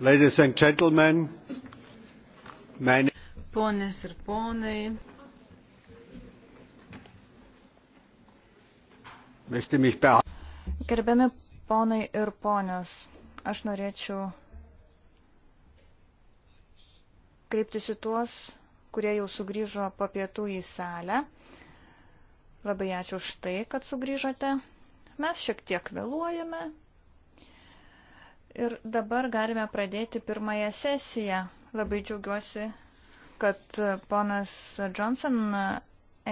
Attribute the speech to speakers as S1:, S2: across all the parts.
S1: Ladies and gentlemen, meine
S2: Ponis ir ponai.
S1: Möchte mich
S3: Gerbiami ponai ir ponios, aš norėčiau kreiptis į tuos, kurie jau sugrįžo po pietų į salę. Labai ačiū už tai, kad sugrįžote. Mes šiek tiek vėluojame. Ir dabar galime pradėti pirmąją sesiją. Labai džiaugiuosi, kad ponas Johnson,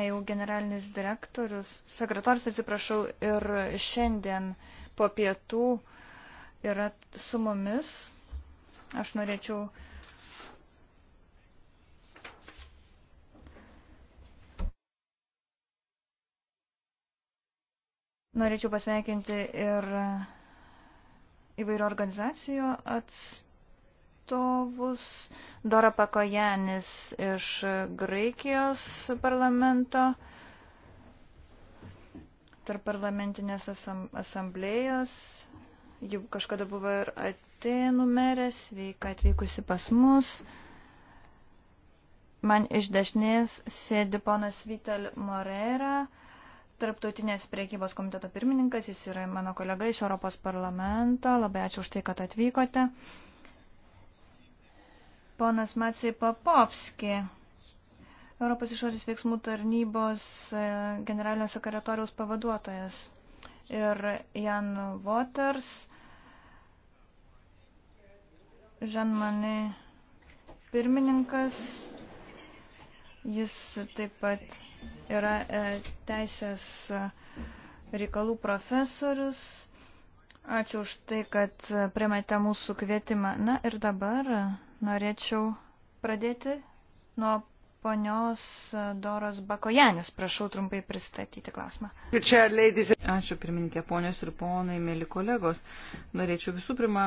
S3: EU generalinis direktorius, sekretorius, atsiprašau, ir šiandien po pietų yra su mumis. Aš norėčiau Norėčiau pasveikinti ir įvairių organizacijų atstovus. Dora Pakojanis iš Graikijos parlamento, tarp parlamentinės asam, asamblėjos. Jau kažkada buvo ir Atenų merė, sveika atvykusi pas mus. Man iš dešinės sėdi ponas Vital Morera Tarptautinės priekybos komiteto pirmininkas, jis yra mano kolega iš Europos parlamento. Labai ačiū už tai, kad atvykote. Ponas Macijai Papovski, Europos išorės veiksmų tarnybos e, generalinio sekretoriaus pavaduotojas. Ir Jan Waters, Žan Mane pirmininkas, jis taip pat yra e, teisės e, reikalų profesorius. Ačiū už tai, kad e, primate mūsų kvietimą. Na ir dabar norėčiau pradėti nuo ponios Doros Bakojanis. Prašau trumpai pristatyti klausimą.
S2: Ačiū pirmininkė, ponios ir ponai, mėly kolegos. Norėčiau visų pirma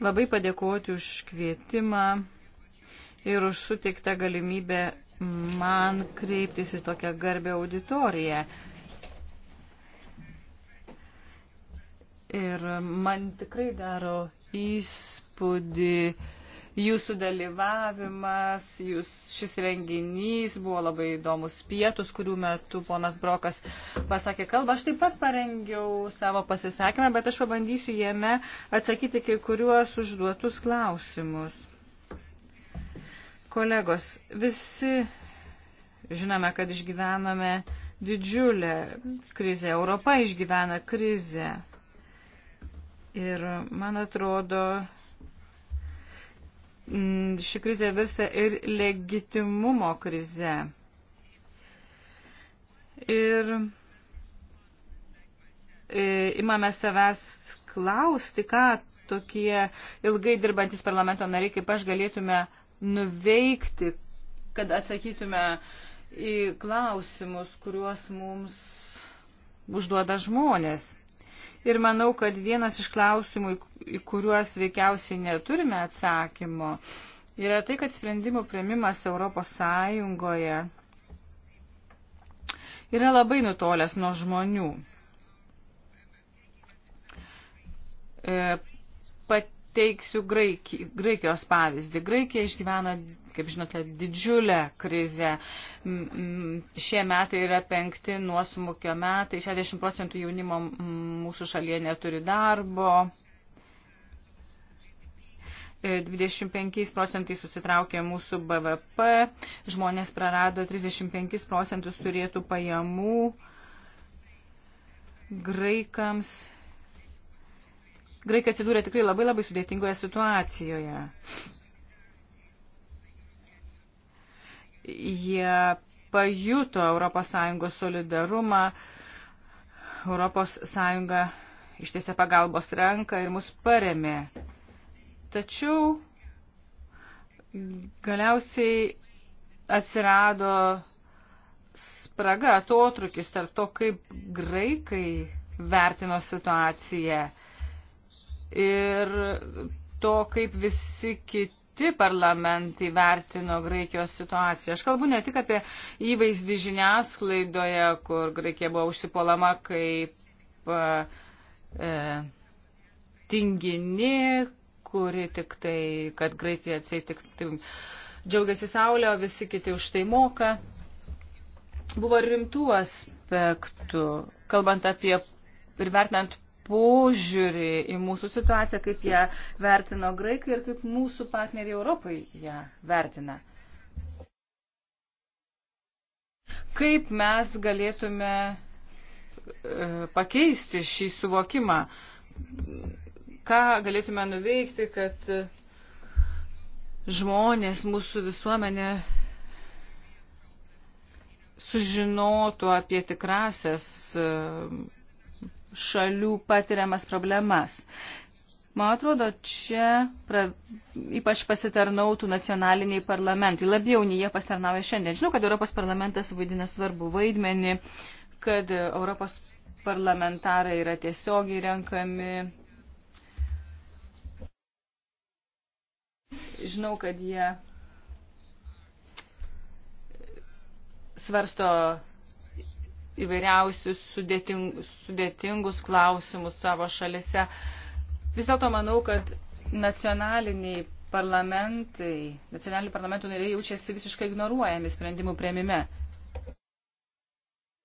S2: labai padėkoti už kvietimą ir už suteiktą galimybę man kreiptis į tokią garbę auditoriją. Ir man tikrai daro įspūdį jūsų dalyvavimas, jūs, šis renginys buvo labai įdomus pietus, kurių metu ponas Brokas pasakė kalbą. Aš taip pat parengiau savo pasisakymą, bet aš pabandysiu jame atsakyti kai kuriuos užduotus klausimus. Kolegos, visi žinome, kad išgyvename didžiulę krizę. Europa išgyvena krizę. Ir man atrodo, mm, ši krizė virsta ir legitimumo krize. Ir e, imame savęs klausti, ką tokie ilgai dirbantis parlamento nariai kaip aš galėtume uh, nuveikti, kad atsakytume į klausimus, kuriuos mums užduoda žmonės. Ir manau, kad vienas iš klausimų, į kuriuos veikiausiai neturime atsakymo, yra tai, kad sprendimų prieimimas Europos Sąjungoje yra labai nutolęs nuo žmonių. E, pat, pateiksiu Graiki, Graikijos pavyzdį. Graikija išgyvena, kaip žinote, didžiulę krizę. Šie metai yra penkti nuosmukio metai. 60 procentų jaunimo mūsų šalyje neturi darbo. 25 e, procentai susitraukė mūsų BVP, žmonės prarado 35 procentus turėtų pajamų, graikams Graikai atsidūrė tikrai labai labai sudėtingoje situacijoje. Jie pajuto ES solidarumą, ES ištiesė pagalbos ranką ir mus paremė. Tačiau galiausiai atsirado spraga, atotrukis tarp to, kaip graikai vertino situaciją ir to, kaip visi kiti parlamentai vertino Graikijos situaciją. Aš kalbu ne tik apie įvaizdį žiniasklaidoje, kur Graikija buvo užsipolama kaip e, e, tingini, kuri tik tai, kad Graikija atsiai tik tai, džiaugiasi saulė, o visi kiti už tai moka. Buvo rimtų aspektų, kalbant apie ir vertinant požiūrį į mūsų situaciją, kaip ją vertino graikai ir kaip mūsų partneriai Europai ją vertina. Kaip mes galėtume e, pakeisti šį suvokimą? Ką galėtume nuveikti, kad e, žmonės, mūsų visuomenė sužinotų apie tikrasias e, šalių patiriamas problemas. Man atrodo, čia pra, ypač pasitarnautų nacionaliniai parlamentai, labiau nei jie pasitarnauja šiandien. Žinau, kad Europos parlamentas vaidina svarbu vaidmenį, kad Europos parlamentarai yra tiesiogiai renkami. Žinau, kad jie svarsto įvairiausius sudėting, sudėtingus klausimus savo šalise. Vis dėlto manau, kad nacionaliniai parlamentai, nacionalinių parlamentų nariai jaučiasi visiškai ignoruojami sprendimų prieimime.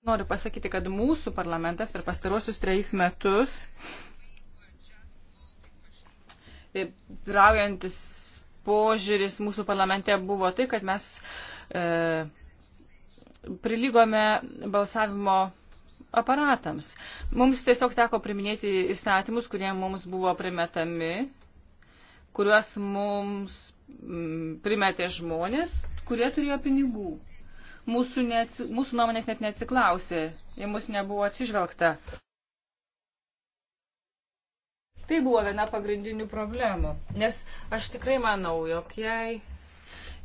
S2: Noriu pasakyti, kad mūsų parlamentas per pastarosius trejus metus, e, raujantis požiūris mūsų parlamente buvo tai, kad mes e, prilygome balsavimo aparatams. Mums tiesiog teko priminėti įstatymus, kurie mums buvo primetami, kuriuos mums mm, primetė žmonės, kurie turėjo pinigų. Mūsų, nes, mūsų nuomonės net neatsiklausė, jie mūsų nebuvo atsižvelgta. Tai buvo viena pagrindinių problemų, nes aš tikrai manau, jog jei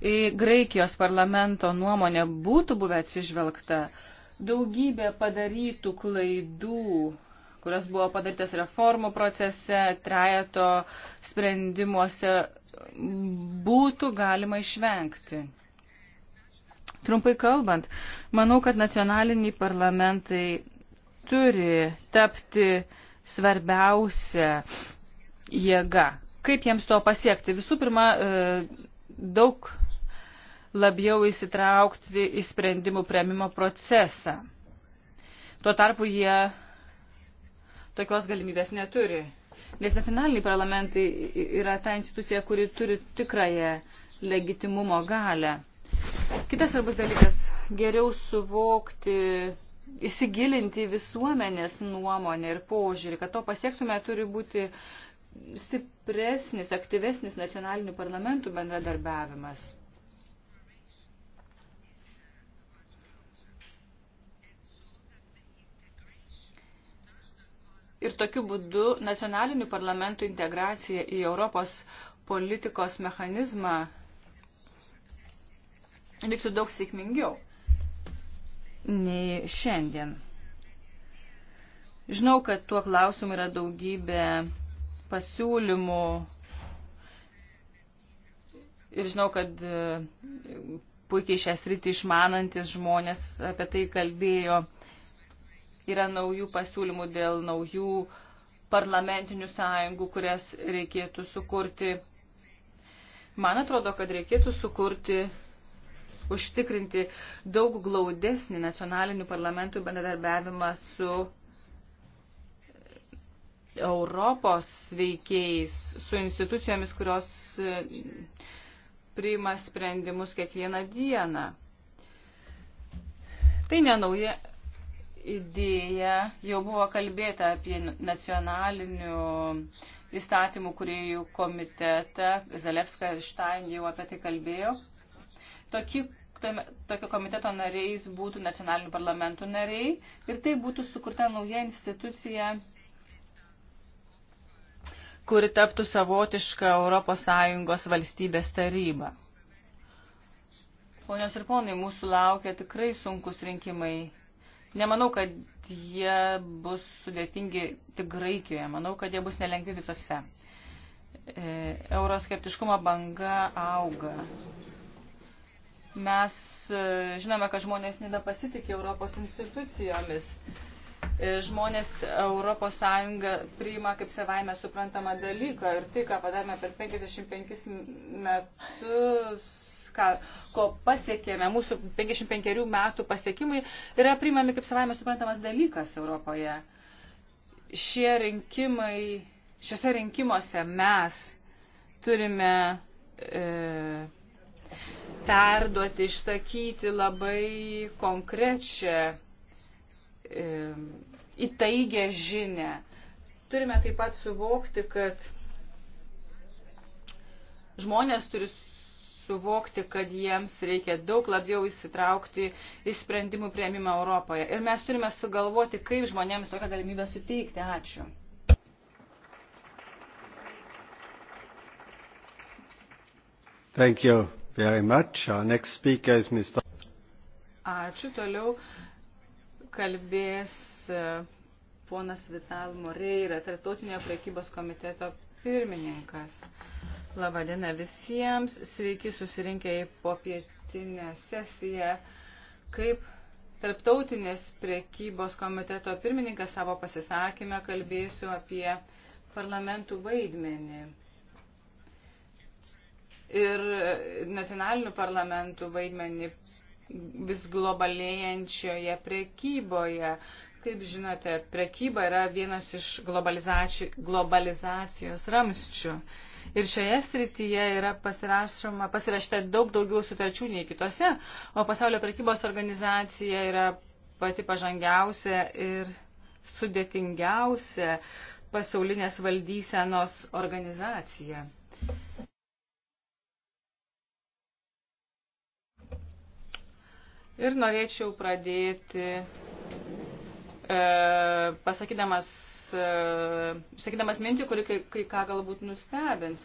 S2: į Graikijos parlamento nuomonę būtų buvę atsižvelgta, daugybė padarytų klaidų, kurios buvo padarytas reformų procese, trejato sprendimuose, būtų galima išvengti. Trumpai kalbant, manau, kad nacionaliniai parlamentai turi tapti svarbiausia jėga. Kaip jiems to pasiekti? Visų pirma, e, daug labiau įsitraukti į sprendimų prieimimo procesą. Tuo tarpu jie tokios galimybės neturi, nes nacionaliniai parlamentai yra ta institucija, kuri turi tikrąją legitimumo galę. Kitas svarbus dalykas - geriau suvokti, įsigilinti visuomenės nuomonę ir požiūrį. Kad to pasieksime, turi būti stipresnis, aktyvesnis nacionalinių parlamentų bendradarbiavimas. ir tokiu būdu nacionalinių parlamentų integracija į Europos politikos mechanizmą vyktų daug sėkmingiau nei šiandien. Žinau, kad tuo klausimu yra daugybė pasiūlymų ir žinau, kad e, puikiai šią sritį išmanantis žmonės apie tai kalbėjo yra naujų pasiūlymų dėl naujų parlamentinių sąjungų, kurias reikėtų sukurti. Man atrodo, kad reikėtų sukurti, užtikrinti daug glaudesnį nacionalinių parlamentų bendradarbiavimą su Europos veikėjais, su institucijomis, kurios e, priima sprendimus kiekvieną dieną. Tai nenauja idėją, jau buvo kalbėta apie nacionalinių įstatymų kuriejų komitetą, Zalevska ir Štain jau apie tai kalbėjo. Toki, tokio komiteto nariais būtų nacionalinių parlamentų nariai ir tai būtų sukurta nauja institucija, kuri taptų savotišką ES valstybės tarybą. Ponios ir ponai, mūsų laukia tikrai sunkus rinkimai Nemanau, kad jie bus sudėtingi tik Graikijoje, manau, kad jie bus nelengvi visose. E, euroskeptiškumo banga auga. Mes e, žinome, kad žmonės nebepasitikė Europos institucijomis. E, žmonės Europos Sąjungą priima kaip savaime suprantamą dalyką ir tai, ką padarėme per 55 metus ką, ko pasiekėme, mūsų 55 metų pasiekimai yra priimami kaip savame suprantamas dalykas Europoje. Šie rinkimai, šiuose rinkimuose mes turime e, perduoti, išsakyti labai konkrečią e, įtaigę žinę. Turime taip pat suvokti, kad žmonės turi suvokti, kad jiems reikia daug labiau įsitraukti į sprendimų prieimimą Europoje. Ir mes turime sugalvoti, kaip žmonėms tokią galimybę suteikti. Ačiū.
S1: Thank you very much. Our next speaker is Mr.
S2: Ačiū. Toliau kalbės e, ponas Vital Moreira, Tartautinio prekybos komiteto pirmininkas. Labadiena visiems, sveiki susirinkę į popietinę sesiją. Kaip Tarptautinės priekybos komiteto pirmininkas savo pasisakymę kalbėsiu apie parlamentų vaidmenį ir nacionalinių parlamentų vaidmenį vis globalėjančioje prekyboje. Kaip žinote, prekyba yra vienas iš globalizacijos ramščių. Ir šioje srityje yra pasirašyta daug daugiau sutarčių nei kitose, o pasaulio prekybos organizacija yra pati pažangiausia ir sudėtingiausia pasaulinės valdysenos organizacija. Ir norėčiau pradėti e, pasakydamas E, išsakydamas mintį, kuri kai, kai ką galbūt nustebins.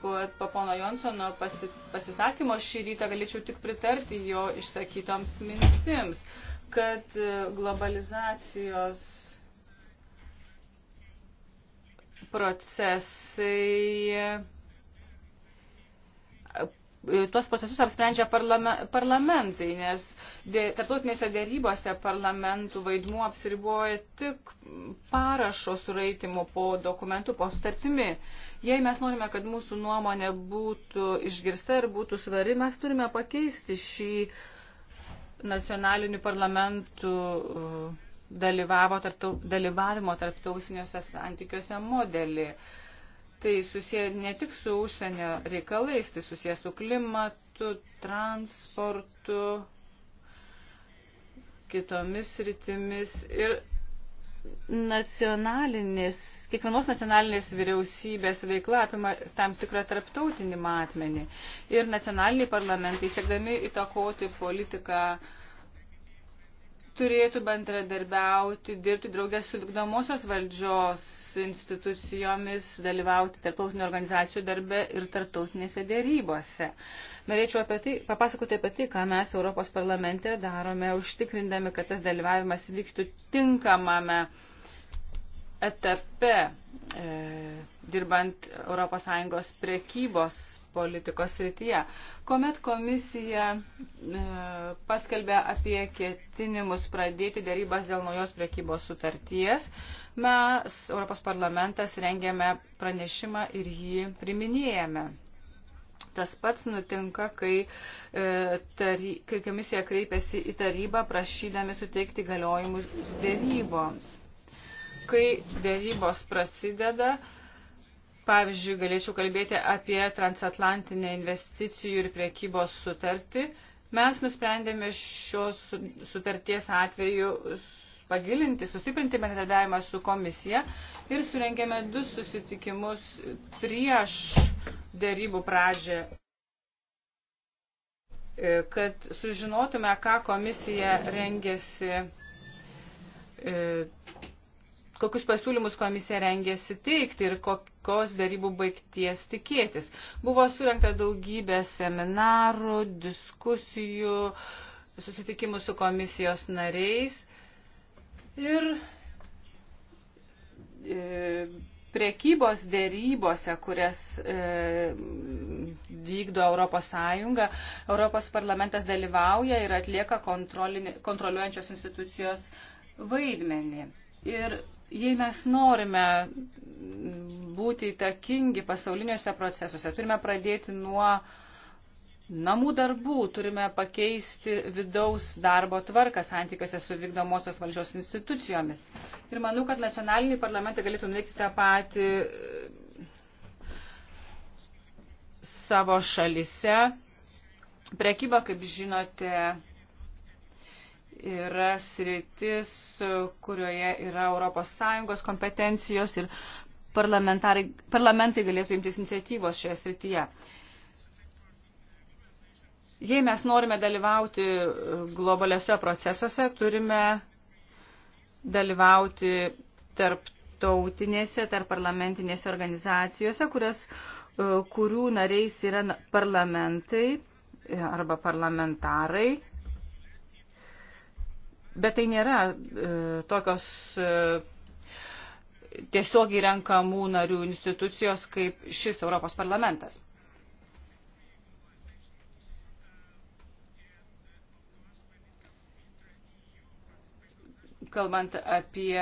S2: Po, po pono Jonsono pasi, pasisakymo šį rytą galėčiau tik pritarti jo išsakytoms mintims, kad e, globalizacijos procesai tuos procesus apsprendžia parlame, parlamentai, nes tarptautinėse dėrybose parlamentų vaidmuo apsiriboja tik parašo suraitimu po dokumentu, po sutartimi. Jei mes norime, kad mūsų nuomonė būtų išgirsta ir būtų svari, mes turime pakeisti šį nacionalinių parlamentų uh, dalyvavo, tarptau, dalyvavimo tarptausiniuose santykiuose modelį. Uh, tai susiję ne tik su užsienio reikalais, tai susiję su klimatu, transportu, kitomis rytimis ir nacionalinės, kiekvienos nacionalinės vyriausybės veikla apima tam tikrą tarptautinį matmenį. Ir nacionaliniai parlamentai, siekdami įtakoti politiką uh, turėtų bendradarbiauti, dirbti draugės su vykdomosios valdžios institucijomis, dalyvauti tarptautinių organizacijų darbe ir tarptautinėse dėrybose. Norėčiau apie tai, papasakoti apie tai, ką mes Europos parlamente darome, užtikrindami, kad tas dalyvavimas vyktų tinkamame etape, e, dirbant ES prekybos politikos srityje. Komet komisija e, paskelbė apie ketinimus pradėti dėrybas dėl naujos priekybos sutarties, mes, Europos parlamentas, rengėme pranešimą ir jį priminėjame. Tas pats nutinka, kai, e, tary, kai komisija kreipiasi į tarybą prašydami suteikti galiojimus dėryboms. Kai dėrybos prasideda, e, Pavyzdžiui, galėčiau kalbėti apie transatlantinę investicijų ir priekybos sutartį. Mes nusprendėme šios sutarties atveju pagilinti, sustiprinti bendradarbiavimą su komisija ir surengėme du susitikimus prieš dėrybų pradžią, e, kad sužinotume, ką komisija rengėsi e, kokius pasiūlymus komisija rengėsi teikti ir kokios darybų baigties tikėtis. Buvo surinkta daugybė seminarų, diskusijų, susitikimų su komisijos nariais ir e, prekybos dėrybose, kurias e, vykdo Europos Sąjunga, Europos parlamentas dalyvauja ir atlieka kontroliuojančios institucijos vaidmenį. Ir Jei mes norime būti įtakingi pasauliniuose procesuose, turime pradėti nuo namų darbų, turime pakeisti vidaus darbo tvarką santykiuose su vykdomosios valdžios institucijomis. Ir manau, kad nacionaliniai parlamentai galėtų nuveikti tą patį e, savo šalise. Prekyba, kaip žinote, yra sritis, kurioje yra ES kompetencijos ir parlamentai galėtų imtis iniciatyvos šioje srityje. Jei mes norime dalyvauti globaliuose procesuose, turime dalyvauti tarptautinėse, tarp parlamentinėse organizacijose, kurias, kurių nariais yra parlamentai arba parlamentarai Bet tai nėra e, tokios e, tiesiogiai renkamų narių institucijos kaip šis Europos parlamentas. kalbant apie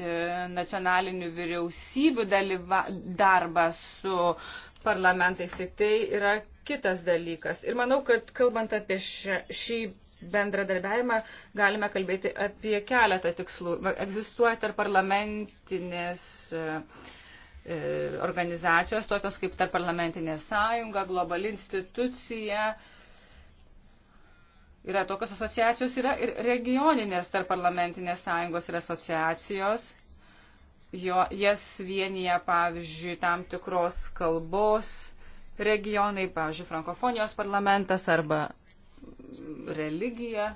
S2: e, nacionalinių vyriausybių dalyva, darbą su parlamentais, tai yra kitas dalykas. Ir manau, kad kalbant apie šį, šį bendradarbiavimą galime kalbėti apie keletą tikslų. Egzistuoja tarp parlamentinės e, e, organizacijos, tokios kaip tarp parlamentinė sąjunga, globali institucija. Yra tokios asociacijos, yra ir regioninės tarp parlamentinės sąjungos ir asociacijos. Jo, jas vienyje, pavyzdžiui, tam tikros kalbos regionai, pavyzdžiui, frankofonijos parlamentas arba religiją.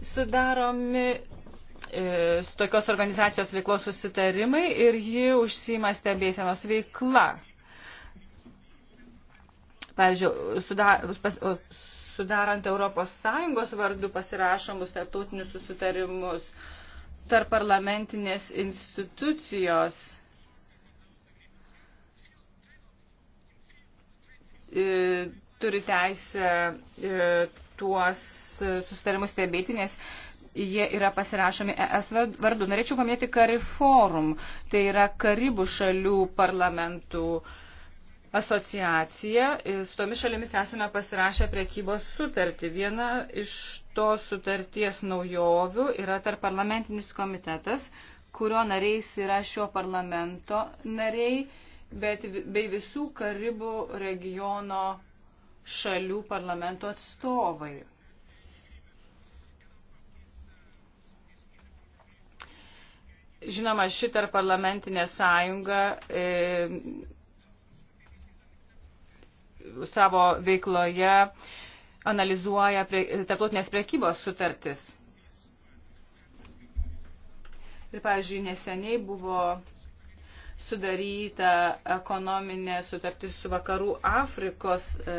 S2: Sudaromi e, su tokios organizacijos veiklos susitarimai ir ji užsima stebėsenos veikla. Pavyzdžiui, sudar, pas, sudarant Europos Sąjungos vardu pasirašomus tarptautinius susitarimus tarp parlamentinės institucijos E, turi teisę e, tuos sustarimus stebėti, nes jie yra pasirašomi ES vardu. Norėčiau paminėti Kariforum, tai yra Karibų šalių parlamentų asociacija. E, su tomis šalimis esame pasirašę priekybos sutartį. Viena iš tos sutarties naujovių yra tarp parlamentinis komitetas, kurio nariais yra šio parlamento nariai bet bei visų Karibų regiono šalių parlamento atstovai. Žinoma, šitą parlamentinę sąjungą e, savo veikloje analizuoja prie, tarptautinės prekybos sutartis. Ir, pavyzdžiui, neseniai buvo sudaryta ekonominė sutartis su vakarų Afrikos e,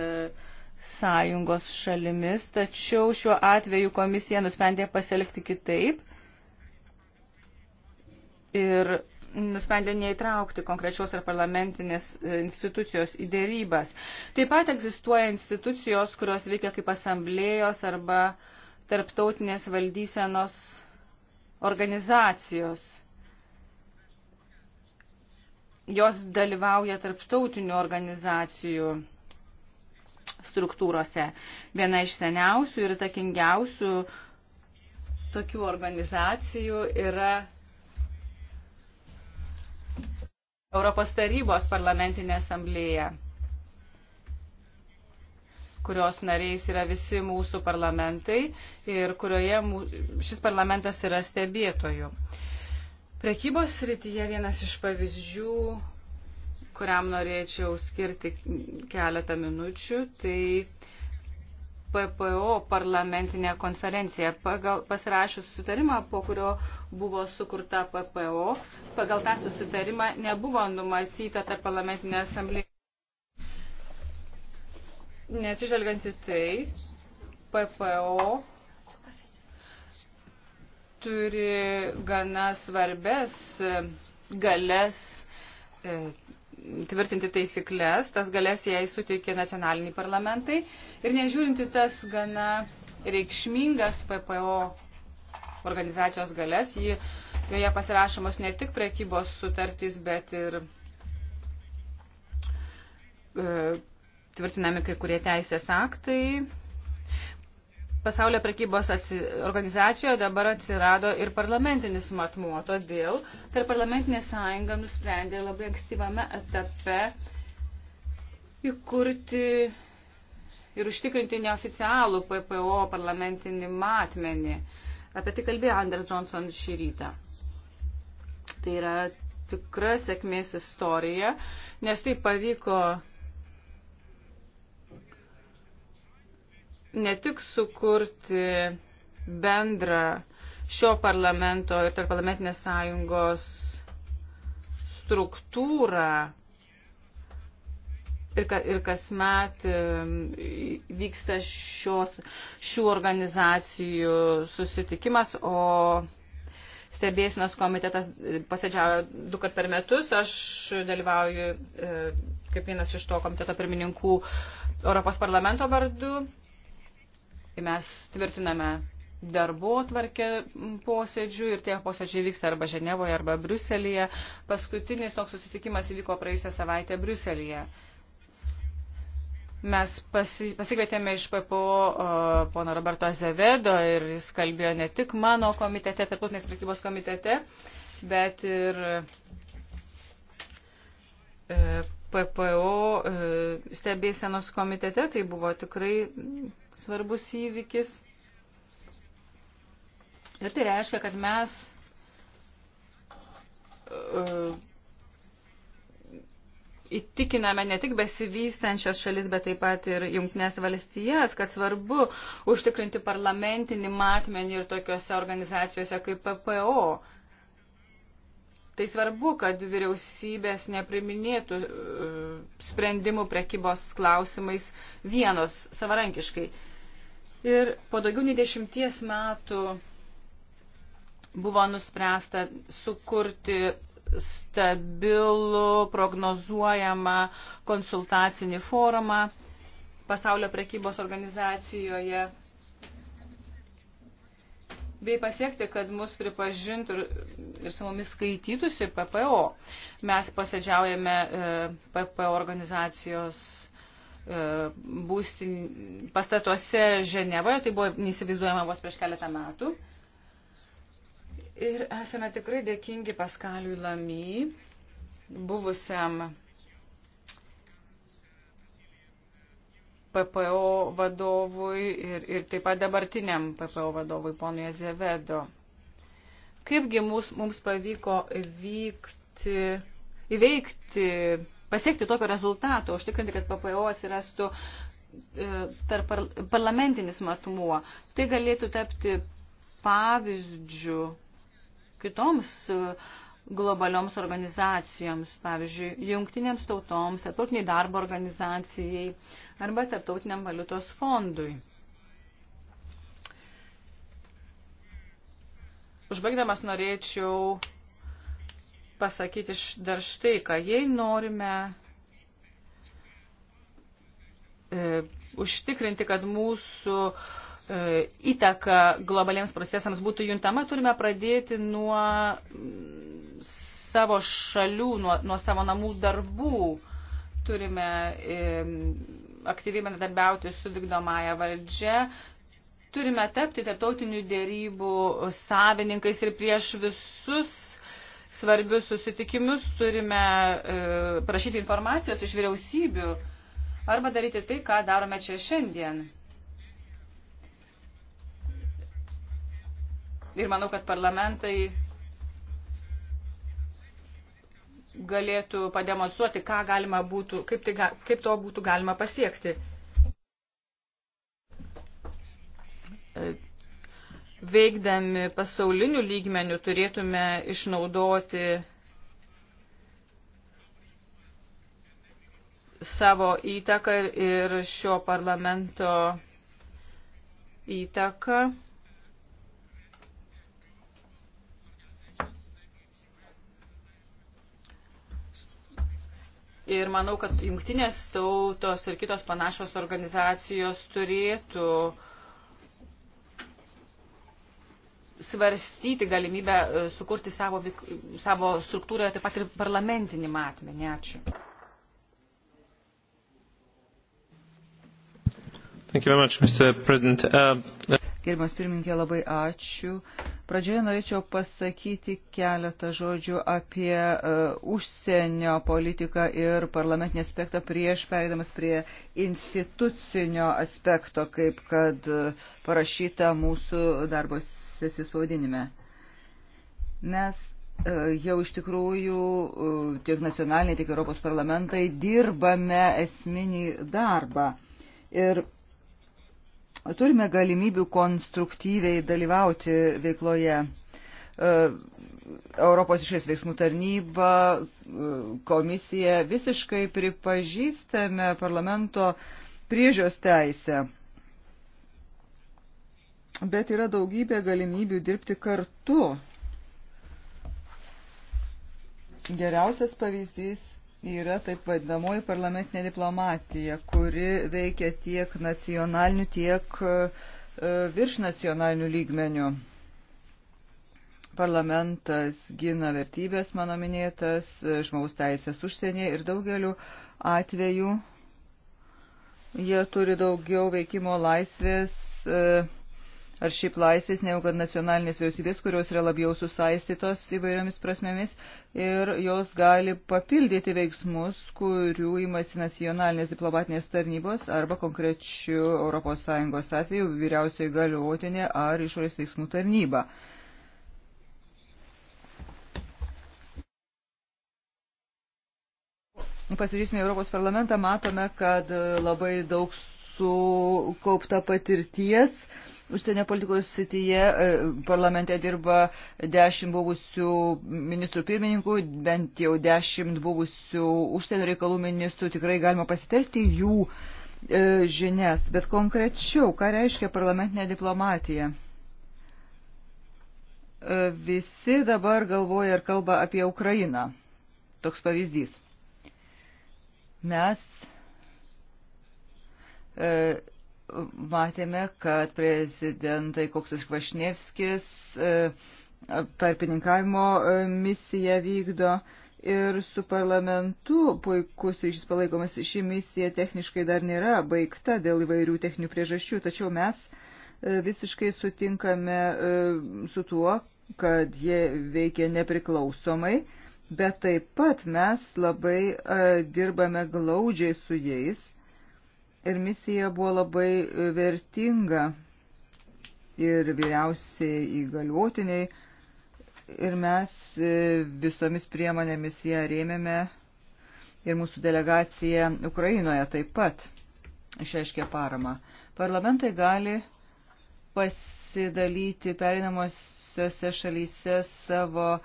S2: sąjungos šalimis, tačiau šiuo atveju komisija nusprendė pasielgti kitaip ir nusprendė neįtraukti konkrečios ar parlamentinės e, institucijos į dėrybas. Taip pat egzistuoja institucijos, kurios veikia kaip asamblėjos arba tarptautinės valdysenos organizacijos jos dalyvauja tarptautinių organizacijų struktūrose. Viena iš seniausių ir takingiausių tokių organizacijų yra Europos tarybos parlamentinė asamblėja, kurios nariais yra visi mūsų parlamentai ir kurioje šis parlamentas yra stebėtojų. Prekybos srityje vienas iš pavyzdžių, kuriam norėčiau skirti keletą minučių, tai PPO parlamentinė konferencija. Pagal pasirašius susitarimą, po kurio buvo sukurta PPO, pagal tą susitarimą nebuvo numatyta ta parlamentinė asamblėje. Nesižvelgiant į tai, PPO turi gana svarbes e, galės e, tvirtinti taisyklės, tas galės jai suteikė nacionaliniai parlamentai ir nežiūrinti tas gana reikšmingas PPO organizacijos galės, jį, joje pasirašomos ne tik prekybos sutartys, bet ir e, tvirtinami kai kurie teisės aktai, pasaulio prekybos atsi, organizacijoje dabar atsirado ir parlamentinis matmuo. Todėl tarp parlamentinė sąjunga nusprendė labai ankstyvame etape įkurti ir užtikrinti neoficialų PPO parlamentinį matmenį. Apie tai kalbėjo Anders Johnson šį rytą. Tai yra tikra sėkmės istorija, nes tai pavyko ne tik sukurti bendrą šio parlamento ir tarp parlamentinės sąjungos struktūrą ir, ka, ir kasmet vyksta šios, šių organizacijų susitikimas, o stebėsinos komitetas e, pasėdžiavo du kart per metus. Aš dalyvauju e, kaip vienas iš to komiteto pirmininkų Europos parlamento vardu Mes tvirtiname darbo tvarkė posėdžių ir tie posėdžiai vyksta arba Ženevoje, arba Bruselėje. Paskutinis toks susitikimas įvyko praėjusią savaitę Bruselėje. Mes pasi, pasikvietėme iš PPO pono Roberto Azevedo ir jis kalbėjo ne tik mano komitete, tarptautinės prekybos komitete, bet ir e, PPO e, stebėsenos komitete. Tai buvo tikrai svarbus įvykis. Ir tai reiškia, kad mes uh, įtikiname ne tik besivystančias šalis, bet taip pat ir jungtinės valstijas, kad svarbu užtikrinti parlamentinį matmenį ir tokiuose organizacijose kaip PPO. Tai svarbu, kad vyriausybės nepriminėtų e, sprendimų prekybos klausimais vienos savarankiškai. Ir po daugiau nei dešimties metų buvo nuspręsta sukurti stabilų, prognozuojamą konsultacinį forumą pasaulio prekybos organizacijoje bei pasiekti, kad mus pripažintų ir, ir su mumis skaitytųsi PPO. Mes posėdžiaujame e, PPO organizacijos būstin, pastatuose Ženevoje, tai buvo neįsivaizduojama vos prieš keletą metų. Ir esame tikrai dėkingi Paskaliui Lamy, buvusiam PPO vadovui ir, ir taip pat dabartiniam PPO vadovui, ponui Azevedo. Kaipgi mums, mums pavyko vykti, įveikti pasiekti tokio rezultato, užtikrinti, kad PPO atsirastų e, tarp parlamentinis matmuo. Tai galėtų tapti pavyzdžių kitoms e, globalioms organizacijoms, pavyzdžiui, jungtinėms tautoms, tarptautiniai darbo organizacijai arba tarptautiniam valiutos fondui. Užbaigdamas norėčiau pasakyti dar štai, ką jei norime e, užtikrinti, kad mūsų e, įtaka globaliems procesams būtų juntama, turime pradėti nuo mm, savo šalių, nuo, nuo savo namų darbų. Turime e, aktyviai bendradarbiauti su vykdomąją valdžią, turime tapti tarptautinių dėrybų savininkais ir prieš visus svarbius susitikimus, turime e, prašyti informacijos iš vyriausybių arba daryti tai, ką darome čia šiandien. Ir manau, kad parlamentai galėtų pademonstruoti, ką galima būtų, kaip, tai, kaip to būtų galima pasiekti. E, veikdami pasaulinių lygmenių turėtume išnaudoti savo įtaką ir šio parlamento įtaką. Ir manau, kad jungtinės tautos ir kitos panašios organizacijos turėtų uh, svarstyti galimybę e, sukurti savo, savo struktūroje taip pat ir parlamentinį matmenį. Ačiū.
S4: Much, uh, uh...
S5: Gerbiamas pirmininkė, labai ačiū. Pradžioje norėčiau pasakyti keletą žodžių apie uh, užsienio politiką ir parlamentinį aspektą prieš perėdamas prie institucinio aspekto, kaip kad uh, parašyta mūsų darbos sesijos pavadinime. Mes e, jau iš tikrųjų e, tiek nacionaliniai, tiek Europos parlamentai dirbame esminį darbą. Ir turime galimybių konstruktyviai dalyvauti veikloje. E, Europos išės veiksmų tarnyba, komisija visiškai pripažįstame parlamento priežios teisę bet yra daugybė galimybių dirbti kartu. Geriausias pavyzdys yra taip vadinamoji parlamentinė diplomatija, kuri veikia tiek nacionaliniu, tiek e, virš nacionaliniu lygmeniu. Parlamentas gina vertybės, mano minėtas, e, žmogaus teisės užsienyje ir daugeliu atveju jie turi daugiau veikimo laisvės. E, ar šiaip laisvės, negu kad nacionalinės vyriausybės, kurios yra labiau susaistytos įvairiomis prasmėmis ir jos gali papildyti veiksmus, kurių imasi nacionalinės diplomatinės tarnybos arba konkrečių ES atveju vyriausioji galiotinė ar išorės veiksmų tarnyba. pasižiūrėsime Europos parlamentą, matome, kad labai daug sukaupta patirties užsienio politikos sityje. E, parlamente dirba dešimt buvusių ministrų pirmininkų, bent jau dešimt buvusių užsienio reikalų ministrų. Tikrai galima pasitelkti jų e, žinias. Bet konkrečiau, ką reiškia parlamentinė diplomatija? E, visi dabar galvoja ir kalba apie Ukrainą. Toks pavyzdys. Mes matėme, kad prezidentai Koksas Kvašnevskis e, tarpininkavimo e, misiją vykdo ir su parlamentu puikus ryšys palaikomas. Ši misija techniškai dar nėra baigta dėl įvairių techninių priežasčių, tačiau mes e, visiškai sutinkame su tuo, kad jie veikia nepriklausomai, bet taip pat mes labai dirbame glaudžiai su jais ir misija buvo labai e, vertinga ir vyriausiai įgaliuotiniai ir mes e, visomis priemonėmis ją rėmėme ir mūsų delegacija Ukrainoje taip pat išreiškė paramą. Parlamentai gali pasidalyti perinamosiose šalyse savo e,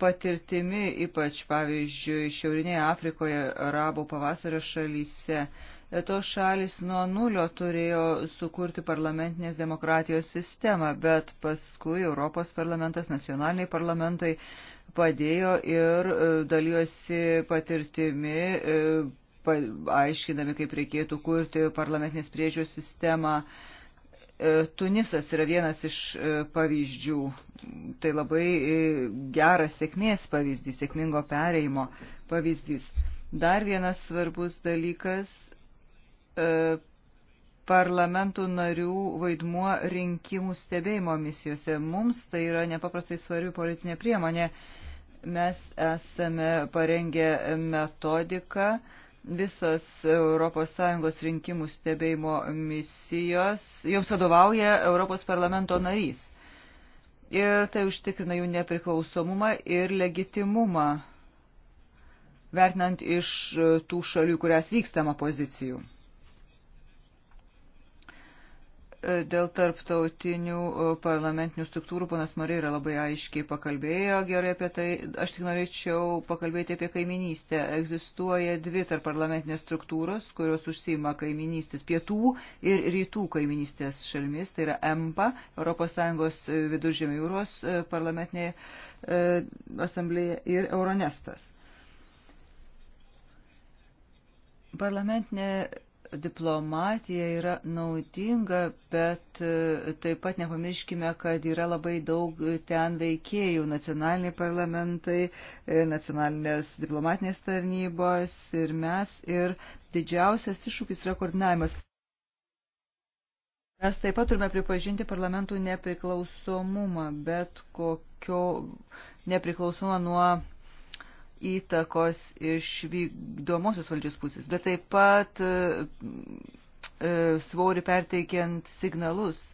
S5: patirtimi, ypač pavyzdžiui, Šiaurinėje Afrikoje, Arabų pavasario šalyse tos šalis nuo nulio turėjo sukurti parlamentinės demokratijos sistemą, bet paskui Europos parlamentas, nacionaliniai parlamentai padėjo ir e, dalyjosi patirtimi, e, aiškinami, kaip reikėtų kurti parlamentinės priežiūros sistemą. E, Tunisas yra vienas iš pavyzdžių. Tai labai geras sėkmės pavyzdys, sėkmingo pereimo pavyzdys. Dar vienas svarbus dalykas E, parlamentų narių vaidmuo rinkimų stebėjimo misijose. Mums tai yra nepaprastai svarbi politinė priemonė. Mes esame parengę metodiką. Visos ES rinkimų stebėjimo misijos, joms vadovauja Europos parlamento narys. Ir tai užtikrina jų nepriklausomumą ir legitimumą, vertinant iš tų šalių, kurias vykstama pozicijų. Dėl tarptautinių e, parlamentinių struktūrų ponas Marija yra labai aiškiai pakalbėjo gerai apie tai. Aš tik norėčiau pakalbėti apie kaiminystę. Egzistuoja dvi tarp parlamentinės struktūros, kurios užsima kaiminystės pietų ir rytų kaiminystės šalmis. Tai yra EMPA, ES viduržėmio jūros e, parlamentinė e, asamblėje ir Euronestas. Parlamentinė diplomatija yra naudinga, bet e, taip pat nepamirškime, kad yra labai daug ten veikėjų - nacionaliniai parlamentai, e, nacionalinės diplomatinės tarnybos ir mes. Ir didžiausias iššūkis yra koordinavimas. Mes taip pat turime pripažinti parlamentų nepriklausomumą, bet kokio nepriklausomą nuo įtakos iš vykdomosios valdžios pusės, bet taip pat e, e, svorį perteikiant signalus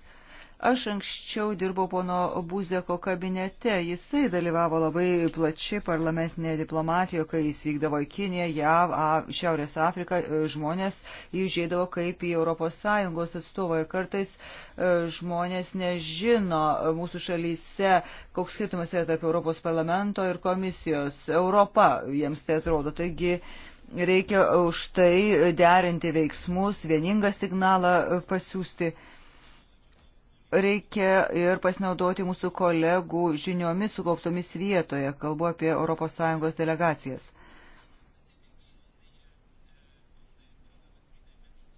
S5: Aš anksčiau dirbau pono Buzeko kabinete. Jisai dalyvavo labai plačiai parlamentinėje diplomatijoje, kai jis vykdavo į Kiniją, JAV, A, Šiaurės Afriką. E, žmonės įžeidavo kaip į ES atstovą ir kartais e, žmonės nežino mūsų šalyse, koks skirtumas yra tarp Europos parlamento ir komisijos. Europa jiems tai atrodo. Taigi, Reikia už tai derinti veiksmus, vieningą signalą pasiūsti reikia ir pasinaudoti mūsų kolegų žiniomis sukauptomis vietoje, kalbu apie ES delegacijas.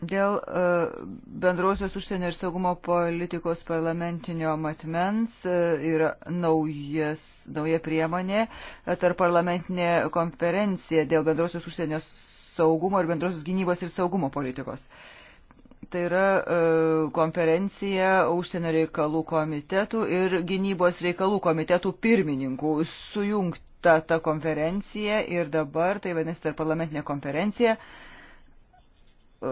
S5: Dėl e, bendrosios užsienio ir saugumo politikos parlamentinio matmens e, yra naujas, nauja priemonė e, tarp parlamentinė konferencija dėl bendrosios užsienio saugumo ir bendrosios gynybos ir saugumo politikos. Uh, Tai yra e, konferencija užsienio reikalų komitetų ir gynybos reikalų komitetų pirmininkų sujungta ta konferencija ir dabar, tai vadinasi, tarp parlamentinė konferencija, e,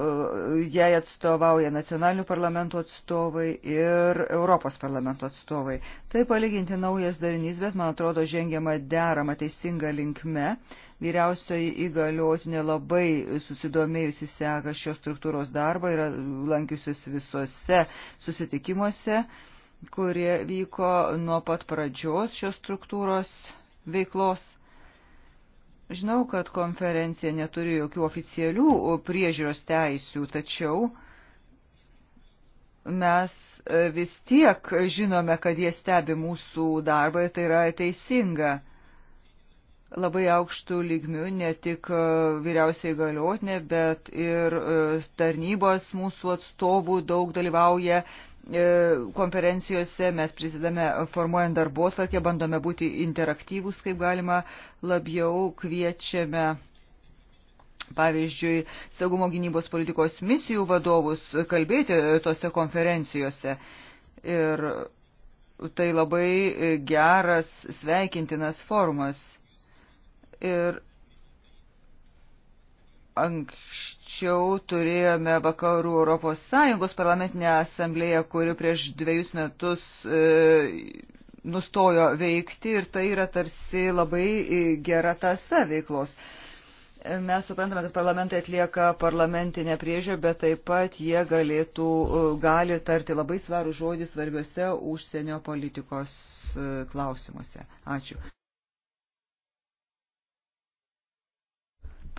S5: jai atstovauja nacionalinių parlamentų atstovai ir Europos parlamento atstovai. Tai palyginti naujas darinys, bet man atrodo žengiama derama teisinga linkme. Vyriausioji įgaliotinė labai susidomėjusi seka šios struktūros darbą ir lankiusius visose susitikimuose, kurie vyko nuo pat pradžios šios struktūros veiklos. Žinau, kad konferencija neturi jokių oficialių priežiūros teisių, tačiau mes vis tiek žinome, kad jie stebi mūsų darbą ir tai yra teisinga labai aukštų lygmių, ne tik e, vyriausiai galiotinė, bet ir e, tarnybos mūsų atstovų daug dalyvauja e, konferencijose, mes prisidame formuojant darbo tvarkę, bandome būti interaktyvūs, kaip galima labiau kviečiame. Pavyzdžiui, saugumo gynybos politikos misijų vadovus kalbėti tose konferencijose. Ir tai labai geras, sveikintinas formas ir anksčiau turėjome Vakarų Europos Sąjungos parlamentinę asamblėją, kuri prieš dviejus metus e, nustojo veikti ir tai yra tarsi labai e, gera tasa veiklos. E, mes suprantame, kad parlamentai atlieka parlamentinę priežiūrą, bet taip pat jie galėtų, e, gali tarti labai svarų žodį svarbiuose užsienio politikos klausimuose. Ačiū.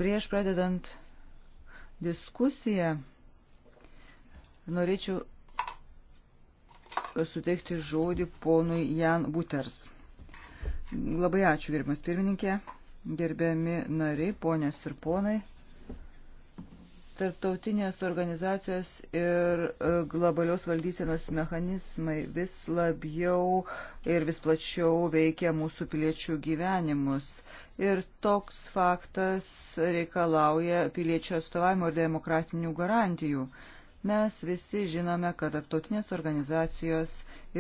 S5: Prieš pradedant diskusiją norėčiau suteikti žodį ponui Jan Buters. Labai ačiū, gerbimas pirmininkė, gerbiami nariai, ponės ir ponai. Tarptautinės organizacijos ir e, globalios valdysenos mechanizmai vis labiau ir vis plačiau veikia mūsų piliečių gyvenimus. Ir toks faktas reikalauja piliečio atstovavimo ir demokratinių garantijų. Mes visi žinome, kad tarptautinės organizacijos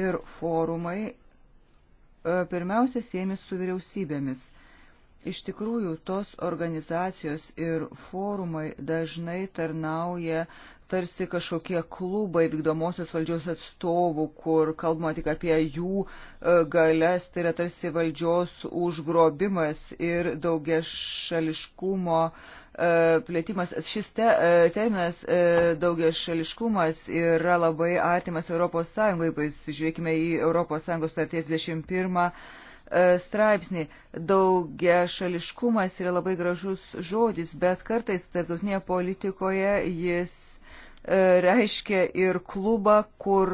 S5: ir forumai e, pirmiausia siemi su vyriausybėmis. Iš tikrųjų, tos organizacijos ir forumai dažnai tarnauja tarsi kažkokie klubai vykdomosios valdžios atstovų, kur kalbama tik apie jų e, galės, tai yra tarsi valdžios užgrobimas ir daugia šališkumo e, plėtimas. Šis te, e, terminas daugia šališkumas yra labai artimas Europos Sąjungai. Žiūrėkime į Europos Sąjungos starties 21 E, straipsnį. Daugia šališkumas yra labai gražus žodis, bet kartais tarptautinėje politikoje jis e, reiškia ir klubą, kur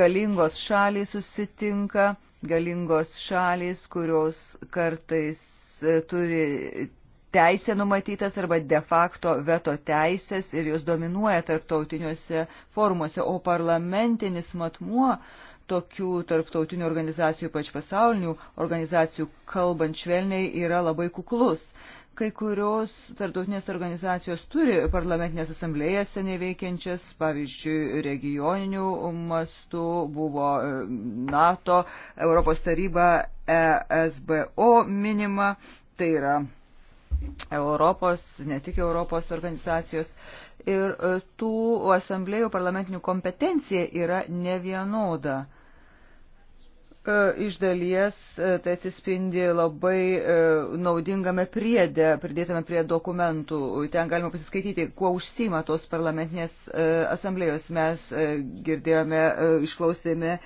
S5: galingos šalys susitinka, galingos šalys, kurios kartais e, turi teisę numatytas arba de facto veto teisės ir jos dominuoja tarptautiniuose formuose, o parlamentinis matmuo uh, tokių tarptautinių organizacijų, ypač pasaulinių organizacijų, kalbant švelniai, yra labai kuklus. Kai kurios tarptautinės organizacijos turi parlamentinės asamblėjas neveikiančias, pavyzdžiui, regioninių mastų buvo e, NATO, Europos taryba, ESBO minima, tai yra Europos, ne tik Europos organizacijos. Ir e, tų asamblėjų parlamentinių kompetencija yra nevienoda. vienoda E, iš dalies e, tai atsispindi labai e, naudingame priedė, pridėtame prie dokumentų. Ten galima pasiskaityti, kuo užsima tos parlamentinės asamblėjos. Mes girdėjome, išklausėme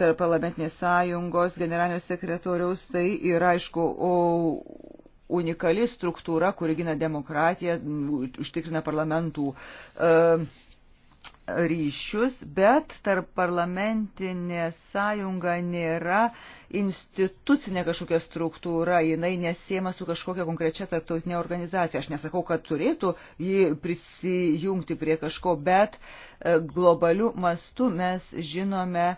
S5: tarp parlamentinės sąjungos generalinio sekretoriaus. Tai yra, aišku, unikali struktūra, kuri gina demokratiją, užtikrina parlamentų. Uh, ryšius, bet tarp parlamentinė sąjunga nėra institucinė kažkokia struktūra, jinai nesiema su kažkokia konkrečia tarptautinė organizacija. Aš nesakau, kad turėtų jį prisijungti prie kažko, bet e, globalių mastų mes žinome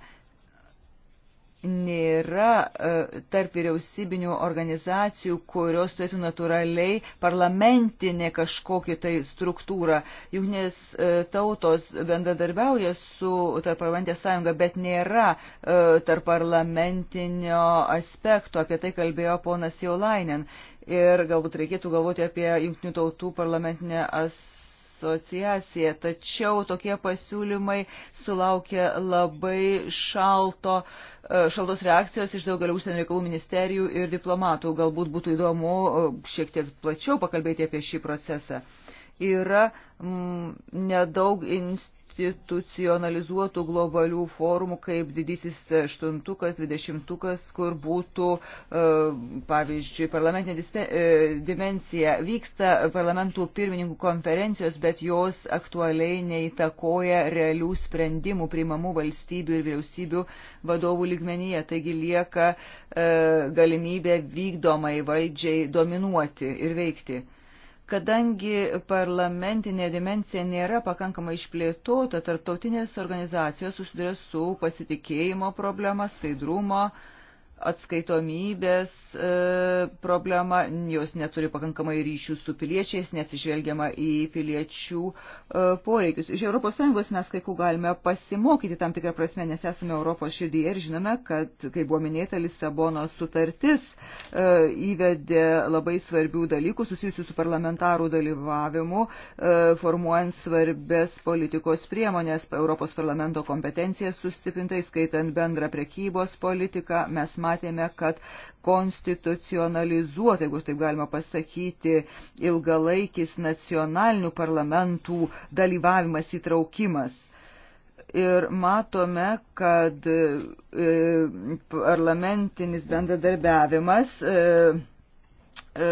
S5: nėra e, tarp vyriausybinių organizacijų, kurios turėtų natūraliai parlamentinė kažkokia tai struktūra. Jungtinės e, tautos bendradarbiauja su tarp parlamentė sąjunga, bet nėra e, tarp parlamentinio aspekto. Apie tai kalbėjo ponas Jaulainen. Ir galbūt reikėtų galvoti apie Junktinių tautų parlamentinę as asociacija, tačiau tokie pasiūlymai sulaukė labai šalto, e, šaltos reakcijos iš daugelio užsienio reikalų ministerijų ir diplomatų. Galbūt būtų įdomu e, šiek tiek plačiau pakalbėti apie šį procesą. Yra m, mm, nedaug institucijų institucionalizuotų globalių formų, kaip didysis aštuntukas, dvidešimtukas, kur būtų, e, pavyzdžiui, parlamentinė e, dimensija. Vyksta parlamentų pirmininkų konferencijos, bet jos aktualiai neįtakoja realių sprendimų priimamų valstybių ir vyriausybių vadovų lygmenyje. Taigi lieka e, galimybė vykdomai valdžiai dominuoti ir veikti. Kadangi parlamentinė dimencija nėra pakankamai išplėtota, tarptautinės organizacijos susiduria su pasitikėjimo problema, skaidrumo problema atskaitomybės e, problema, jos neturi pakankamai ryšių su piliečiais, neatsižvelgiama į piliečių e, poreikius. Iš ES mes kai kur galime pasimokyti tam tikrą prasme, nes esame Europos širdyje ir žinome, kad, kaip buvo minėta, Lisabono sutartis e, įvedė labai svarbių dalykų susijusių su parlamentarų dalyvavimu, e, formuojant svarbės politikos priemonės, Europos parlamento kompetencijas sustiprintai, skaitant bendrą prekybos politiką. Mes matėme, kad konstitucionalizuota, jeigu taip galima pasakyti, ilgalaikis nacionalinių parlamentų dalyvavimas įtraukimas. Ir matome, kad e, parlamentinis bendradarbiavimas e, E,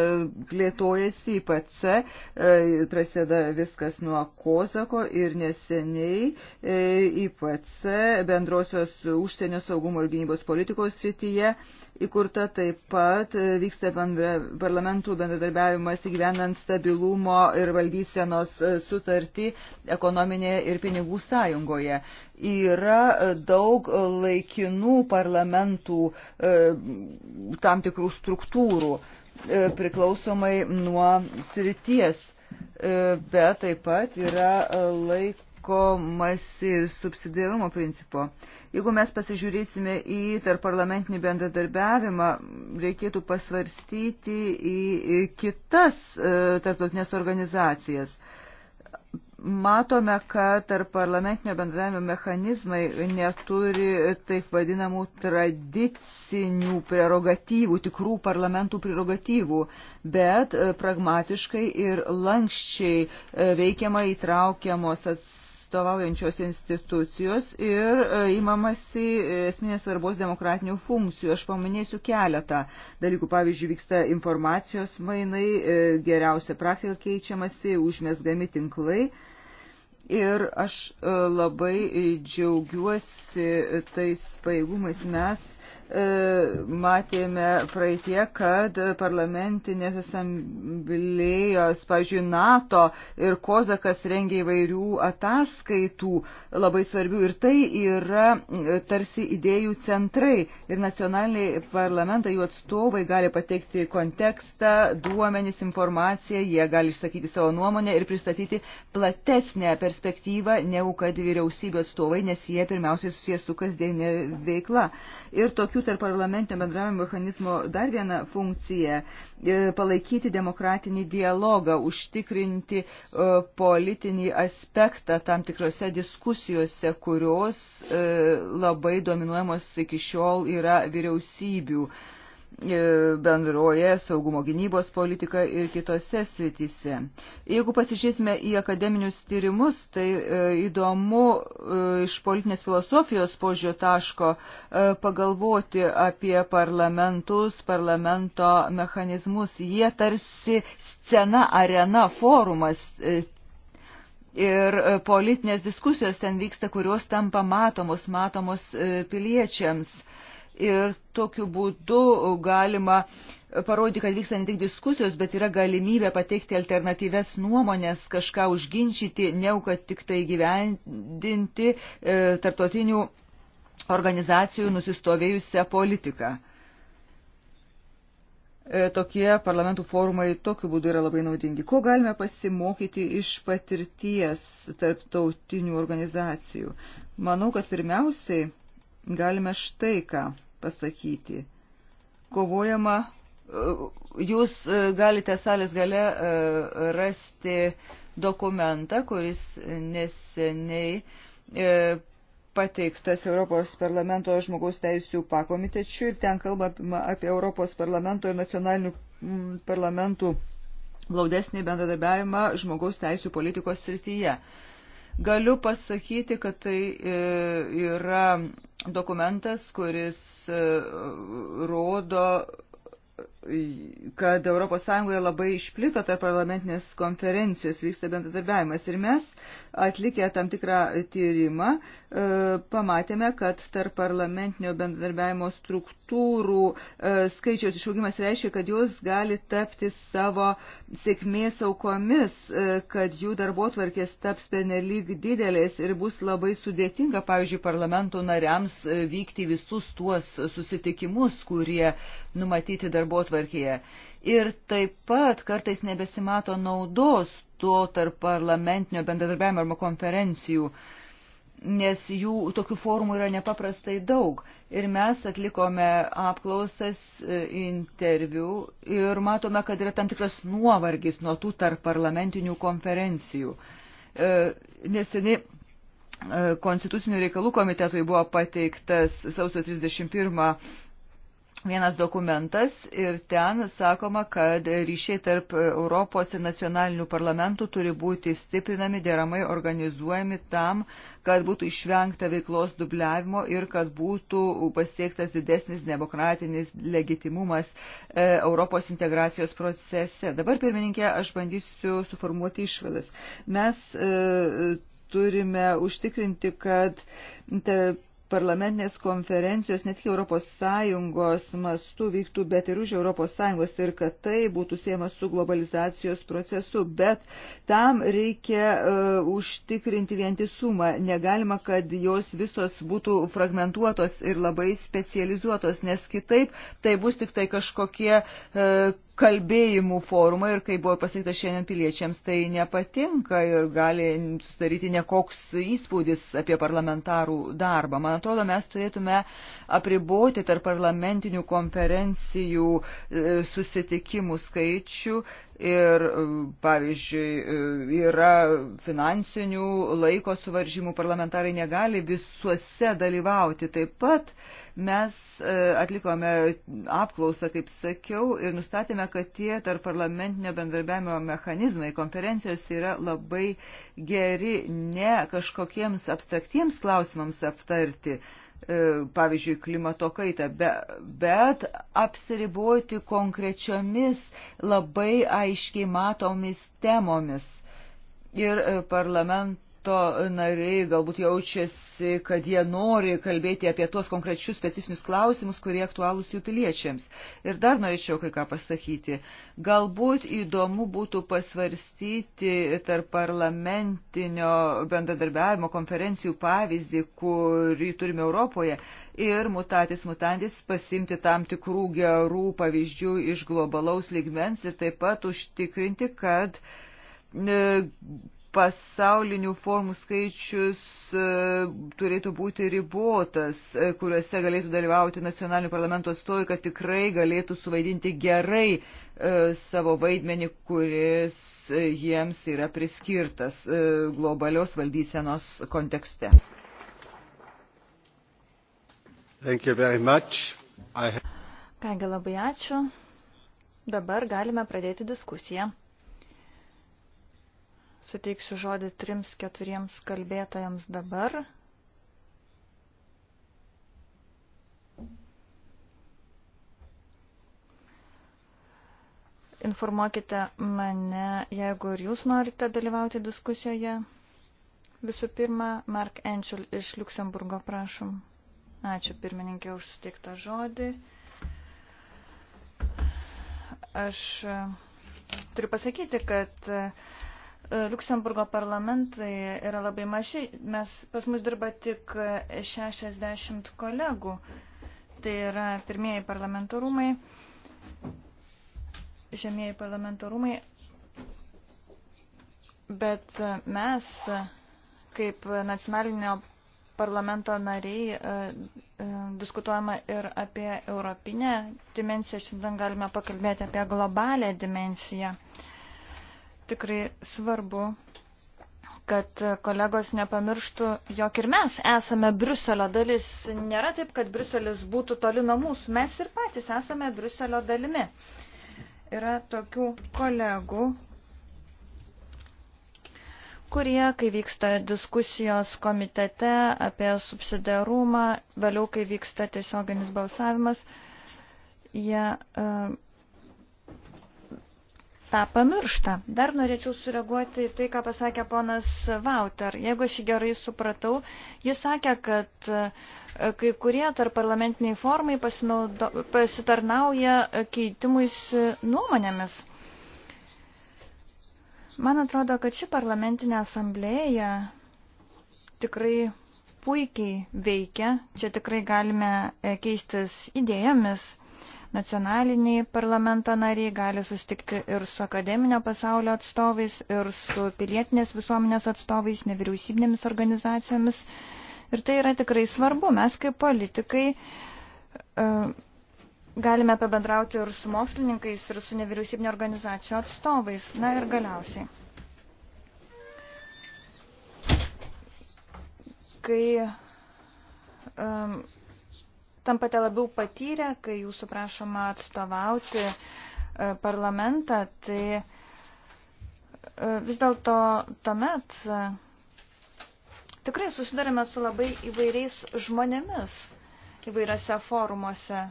S5: plėtojasi IPC, e, prasideda viskas nuo Kozako ir neseniai IPC e, bendrosios užsienio saugumo ir gynybos politikos srityje įkurta taip pat vyksta bendra, parlamentų bendradarbiavimas įgyvendant stabilumo ir valdysenos sutartį ekonominėje ir pinigų sąjungoje. Yra daug laikinų parlamentų tam tikrų struktūrų. E, priklausomai nuo srities, e, bet taip pat yra e, laikomasi ir subsidiarumo principo. Jeigu mes pasižiūrėsime į tarparlamentinį bendradarbiavimą, reikėtų pasvarstyti į kitas tarptautinės organizacijas matome, kad tarp parlamentinio bendravimo mechanizmai neturi taip vadinamų tradicinių prerogatyvų, tikrų parlamentų prerogatyvų, bet e, pragmatiškai ir lankščiai e, veikiama įtraukiamos ats atstovaujančios institucijos ir įmamasi e, esminės svarbos demokratinių funkcijų. Aš paminėsiu keletą dalykų. Pavyzdžiui, vyksta informacijos mainai, e, geriausia praktika keičiamasi, užmėsgami tinklai. Ir aš e, labai džiaugiuosi tais paėgumais mes E, matėme praeitie, kad parlamentinės asamblėjos, pažiūrėjau, NATO ir Kozakas rengia įvairių ataskaitų labai svarbių ir tai yra e, tarsi idėjų centrai ir nacionaliniai parlamentai, jų atstovai gali pateikti kontekstą, duomenis, informaciją, jie gali išsakyti savo nuomonę ir pristatyti platesnę perspektyvą, negu kad vyriausybės atstovai, nes jie pirmiausiai susijęs su kasdienė veikla. Ir to tokių tarp parlamentinio bendravimo mechanizmo dar viena funkcija e, - palaikyti demokratinį dialogą, užtikrinti e, politinį aspektą tam tikrose diskusijose, kurios e, labai dominuojamos iki šiol yra vyriausybių E, bendroje saugumo gynybos politika ir kitose sritise. Jeigu pasižiūrėsime į akademinius tyrimus, tai e, įdomu e, iš politinės filosofijos požiūrio taško pagalvoti apie parlamentus, parlamento mechanizmus. Jie tarsi scena, arena, forumas. Ir politinės diskusijos ten vyksta, kurios tampa matomos, matomos piliečiams. Uh, ir tokiu būdu galima parodyti, kad vyksta ne tik diskusijos, bet yra galimybė pateikti alternatyves nuomonės, kažką užginčyti, ne kad tik tai gyvendinti e, tarptautinių organizacijų nusistovėjusią politiką. E, tokie parlamentų forumai tokiu būdu yra labai naudingi. Ko galime pasimokyti iš patirties tarptautinių organizacijų? Manau, kad pirmiausiai galime štai ką pasakyti. Kovojama, e, jūs e, galite salės gale e, rasti dokumentą, kuris neseniai pateiktas Europos parlamento žmogaus teisų pakomitečių ir ten kalbama apie Europos parlamento ir nacionalinių parlamentų glaudesnį bendradarbiavimą žmogaus teisų politikos srityje. Galiu pasakyti, kad tai yra dokumentas, kuris e, rodo kad ES labai išplito tarp parlamentinės konferencijos vyksta bendradarbiavimas. Ir mes atlikę tam tikrą tyrimą e, pamatėme, kad tarp parlamentinio bendradarbiavimo struktūrų e, skaičiaus išaugimas reiškia, kad jos gali tapti savo sėkmės aukomis, e, kad jų darbotvarkės taps penelyg didelės ir bus labai sudėtinga, pavyzdžiui, parlamento nariams vykti visus tuos susitikimus, kurie numatyti darbotvarkės darbotvarkėje. Ir taip pat kartais nebesimato naudos to tarp parlamentinio bendradarbiavimo arba konferencijų, nes jų tokių formų yra nepaprastai daug. Ir mes atlikome apklausas, e, interviu ir matome, kad yra tam tikras nuovargis nuo tų tarp parlamentinių konferencijų. E, Neseniai e, Konstitucinių reikalų komitetui buvo pateiktas sausio 31 vienas dokumentas ir ten sakoma, kad ryšiai tarp Europos ir nacionalinių parlamentų turi būti stiprinami, deramai organizuojami tam, kad būtų išvengta veiklos dubliavimo ir kad būtų pasiektas didesnis demokratinis legitimumas e, Europos integracijos procese. Dabar, pirmininkė, aš bandysiu suformuoti išvadas. Mes e, turime užtikrinti, kad tarp parlamentinės konferencijos ne tik ES mastų vyktų, bet ir už ES ir kad tai būtų siejama su globalizacijos procesu. Bet tam reikia uh, užtikrinti vientisumą. Negalima, kad jos visos būtų fragmentuotos ir labai specializuotos, nes kitaip tai bus tik tai kažkokie uh, kalbėjimų forumą ir kaip buvo pasakyta šiandien piliečiams, tai nepatinka ir gali susidaryti nekoks įspūdis apie parlamentarų darbą. Man atrodo, mes turėtume apriboti tarp parlamentinių konferencijų e, susitikimų skaičių ir, pavyzdžiui, yra finansinių laiko suvaržymų, parlamentarai negali visuose dalyvauti. Taip pat mes e, atlikome apklausą, kaip sakiau, ir nustatėme, kad tie tarp parlamentinio bendarbiavimo mechanizmai konferencijos yra labai geri ne kažkokiems abstraktiems klausimams aptarti, E, pavyzdžiui, klimato kaitą, be, bet apsiriboti konkrečiomis labai aiškiai matomis temomis. Ir e, parlament, komiteto nariai galbūt jaučiasi, kad jie nori kalbėti apie tuos konkrečius specifinius klausimus, kurie aktualūs jų piliečiams. Ir dar norėčiau kai ką pasakyti. Galbūt įdomu būtų pasvarstyti tarp parlamentinio bendradarbiavimo konferencijų pavyzdį, kurį turime Europoje, ir mutatis mutantis pasimti tam tikrų gerų pavyzdžių iš globalaus ligmens ir taip pat užtikrinti, kad e, pasaulinių formų skaičius e, turėtų būti ribotas, e, kuriuose galėtų dalyvauti nacionalinių parlamento atstovai, kad tikrai galėtų suvaidinti gerai e, savo vaidmenį, kuris jiems yra priskirtas globalios valdysenos kontekste.
S3: Kągi labai ačiū. Dabar galime pradėti diskusiją. Suteiksiu žodį trims keturiems kalbėtojams dabar. Informuokite mane, jeigu ir jūs norite dalyvauti diskusijoje. Visų pirma, Mark Enčel iš Luksemburgo, prašom. Ačiū pirmininkė už suteiktą žodį. Aš e, turiu pasakyti, kad uh, Luksemburgo parlamentai yra labai maži, mes pas mus dirba tik 60 kolegų, tai yra pirmieji parlamentarumai, žemieji parlamentarumai, bet mes kaip nacionalinio parlamento nariai e, e, diskutuojama ir apie europinę dimensiją, šiandien galime pakalbėti apie globalę dimensiją tikrai svarbu, kad kolegos nepamirštų, jog ir mes esame Briuselio dalis. Nėra taip, kad Briuselis būtų toli nuo mūsų. Mes ir patys esame Briuselio dalimi. Yra tokių kolegų, kurie, kai vyksta diskusijos komitete apie subsidiarumą, vėliau, kai vyksta tiesioginis balsavimas, jie uh, tą pamiršta. Dar norėčiau sureaguoti į tai, ką pasakė ponas Vauter. Jeigu aš jį gerai supratau, jis sakė, kad e, kai kurie tarp parlamentiniai formai pasinaudo, pasitarnauja keitimuis nuomonėmis. Man atrodo, kad ši parlamentinė asamblėja tikrai puikiai veikia. Čia tikrai galime e, keistis idėjomis Nacionaliniai parlamento nariai gali sustikti ir su akademinio pasaulio atstovais, ir su pilietinės visuomenės atstovais, nevyriausybinėmis organizacijomis. Ir tai yra tikrai svarbu. Mes kaip politikai e, galime pabendrauti ir su mokslininkais, ir su nevyriausybinio organizacijų atstovais. Na ir galiausiai. Kai um, tampate labiau patyrę, kai jūsų prašoma atstovauti e, parlamentą, tai e, vis dėlto tuomet e, tikrai susidarėme su labai įvairiais žmonėmis įvairiose forumuose.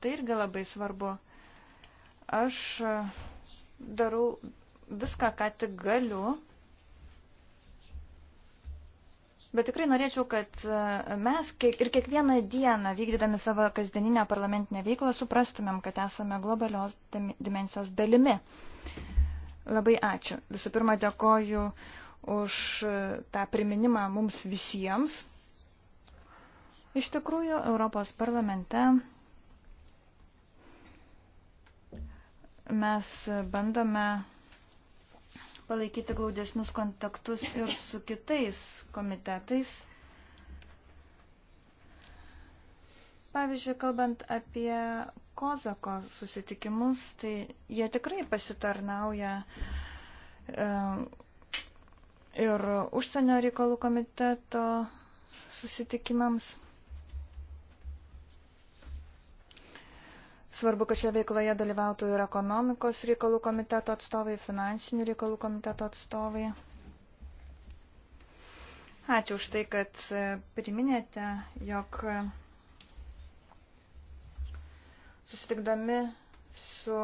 S3: Tai irgi labai svarbu. Aš darau viską, ką tik galiu, Bet tikrai norėčiau, kad e, mes kiek, ir kiekvieną dieną, vykdydami savo kasdieninę parlamentinę veiklą, suprastumėm, kad esame globalios dimensijos dalimi. Labai ačiū. Visų pirma, dėkoju už e, tą priminimą mums visiems. Iš tikrųjų, Europos parlamente mes bandome palaikyti glaudesnius kontaktus ir su kitais komitetais. Pavyzdžiui, kalbant apie Kozako susitikimus, tai jie tikrai pasitarnauja e, ir užsienio reikalų komiteto susitikimams. Svarbu, kad šioje veikloje dalyvautų ir ekonomikos reikalų komiteto atstovai, finansinių reikalų komiteto atstovai. Ačiū už tai, kad e, priminėte, jog susitikdami su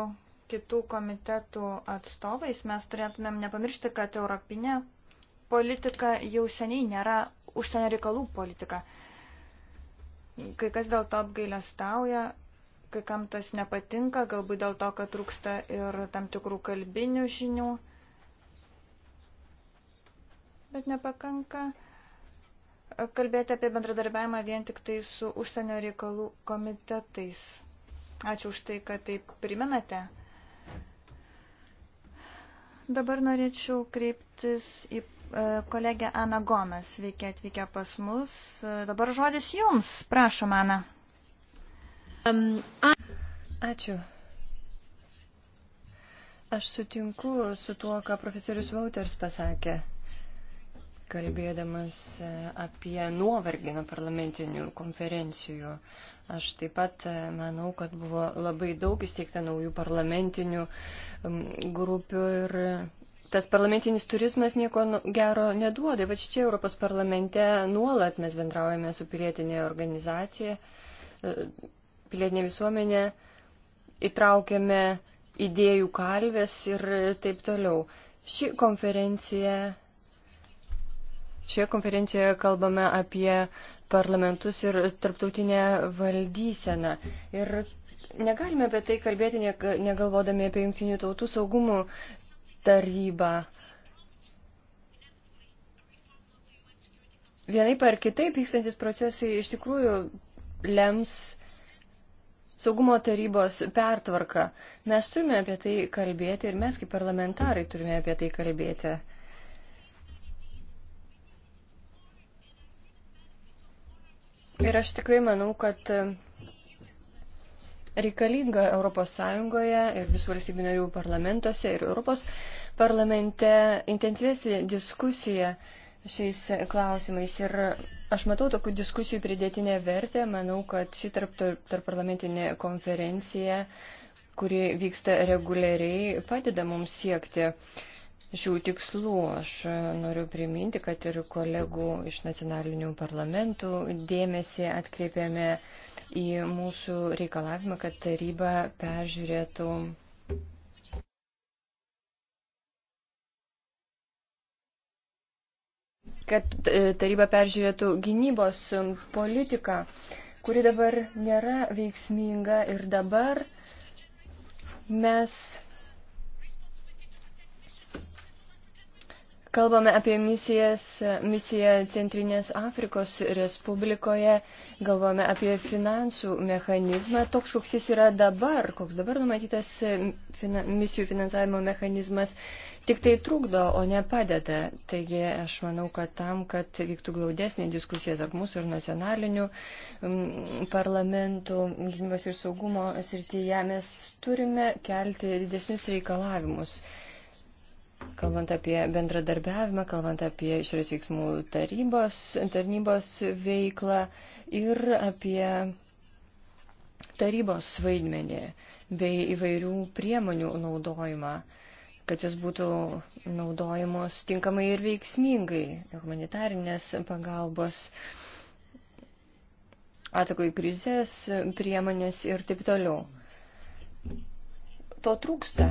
S3: kitų komitetų atstovais mes turėtumėm nepamiršti, kad europinė politika jau seniai nėra užsienio reikalų politika. Kai kas dėl to apgailestauja, kai kam tas nepatinka, galbūt dėl to, kad trūksta ir tam tikrų kalbinių žinių, bet nepakanka kalbėti apie bendradarbiavimą vien tik tai su užsienio reikalų komitetais. Ačiū už tai, kad taip priminate. Dabar norėčiau kreiptis į e, kolegę Aną Gomes. Sveiki atvykę pas mus. Dabar žodis jums. Prašom, Ana. Um, Ačiū.
S4: Aš sutinku su tuo, ką profesorius Vauters pasakė, kalbėdamas e, apie nuovargį nuo parlamentinių konferencijų. Aš taip pat e, manau, kad buvo labai daug įsteigta naujų parlamentinių grupių ir tas parlamentinis turizmas nieko nu, gero neduoda. Va čia Europos parlamente nuolat mes bendraujame su pilietinė organizacija e, pilietinę visuomenę, įtraukėme idėjų kalvės ir taip toliau. Ši konferencija, šioje konferencijoje kalbame apie parlamentus ir tarptautinę valdyseną. Ir negalime apie tai kalbėti, negalvodami apie Junktinių tautų saugumų tarybą. Vienaip ar kitaip vykstantis procesai iš tikrųjų lems saugumo tarybos pertvarka. Mes turime apie tai kalbėti ir mes kaip parlamentarai turime apie tai kalbėti. Ir aš tikrai manau, kad reikalinga ES ir visų valstybių narių parlamentuose ir Europos parlamente intensyvesnė diskusija šiais klausimais. Ir Aš matau tokių diskusijų pridėtinę vertę. Manau, kad ši tarp, tarp parlamentinė konferencija, kuri vyksta reguliariai, padeda mums siekti šių tikslų. Aš noriu priminti, kad ir kolegų iš nacionalinių parlamentų dėmesį atkreipėme į mūsų reikalavimą, kad taryba peržiūrėtų kad e, taryba peržiūrėtų gynybos um, politiką, kuri dabar nėra veiksminga ir dabar mes kalbame apie misijas, misiją Centrinės Afrikos Respublikoje, galvome apie finansų mechanizmą, toks koks jis yra dabar, koks dabar numatytas misijų finansavimo mechanizmas, tik tai trukdo, o ne padeda. Taigi aš manau, kad tam, kad vyktų glaudesnė diskusija tarp mūsų ir nacionalinių mm, parlamentų gynybos ir saugumo srityje, mes turime kelti didesnius reikalavimus. Kalbant apie bendradarbiavimą, kalbant apie išorės veiksmų tarybos, tarnybos veiklą ir apie tarybos vaidmenį bei įvairių priemonių naudojimą kad jis būtų naudojamos tinkamai ir veiksmingai humanitarinės pagalbos, atsako į krizės priemonės ir taip toliau. To trūksta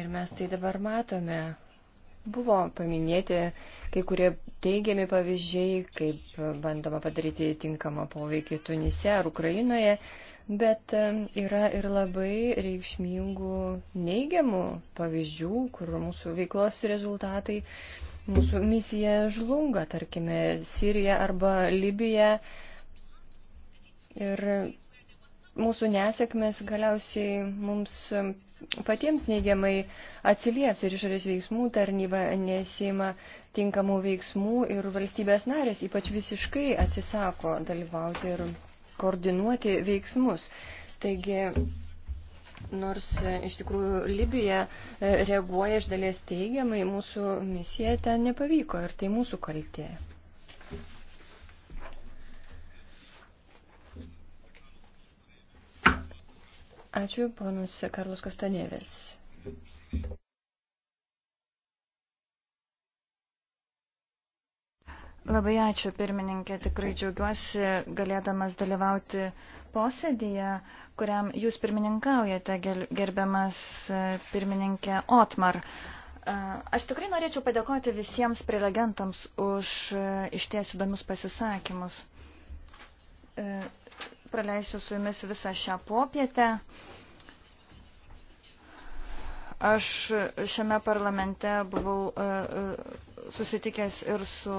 S4: ir mes tai dabar matome. Buvo paminėti kai kurie teigiami pavyzdžiai, kaip bandoma padaryti tinkamą poveikį Tunise ar Ukrainoje. Bet yra ir labai reikšmingų neigiamų pavyzdžių, kur mūsų veiklos rezultatai, mūsų misija žlunga, tarkime, Sirija arba Libija. Ir mūsų nesėkmės galiausiai mums patiems neigiamai atsilieps ir išorės veiksmų tarnyba nesima tinkamų veiksmų ir valstybės narės ypač visiškai atsisako dalyvauti ir koordinuoti veiksmus. Taigi, nors e, iš tikrųjų Libija e, reaguoja iš dalies teigiamai, mūsų misija ten nepavyko ir tai mūsų kaltė. Ačiū, ponas Karlos Kostanėvės.
S3: Labai ačiū, pirmininkė. Tikrai džiaugiuosi galėdamas dalyvauti posėdėje, kuriam jūs pirmininkaujate, gerbiamas e, pirmininkė Otmar. E, aš tikrai norėčiau padėkoti visiems prelegentams už e, išties įdomius pasisakymus. Praleisiu su jumis visą šią popietę. Aš šiame parlamente buvau e, e, susitikęs ir su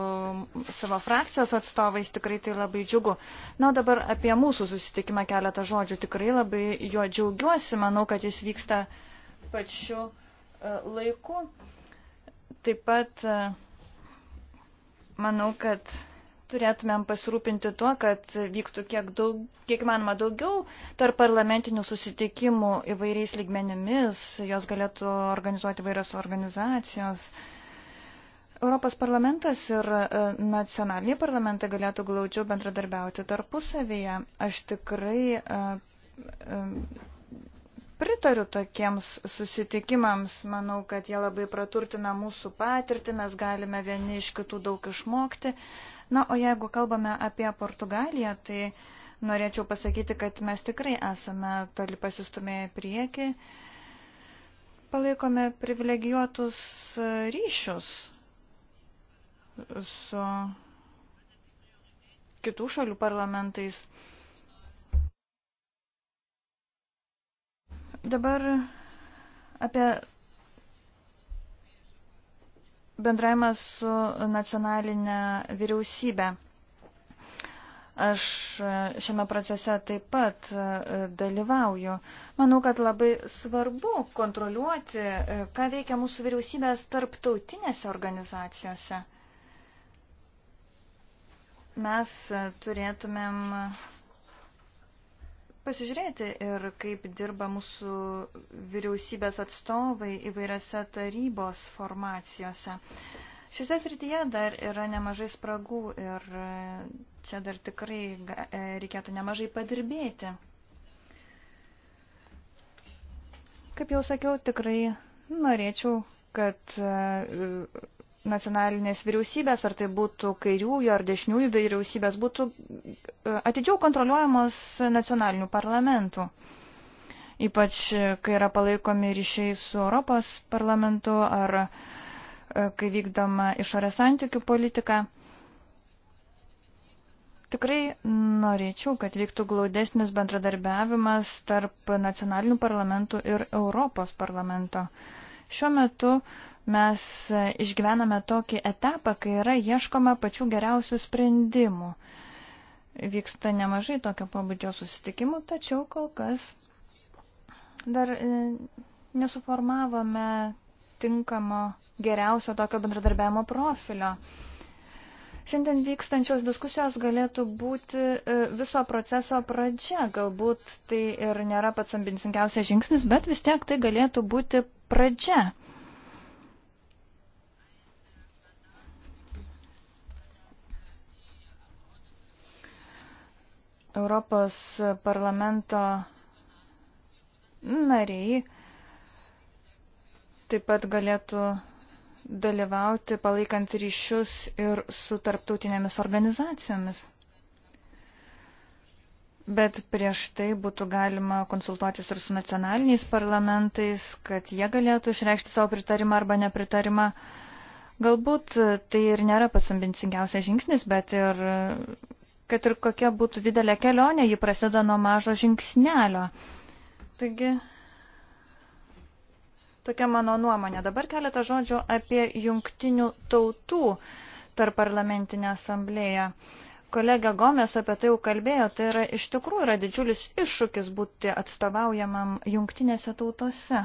S3: savo frakcijos atstovais, tikrai tai labai džiugu. Na, dabar apie mūsų susitikimą keletą žodžių. Tikrai labai juo džiaugiuosi, manau, kad jis vyksta pačiu e, laiku. Taip pat manau, kad turėtumėm pasirūpinti tuo, kad vyktų kiek, daug, kiek manoma daugiau tarp parlamentinių susitikimų įvairiais lygmenimis, jos galėtų organizuoti vairios organizacijos. Europos parlamentas ir e, nacionaliniai parlamentai galėtų glaudžiau bendradarbiauti tarpusavyje. Aš tikrai e, e, pritariu tokiems susitikimams, manau, kad jie labai praturtina mūsų patirtį, mes galime vieni iš kitų daug išmokti. Na, o jeigu kalbame apie Portugaliją, tai norėčiau pasakyti, kad mes tikrai esame toli pasistumėję prieki, palaikome privilegijuotus ryšius su kitų šalių parlamentais. Dabar apie bendravimas su nacionalinė vyriausybė. Aš šiame procese taip pat e, dalyvauju. Manau, kad labai svarbu kontroliuoti, e, ką veikia mūsų vyriausybės tarptautinėse organizacijose. Mes e, turėtumėm pasižiūrėti ir kaip dirba mūsų vyriausybės atstovai įvairiose tarybos formacijose. Šiose srityje dar yra nemažai spragų ir čia dar tikrai e, reikėtų nemažai padirbėti. Kaip jau sakiau, tikrai norėčiau, kad e, nacionalinės vyriausybės, ar tai būtų kairiųjų ar dešiniųjų vyriausybės, būtų e, atidžiau kontroliuojamos nacionalinių parlamentų. Ypač, e, kai yra palaikomi ryšiai su Europos parlamentu ar e, kai vykdoma išorės santykių politika. Tikrai norėčiau, kad vyktų glaudesnis bendradarbiavimas tarp nacionalinių parlamentų ir Europos parlamento. Uh, Šiuo metu mes išgyvename tokį etapą, kai yra ieškoma pačių geriausių sprendimų. Vyksta nemažai tokio pabudžio susitikimų, tačiau kol kas dar e, nesuformavome tinkamo geriausio tokio bendradarbiavimo profilio. Šiandien vykstančios diskusijos galėtų būti e, viso proceso pradžia. Galbūt tai ir nėra pats ambicingiausias žingsnis, bet vis tiek tai galėtų būti pradžia. Europos parlamento nariai taip pat galėtų dalyvauti palaikant ryšius ir su tarptautinėmis organizacijomis. Bet prieš tai būtų galima konsultuotis ir su nacionaliniais parlamentais, kad jie galėtų išreikšti savo pritarimą arba nepritarimą. Galbūt tai ir nėra pats ambicingiausias žingsnis, bet ir kad ir kokia būtų didelė kelionė, ji prasideda nuo mažo žingsnelio. Taigi, tokia mano nuomonė. Dabar keletą žodžių apie jungtinių tautų tarp parlamentinę asamblėją kolega Gomes apie tai jau kalbėjo, tai yra iš tikrųjų yra didžiulis iššūkis būti atstovaujamam jungtinėse tautose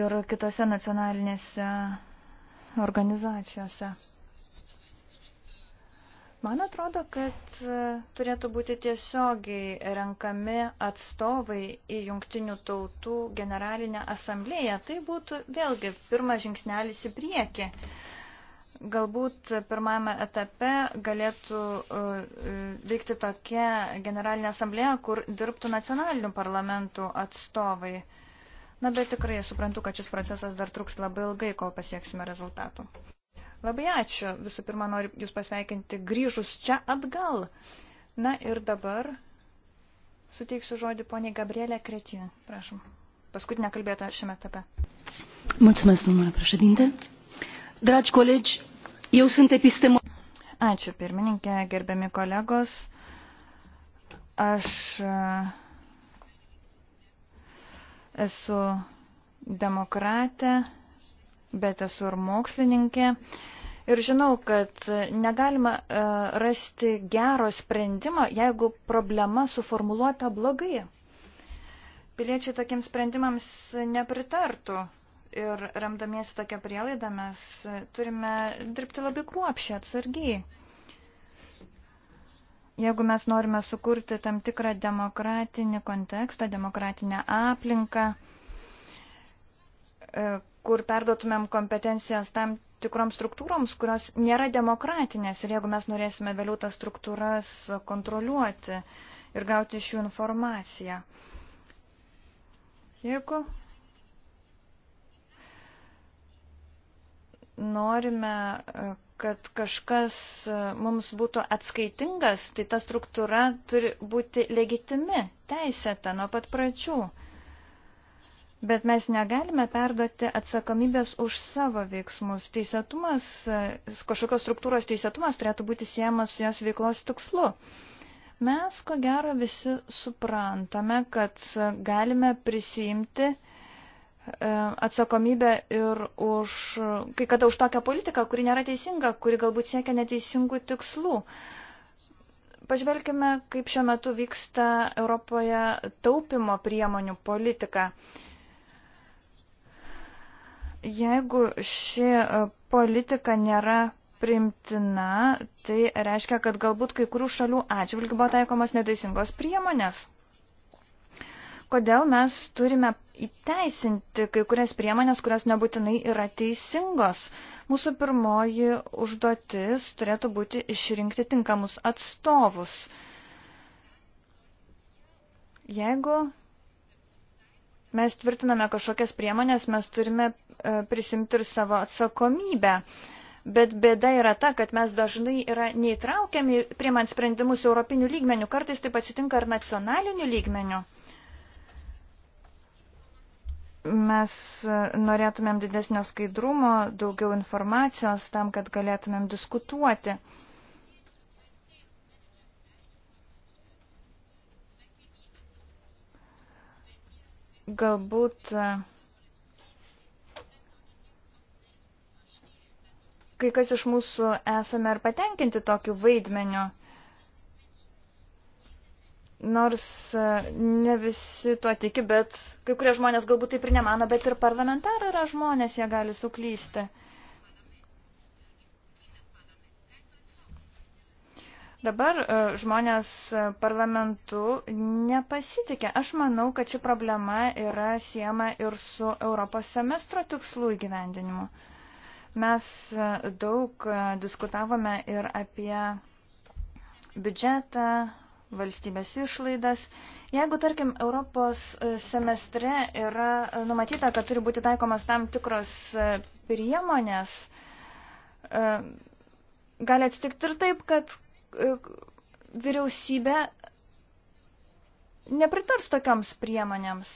S3: ir kitose nacionalinėse organizacijose. Man atrodo, kad e, turėtų būti tiesiogiai renkami atstovai į Jungtinių tautų generalinę asamblėją. Tai būtų vėlgi pirmas žingsnelis į priekį. Galbūt pirmame etape galėtų e, e, veikti tokia generalinė asamblėja, kur dirbtų nacionalinių parlamentų atstovai. Na, bet tikrai suprantu, kad šis procesas dar truks labai ilgai, kol pasieksime rezultatų. Labai ačiū. Visų pirma, noriu Jūs pasveikinti grįžus čia atgal. Na ir dabar suteiksiu žodį poniai Gabrielė Kretien. Prašom. Paskutinę kalbėtą šiame etape. Mulțumesc, domnule președinte. Dragi colegi, eu sunt epistemolog. Ačiū pirmininkė, gerbiami kolegos. Aš e, esu demokratė, bet esu ir mokslininkė. Ir žinau, kad negalima e, rasti gero sprendimo, jeigu problema suformuluota blogai. Piliečiai tokiems sprendimams nepritartų ir remdamiesi tokią prielaidą mes turime dirbti labai kruopšiai, atsargiai. Jeigu mes norime sukurti tam tikrą demokratinį kontekstą, demokratinę aplinką, e, kur perduotumėm kompetencijas tam tikroms struktūroms, kurios nėra demokratinės ir jeigu mes norėsime vėliau tas struktūras kontroliuoti ir gauti iš jų informaciją. Jeigu norime, e, kad kažkas e, mums būtų atskaitingas, tai ta struktūra turi būti legitimi, teisėta nuo pat pradžių. Bet mes negalime perduoti atsakomybės už savo veiksmus. Teisėtumas, e, kažkokios struktūros teisėtumas turėtų būti siejamas su jos veiklos tikslu. Mes, ko gero, visi suprantame, kad galime prisijimti uh, E, atsakomybę ir už, kai kada už tokią politiką, kuri nėra teisinga, kuri galbūt siekia neteisingų tikslų. Pažvelkime, kaip šiuo metu vyksta Europoje taupimo priemonių politika. Jeigu ši politika nėra primtina, tai reiškia, kad galbūt kai kurių šalių atžvilgių buvo taikomos neteisingos priemonės kodėl mes turime įteisinti kai kurias priemonės, kurios nebūtinai yra teisingos. Mūsų pirmoji užduotis turėtų būti išrinkti tinkamus atstovus. Jeigu mes tvirtiname kažkokias priemonės, mes turime e, prisimti ir savo atsakomybę. Bet bėda yra ta, kad mes dažnai yra neįtraukiami priimant sprendimus europinių lygmenių, kartais taip atsitinka ir nacionalinių lygmenių. Mes e, norėtumėm didesnio skaidrumo, daugiau informacijos tam, kad galėtumėm diskutuoti. Galbūt e, kai kas iš mūsų esame ir patenkinti tokiu vaidmeniu. Nors e, ne visi tuo tiki, bet kai kurie žmonės galbūt taip ir nemano, bet ir parlamentarai yra žmonės, jie gali suklysti. Dabar e, žmonės parlamentu nepasitikė. Aš manau, kad ši problema yra siema ir su Europos semestro tikslų įgyvendinimu. Mes e, daug diskutavome ir apie biudžetą, valstybės išlaidas. Jeigu, tarkim, Europos e, semestre yra e, numatyta, kad turi būti taikomas tam tikros e, priemonės, gali atsitikti ir taip, kad vyriausybė nepritars tokioms priemonėms.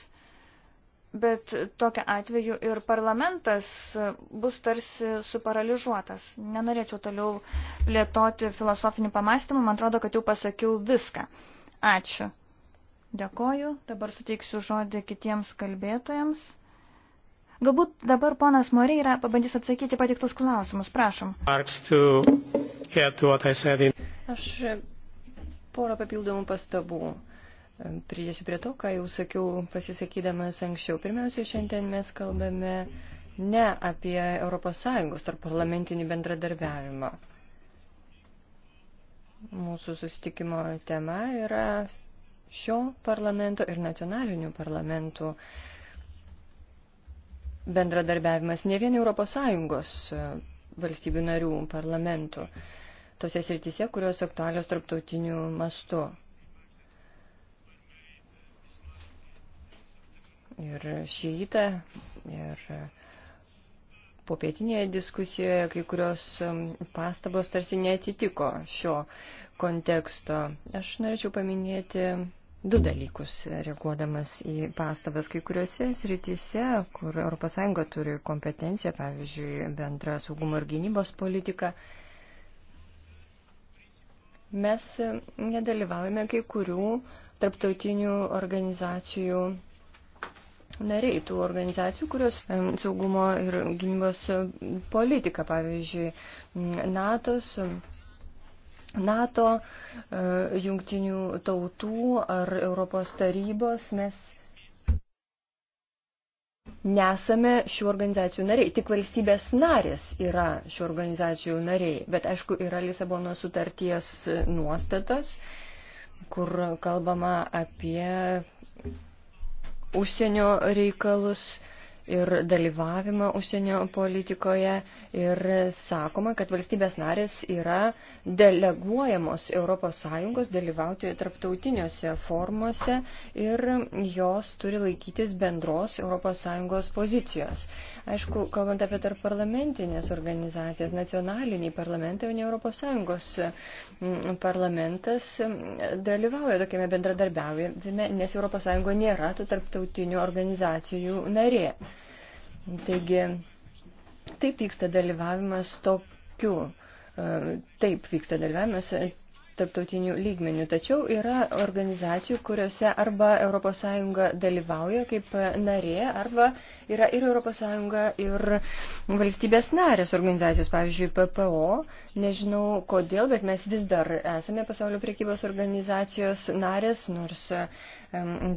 S3: Bet tokia atveju ir parlamentas bus tarsi suparaližuotas. Nenorėčiau toliau plėtoti filosofinį pamastymą, man atrodo, kad jau pasakiau viską. Ačiū. Dėkoju, dabar suteiksiu žodį kitiems kalbėtojams. Galbūt dabar ponas Moreira pabandys atsakyti
S4: patiktus klausimus, prašom. Aš e, porą papildomų pastabų Pridėsiu prie to, ką jau sakiau pasisakydamas anksčiau. Pirmiausia, šiandien mes kalbame ne apie ES tarp parlamentinį bendradarbiavimą. Mūsų susitikimo tema yra šio parlamento ir nacionalinių parlamentų bendradarbiavimas ne vien ES e, valstybių narių parlamentų, tose srityse, kurios aktualios tarptautiniu mastu. ir šį rytą, ir popietinėje diskusijoje kai kurios um, pastabos tarsi netitiko šio konteksto. Aš norėčiau paminėti du dalykus, reaguodamas į pastabas kai kuriuose srityse, kur ES turi kompetenciją, pavyzdžiui, bendrą saugumo ir gynybos politiką. Mes nedalyvaujame kai kurių tarptautinių organizacijų nariai tų organizacijų, kurios saugumo ir gynybos e, politika, pavyzdžiui, NATO's. NATO, e, jungtinių tautų ar Europos tarybos mes nesame šių organizacijų nariai. Tik valstybės narės yra šių organizacijų nariai. Bet aišku, yra Lisabono sutarties nuostatos, kur kalbama apie užsienio reikalus ir dalyvavimą užsienio politikoje ir sakoma, kad valstybės narės yra deleguojamos ES dalyvauti tarptautiniuose formuose ir jos turi laikytis bendros ES pozicijos. Aišku, kalbant apie tarp parlamentinės organizacijas, nacionaliniai parlamentai, o ne ES mm, parlamentas mm, dalyvauja tokiame bendradarbiavime, nes ES nėra tų tarptautinių organizacijų narė. Taigi, taip vyksta dalyvavimas tokiu, e, taip vyksta dalyvavimas tarptautinių lygmenių. Tačiau yra organizacijų, kuriuose arba ES dalyvauja kaip narė, arba yra ir ES ir valstybės narės organizacijos, pavyzdžiui, PPO. Nežinau kodėl, bet mes vis dar esame pasaulio priekybos organizacijos narės, nors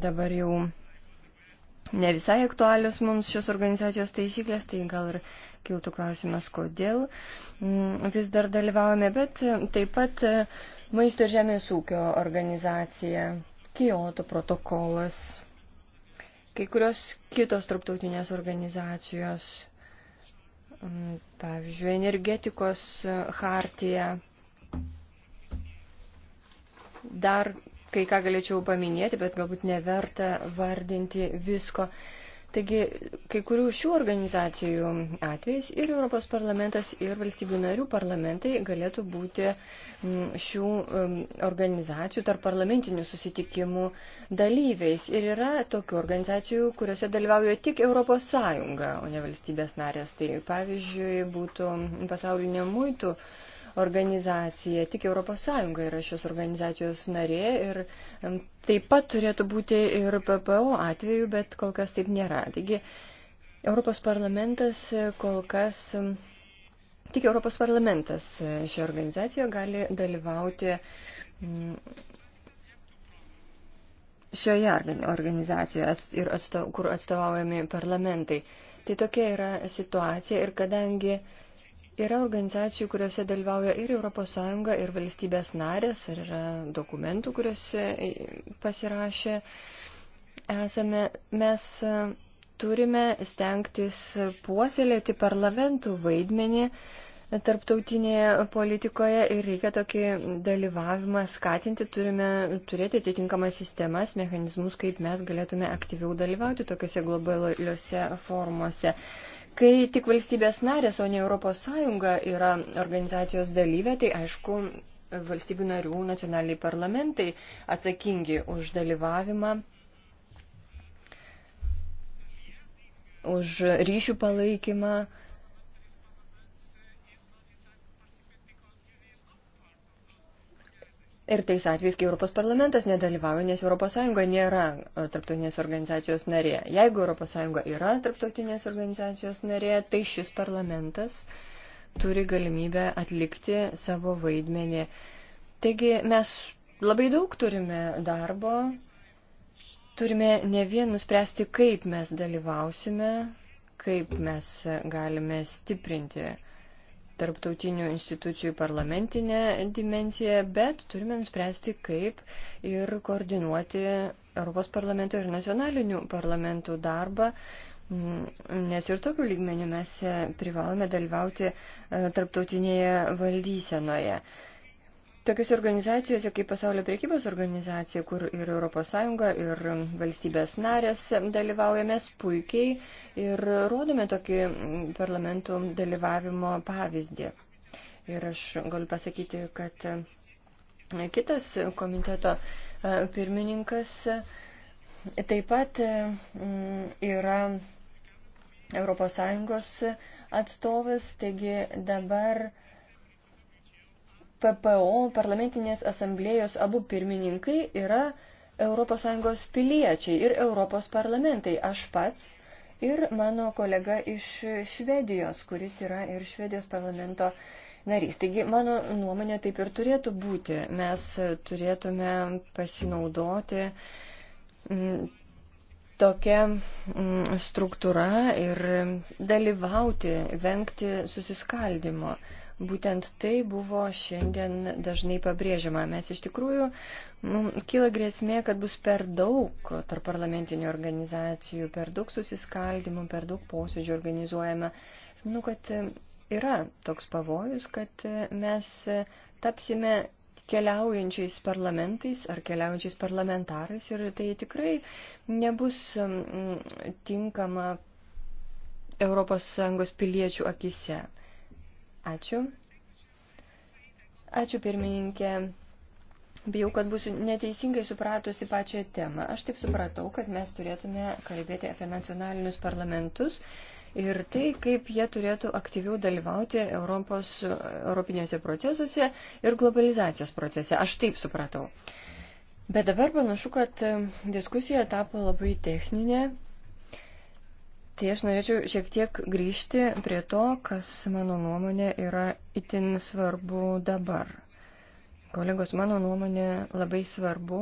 S4: dabar jau ne visai aktualios mums šios organizacijos taisyklės, tai gal ir kiltų klausimas, kodėl mm, vis dar dalyvavome, bet taip pat e, Maisto ir Žemės ūkio organizacija, Kyoto protokolas, kai kurios kitos tarptautinės organizacijos, mm, pavyzdžiui, energetikos e, hartija dar kai ką galėčiau paminėti, bet galbūt neverta vardinti visko. Taigi, kai kurių šių organizacijų atvejais ir Europos parlamentas, ir valstybių narių parlamentai galėtų būti šių organizacijų tarp parlamentinių susitikimų dalyviais. Ir yra tokių organizacijų, kuriuose dalyvauja tik Europos Sąjunga, o ne valstybės narės. Tai pavyzdžiui, būtų pasaulinė muitų organizacija. Tik ES yra šios organizacijos narė ir taip pat turėtų būti ir PPO atveju, bet kol kas taip nėra. Taigi Europos parlamentas e, kol kas. Tik Europos parlamentas e, šioje organizacijoje gali dalyvauti mm, šioje organizacijoje, ir atstov, kur atstovaujami parlamentai. Tai tokia yra situacija ir kadangi Yra organizacijų, kuriuose dalyvauja ir ES, ir valstybės narės, ir yra dokumentų, kuriuose pasirašė. Esame, mes e, turime stengtis puoselėti parlamentų vaidmenį tarptautinėje politikoje ir reikia tokį dalyvavimą skatinti, turime turėti atitinkamas sistemas, mechanizmus, kaip mes galėtume aktyviau dalyvauti tokiuose globaliuose formuose. Kai tik valstybės narės, o ne Europos Sąjunga yra organizacijos dalyvė, tai aišku, valstybių narių nacionaliniai parlamentai atsakingi už dalyvavimą, už ryšių palaikymą, Ir tais atvejais, kai Europos parlamentas nedalyvauja, nes ES nėra e, tarptautinės organizacijos narė. Jeigu ES yra tarptautinės organizacijos narė, tai šis parlamentas turi galimybę atlikti savo vaidmenį. Taigi mes labai daug turime darbo, turime ne vien nuspręsti, kaip mes dalyvausime, kaip mes galime stiprinti tarptautinių institucijų parlamentinę dimenciją, bet turime nuspręsti, kaip ir koordinuoti Europos parlamento ir nacionalinių parlamentų darbą, mm, nes ir tokiu lygmeniu mes privalome dalyvauti e, tarptautinėje valdysenoje. Tokiose organizacijose kaip Pasaulio priekybos organizacija, kur ir ES, ir valstybės narės dalyvaujamės puikiai ir rodome tokį parlamentų dalyvavimo pavyzdį. Ir aš galiu pasakyti, kad kitas komiteto pirmininkas taip pat yra ES atstovas, taigi dabar PPO parlamentinės asamblėjos abu pirmininkai yra ES piliečiai ir Europos parlamentai. Aš pats ir mano kolega iš Švedijos, kuris yra ir Švedijos parlamento narys. Taigi, mano nuomonė taip ir turėtų būti. Mes turėtume pasinaudoti mm, tokia mm, struktūra ir dalyvauti, vengti susiskaldimo. Būtent tai buvo šiandien dažnai pabrėžiama. Mes iš tikrųjų mm, kyla grėsmė, kad bus per daug tarp parlamentinių organizacijų, per daug susiskaldimų, per daug posėdžių organizuojama. Žinau, kad e, yra toks pavojus, kad e, mes e, tapsime keliaujančiais parlamentais ar keliaujančiais parlamentarais ir tai tikrai nebus mm, tinkama ES piliečių akise. Ačiū. Ačiū pirmininkė. Bijau, kad būsiu neteisingai supratusi pačią temą. Aš taip supratau, kad mes turėtume kalbėti apie nacionalinius parlamentus ir tai, kaip jie turėtų aktyviau dalyvauti Europos, europinėse procesuose ir globalizacijos procese. Aš taip supratau. Bet dabar panašu, kad diskusija tapo labai techninė Tai aš norėčiau šiek tiek grįžti prie to, kas mano nuomonė yra itin svarbu dabar. Kolegos, mano nuomonė labai svarbu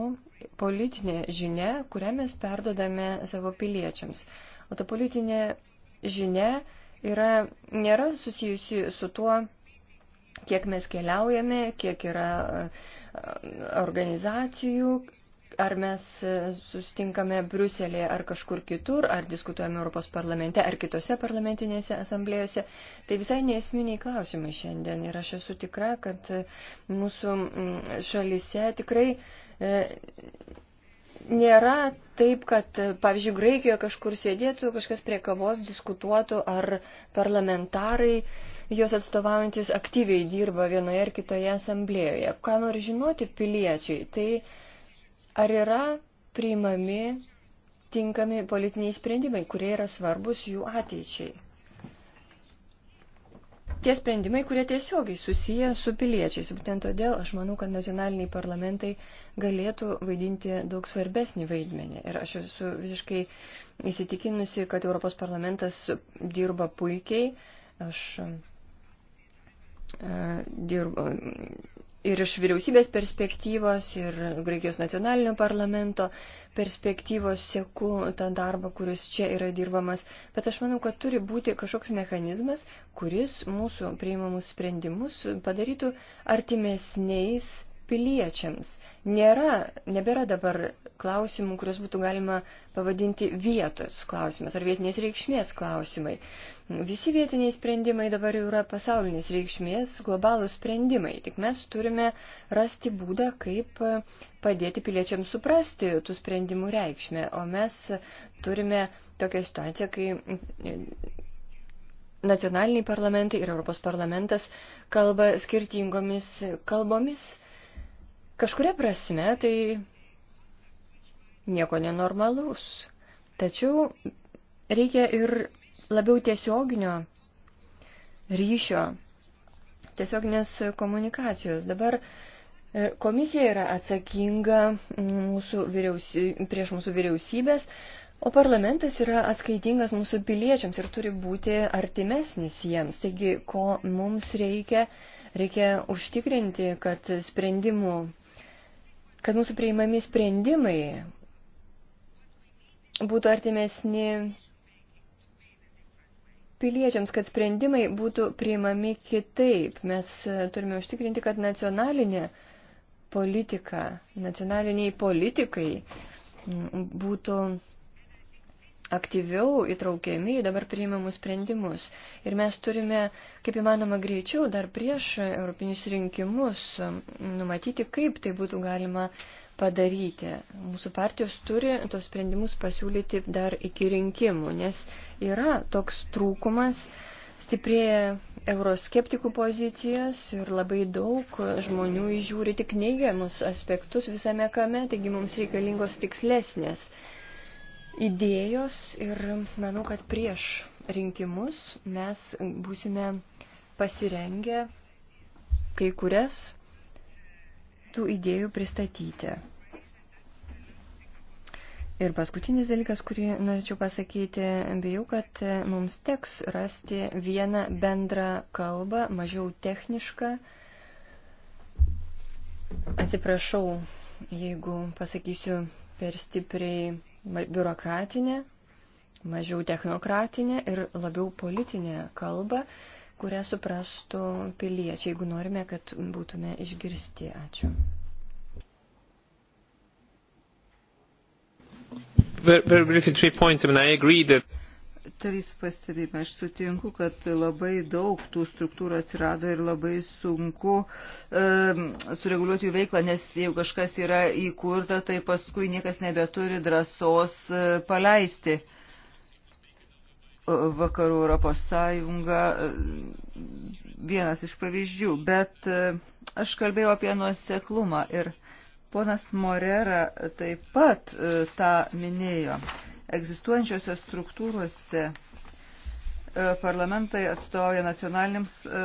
S4: politinė žinia, kurią mes perdodame savo piliečiams. O ta politinė žinia yra, nėra susijusi su tuo, kiek mes keliaujame, kiek yra organizacijų, ar mes e, sustinkame Briuselėje ar kažkur kitur, ar diskutuojame Europos parlamente ar kitose parlamentinėse asamblėjose, tai visai neesminiai klausimai šiandien. Ir aš esu tikra, kad e, mūsų šalise tikrai e, nėra taip, kad, pavyzdžiui, Graikijoje kažkur sėdėtų kažkas prie kavos, diskutuotų, ar parlamentarai, jos atstovaujantis, aktyviai dirba vienoje ar kitoje asamblėjoje. Ką nori žinoti piliečiai? Tai ar yra priimami tinkami politiniai sprendimai, kurie yra svarbus jų ateičiai. Tie sprendimai, kurie tiesiogiai susiję su piliečiais. Būtent todėl aš manau, kad nacionaliniai parlamentai galėtų vaidinti daug svarbesnį vaidmenį. Ir aš esu visiškai įsitikinusi, kad Europos parlamentas dirba puikiai. Aš e, dirbu, ir iš vyriausybės perspektyvos, ir Graikijos nacionalinio parlamento perspektyvos sėku tą darbą, kuris čia yra dirbamas. Bet aš manau, kad turi būti kažkoks mechanizmas, kuris mūsų priimamus sprendimus padarytų artimesniais piliečiams. Nėra, nebėra dabar klausimų, kuriuos būtų galima pavadinti vietos klausimas ar vietinės reikšmės klausimai. Visi vietiniai sprendimai dabar jau yra pasaulinės reikšmės, globalų sprendimai. Tik mes turime rasti būdą, kaip padėti piliečiams suprasti tų sprendimų reikšmę. O mes turime tokią situaciją, kai nacionaliniai parlamentai ir Europos parlamentas kalba skirtingomis kalbomis. Kažkuria prasme tai nieko nenormalus. Tačiau reikia ir labiau tiesioginio ryšio, tiesioginės komunikacijos. Dabar e, komisija yra atsakinga mūsų vyriausy, prieš mūsų vyriausybės, o parlamentas yra atskaitingas mūsų piliečiams ir turi būti artimesnis jiems. Taigi, ko mums reikia, reikia užtikrinti, kad sprendimų kad mūsų prieimami sprendimai būtų artimesni piliečiams, kad sprendimai būtų priimami kitaip. Mes turime užtikrinti, kad nacionalinė politika, nacionaliniai politikai būtų aktyviau įtraukiami į dabar priimamus sprendimus. Ir mes turime, kaip įmanoma greičiau, dar prieš europinius rinkimus um, numatyti, kaip tai būtų galima padaryti. Mūsų partijos turi tos sprendimus pasiūlyti dar iki rinkimų, nes yra toks trūkumas, stiprėja euroskeptikų pozicijos ir labai daug žmonių įžiūri tik neigiamus aspektus visame kame, taigi mums reikalingos tikslesnės idėjos ir manau, kad prieš rinkimus mes būsime pasirengę kai kurias tų idėjų pristatyti. Ir paskutinis dalykas, kurį norėčiau pasakyti, bijau, kad mums teks rasti vieną bendrą kalbą, mažiau technišką. Atsiprašau, jeigu pasakysiu per stipriai biurokratinę, mažiau technokratinę ir labiau politinę kalbą, kurią suprastų piliečiai, jeigu norime, kad būtume išgirsti. Ačiū.
S1: Very, very briefly, three points. I mean, I agree that
S5: Trys pastebėjimai. Aš sutinku, kad labai daug tų struktūrų atsirado ir labai sunku um, e, sureguliuoti jų veiklą, nes jeigu kažkas yra įkurta, tai paskui niekas nebeturi drąsos uh, paleisti. Vakarų Europos Sąjunga e, vienas iš pavyzdžių, bet e, aš kalbėjau apie nuoseklumą ir ponas Morera taip pat tą minėjo. Uh, Egzistuojančiose struktūrose e, parlamentai atstovauja nacionaliniams e,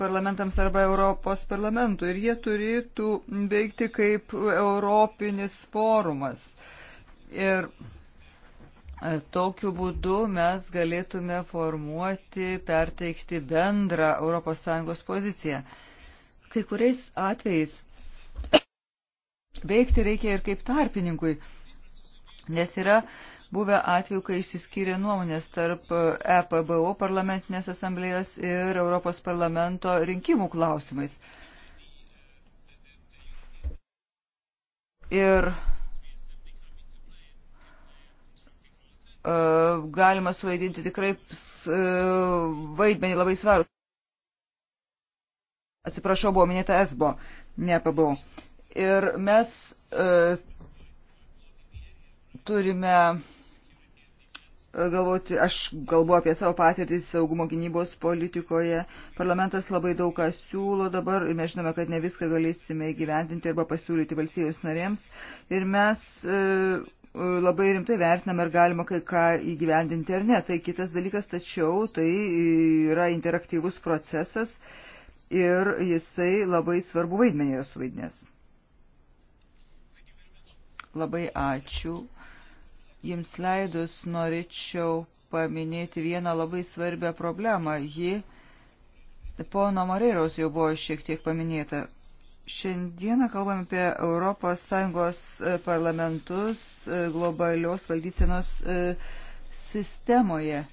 S5: parlamentams arba Europos parlamentui ir jie turėtų veikti kaip europinis forumas. Ir e, tokiu būdu mes galėtume formuoti, perteikti bendrą ES poziciją. Kai kuriais atvejais veikti reikia ir kaip tarpininkui, nes yra uh, buvę atveju, kai išsiskyrė nuomonės tarp EPBO parlamentinės asamblėjos ir Europos parlamento rinkimų klausimais. Ir e, galima suvaidinti tikrai e, vaidmenį labai svarų. Atsiprašau, buvo minėta esbo, ne e pabau. Ir mes turime galvoti, aš galvoju apie savo patirtį saugumo gynybos politikoje. Parlamentas labai daug ką siūlo dabar ir mes žinome, kad ne viską galėsime įgyvendinti arba pasiūlyti valstybės narėms. Ir mes e, e labai rimtai vertinam, ar galima kai ką įgyvendinti ar ne. Tai kitas dalykas, tačiau tai yra interaktyvus procesas ir jisai labai svarbu vaidmenį yra suvaidinęs. Labai ačiū Jums leidus norėčiau paminėti vieną labai svarbią problemą. Ji pono Moreiros jau buvo šiek tiek paminėta. Šiandieną kalbam apie ES e, parlamentus e, globalios valdysenos e, sistemoje.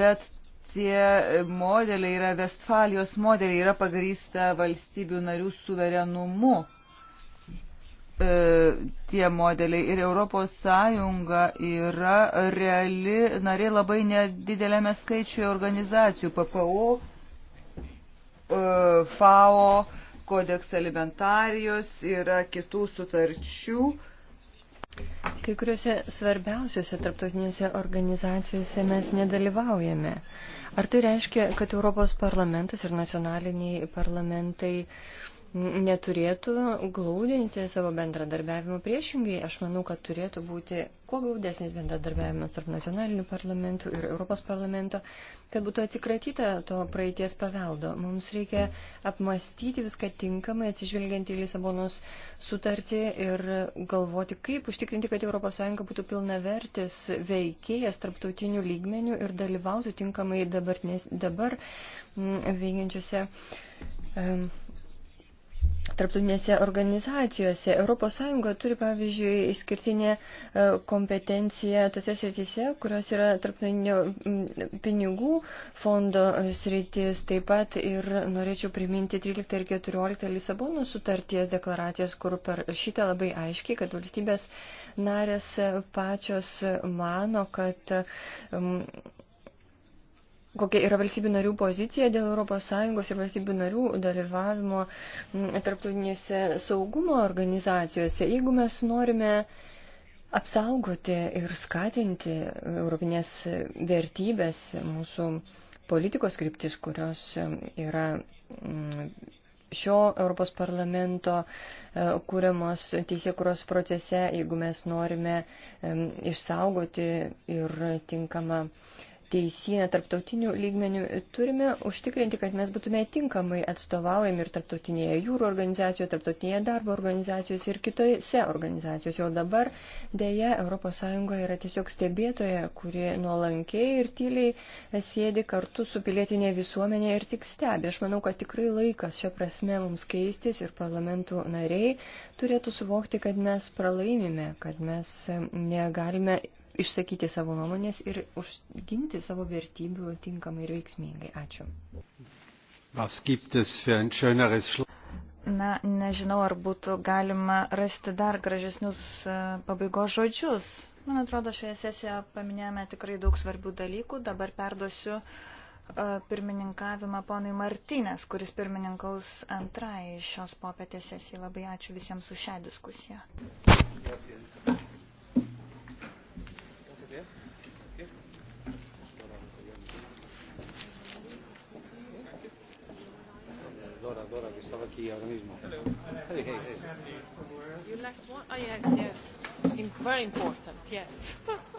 S5: Bet tie modeliai yra Vestfalijos modeliai, yra pagrįsta valstybių narių suverenumu E, tie modeliai ir Europos Sąjunga yra reali narė labai nedidelėme skaičiuje organizacijų PPO, e, FAO, Kodeks alimentarijos, yra kitų sutarčių.
S4: Kai kuriuose svarbiausiuose tarptautinėse organizacijose mes nedalyvaujame. Ar tai reiškia, kad Europos parlamentas ir nacionaliniai parlamentai uh, neturėtų glaudinti savo bendradarbiavimo priešingai. Aš manau, kad turėtų būti kuo gaudesnis bendradarbiavimas tarp nacionalinių parlamentų ir Europos parlamento, kad būtų atsikratyta to praeities paveldo. Mums reikia apmastyti viską tinkamai, atsižvelgiant į Lisabonos sutartį ir galvoti, kaip užtikrinti, kad ES būtų pilna vertis veikėjas tarptautinių lygmenių ir dalyvautų tinkamai dabar, nes, dabar m, mm, veikiančiose. Um, tarptautinėse organizacijose. ES turi, pavyzdžiui, išskirtinę e, kompetenciją tose srityse, kurios yra tarptautinio pinigų fondo e, sritis. Taip pat ir norėčiau priminti 13 ir 14 Lisabono sutarties deklaracijas, kur per šitą labai aiškiai, kad valstybės narės pačios mano, kad kokia yra valstybių narių pozicija dėl ES ir valstybių narių dalyvavimo tarptautinėse saugumo organizacijose. Jeigu mes norime apsaugoti ir skatinti europinės vertybės mūsų politikos kryptis, kurios yra šio Europos parlamento e, kūriamos teisėkuros procese, jeigu mes norime išsaugoti ir tinkamą teisinę tarptautinių lygmenių, turime užtikrinti, kad mes būtume tinkamai atstovaujami ir tarptautinėje jūrų organizacijoje, tarptautinėje darbo organizacijose ir kitose organizacijose. O dabar dėja ES yra tiesiog stebėtoja, kuri nuolankiai ir tyliai sėdi kartu su pilietinė visuomenė ir tik stebi. Aš manau, kad tikrai laikas šią prasme mums keistis ir parlamentų nariai turėtų suvokti, kad mes pralaimime, kad mes negalime išsakyti savo nuomonės ir užginti savo vertybių tinkamai ir veiksmingai. Ačiū. Na, nežinau, ar būtų galima
S3: rasti dar gražesnius e, pabaigos žodžius. Man atrodo, šioje sesijoje paminėjome tikrai daug svarbių dalykų. Dabar perduosiu e, pirmininkavimą ponui Martinės, kuris pirmininkaus antrai šios popietės sesijai. Labai ačiū visiems už šią diskusiją. Gracias.
S1: que estaba aquí ahora mismo. Hey, hey, hey. You left one? Oh, yes,
S4: yes. Very important, yes.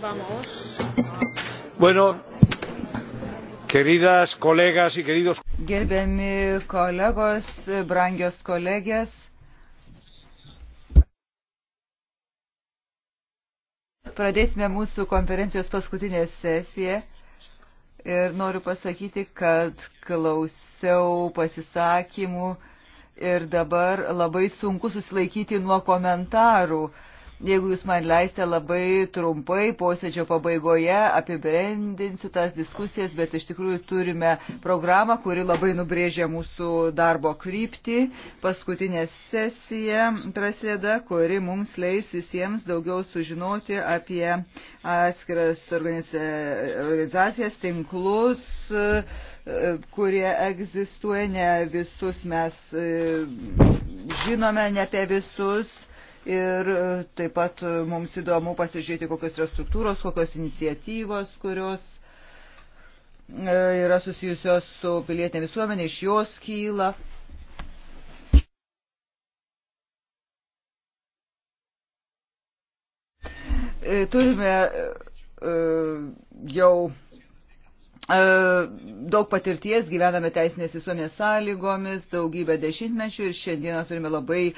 S1: Vamos. Bueno, queridas colegas y queridos.
S5: Gerbiami kolegos, brangios kolegės. Pradėsime mūsų konferencijos paskutinę sesiją. Ir noriu pasakyti, kad klausiau pasisakymų ir dabar labai sunku susilaikyti nuo komentarų. Jeigu jūs man leistė labai trumpai posėdžio pabaigoje, apibendinsiu tas diskusijas, bet iš tikrųjų turime programą, kuri labai nubrėžia mūsų darbo kryptį. Paskutinė sesija prasideda, kuri mums leis visiems daugiau sužinoti apie atskiras organizacijas, tinklus kurie egzistuoja, ne visus mes e, žinome, ne apie visus Ir e, taip pat e, mums įdomu pasižiūrėti, kokios yra struktūros, kokios iniciatyvos, kurios e, yra susijusios su pilietinė visuomenė, iš jos kyla. Turime jau E, daug patirties, gyvename teisinės visuomenės sąlygomis, daugybę dešimtmečių ir šiandieną turime labai e,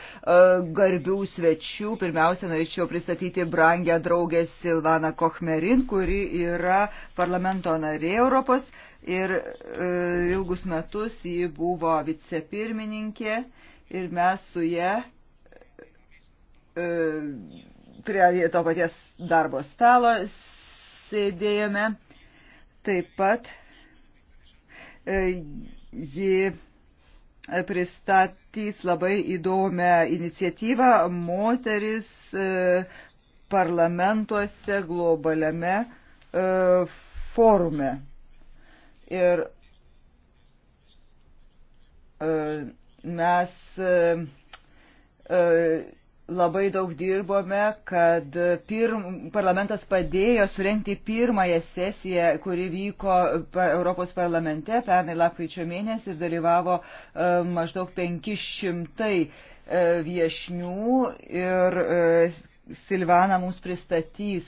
S5: garbių svečių. Pirmiausia, norėčiau pristatyti brangę draugę Silvaną Kochmerin, kuri yra parlamento narė Europos ir e, ilgus metus ji buvo vicepirmininkė ir mes su ją prie to paties darbo stalo sėdėjome Taip pat e, ji pristatys labai įdomią iniciatyvą moteris e, parlamentuose globaliame e, forume. Ir mes labai daug dirbome, kad pirm, parlamentas padėjo surenkti pirmąją sesiją, kuri vyko Europos parlamente pernai lapkričio mėnesį ir dalyvavo e, maždaug 500 e, viešnių ir e, Silvana mums pristatys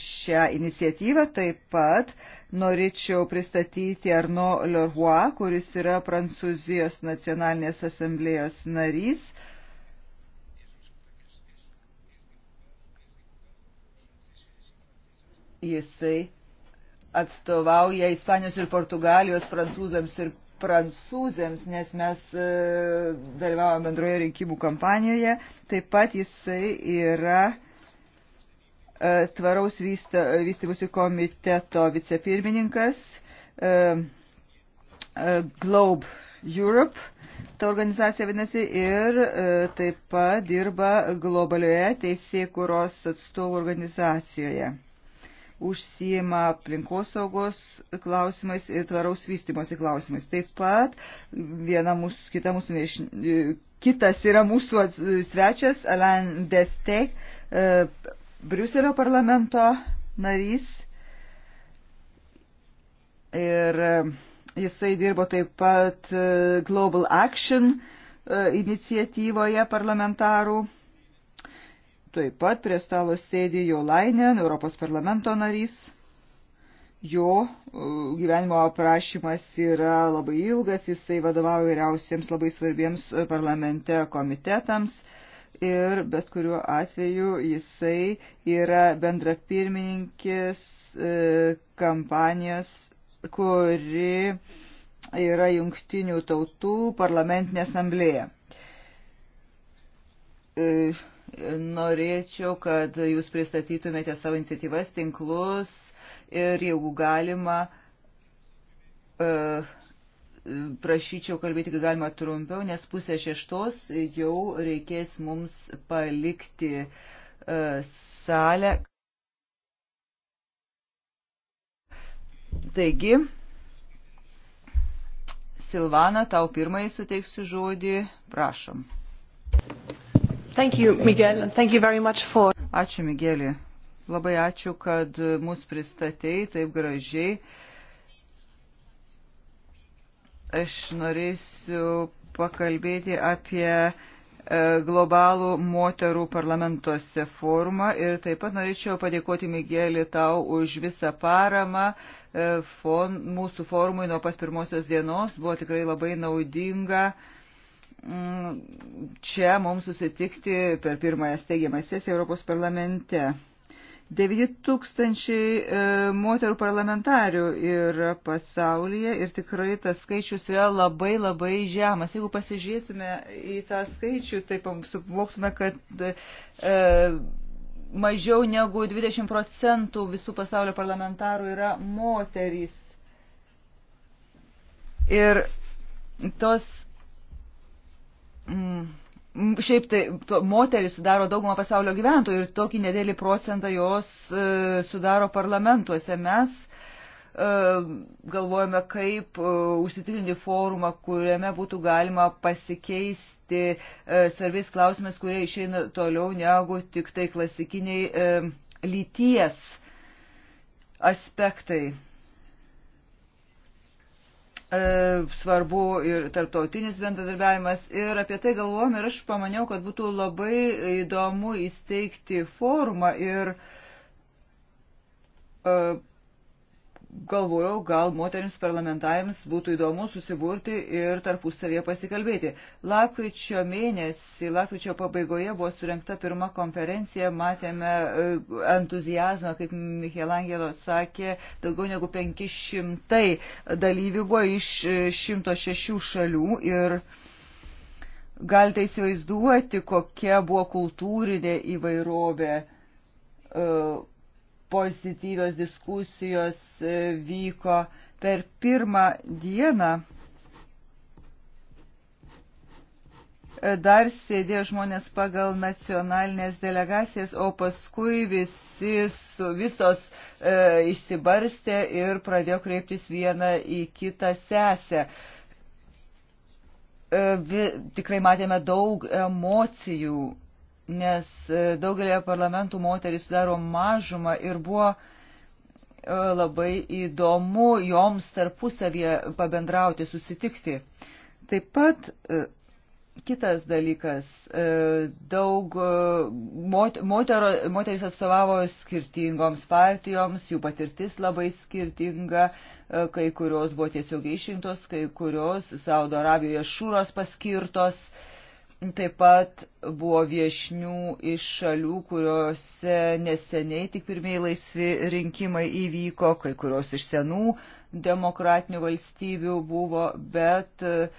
S5: šią iniciatyvą. Taip pat norėčiau pristatyti Arno Leroy, kuris yra Prancūzijos nacionalinės asamblėjos narys Jisai atstovauja Ispanijos ir Portugalijos prancūzams ir prancūzėms, nes mes e, dalyvavome bendroje rinkimų kampanijoje. Taip pat jisai yra e, tvaraus vystymusi komiteto vicepirmininkas e, Globe Europe, ta organizacija vadinasi, ir taip pat dirba globalioje teisėkuros atstovų organizacijoje užsijima aplinkosaugos klausimais ir tvaraus vystimosi klausimais. Taip pat viena mūsų, kita mūsų viešinė. E, kitas yra mūsų svečias, Alain Destek, e, Briuselio parlamento narys. Ir e, jisai dirbo taip pat Global Action iniciatyvoje parlamentarų Taip pat prie stalo sėdi jo Lainen, Europos parlamento narys. Jo e, gyvenimo aprašymas yra labai ilgas, jisai vadovauja vyriausiems labai svarbiems e, parlamente komitetams ir bet kuriuo atveju jisai yra bendrapirmininkis e, kampanijos, kuri yra jungtinių tautų parlamentinė asamblėja Norėčiau, kad jūs pristatytumėte savo iniciatyvas, tinklus ir jeigu galima, e, prašyčiau kalbėti, kai galima trumpiau, nes pusė šeštos jau reikės mums palikti e, salę. Taigi, Silvana, tau pirmąjį suteiksiu žodį, prašom.
S4: Thank you, Miguel. Thank you
S5: very much for... Ačiū, Migelė. Labai ačiū, kad mus pristatėjai taip gražiai. Aš norėsiu pakalbėti apie e, globalų moterų parlamentuose forumą ir taip pat norėčiau padėkoti Migelį tau už visą paramą e, fon, mūsų forumui nuo pat pirmosios dienos. Buvo tikrai labai naudinga uh, Mm, čia mums susitikti per pirmąją steigiamą sesiją Europos parlamente. 9 tūkstančiai e, moterų parlamentarių yra pasaulyje ir tikrai tas skaičius yra labai labai žemas. Jeigu pasižiūrėtume į tą skaičių, tai suvoktume, kad e, mažiau negu 20 procentų visų pasaulio parlamentarų yra moterys. Ir tos Mm, mm. Šiaip tai to, moteris sudaro daugumą pasaulio gyventojų ir tokį nedėlį procentą jos e, sudaro parlamentuose. Mes e, galvojame, kaip e, užsitikrinti forumą, kuriame būtų galima pasikeisti e, svarbiais klausimais, kurie išeina toliau negu tik tai klasikiniai e, lyties aspektai. E, svarbu ir tarptautinis bendradarbiavimas. Ir apie tai galvojom ir aš pamaniau, kad būtų labai įdomu įsteigti forumą ir e, galvojau, gal moteriams parlamentarėms būtų įdomu susiburti ir tarpusavėje pasikalbėti. Lapkričio mėnesį, lapkričio pabaigoje buvo surinkta pirma konferencija, matėme e, entuzijazmą, kaip Michelangelo sakė, daugiau negu 500 dalyvių buvo iš 106 e, šalių ir galite įsivaizduoti, kokia buvo kultūrinė įvairovė. Uh, pozityvios diskusijos e, vyko per pirmą dieną. E, dar sėdėjo žmonės pagal nacionalinės delegacijas, o paskui visi, visos e, išsibarstė ir pradėjo kreiptis vieną į kitą sesę. E, vi, tikrai matėme daug emocijų nes e, daugelėje parlamentų moterys sudaro mažumą ir buvo e, labai įdomu joms tarpusavėje pabendrauti, susitikti. Taip pat e, kitas dalykas, daug motero, moteris atstovavo skirtingoms partijoms, jų patirtis labai skirtinga, kai kurios buvo tiesiog išrinktos, kai kurios Saudo Arabijoje šūros paskirtos. Uh, Taip pat buvo viešnių iš šalių, kuriuose neseniai tik pirmieji laisvi rinkimai įvyko, kai kurios iš senų demokratinių valstybių buvo, bet e,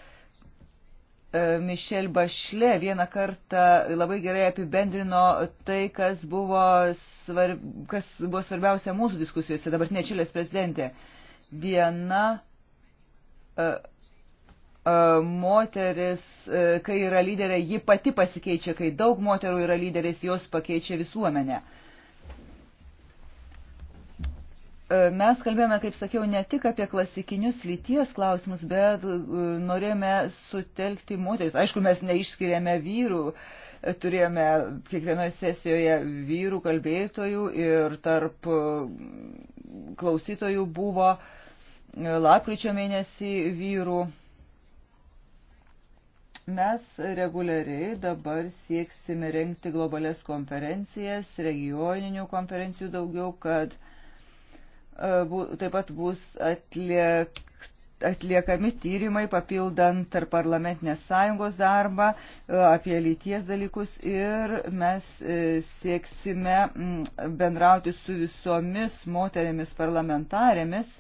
S5: Mišel Bašle vieną kartą labai gerai apibendrino tai, kas buvo, svarb, kas buvo svarbiausia mūsų diskusijose, dabartinė Čilės prezidentė. Viena uh, E, moteris, e, kai yra lyderė, ji pati pasikeičia, kai daug moterų yra lyderės, jos pakeičia visuomenę. E, mes kalbėjome, kaip sakiau, ne tik apie klasikinius lyties klausimus, bet norėjome sutelkti moteris. Aišku, mes neišskiriame vyrų, turėjome kiekvienoje sesijoje vyrų kalbėtojų ir tarp klausytojų buvo lapkričio mėnesį vyrų Mes reguliariai dabar sieksime renkti globalės konferencijas, regioninių konferencijų daugiau, kad e, taip pat bus atliek, atliekami tyrimai, papildant tarp parlamentinės sąjungos darbą e, apie lyties dalykus ir mes e, sieksime bendrauti su visomis moterėmis parlamentarėmis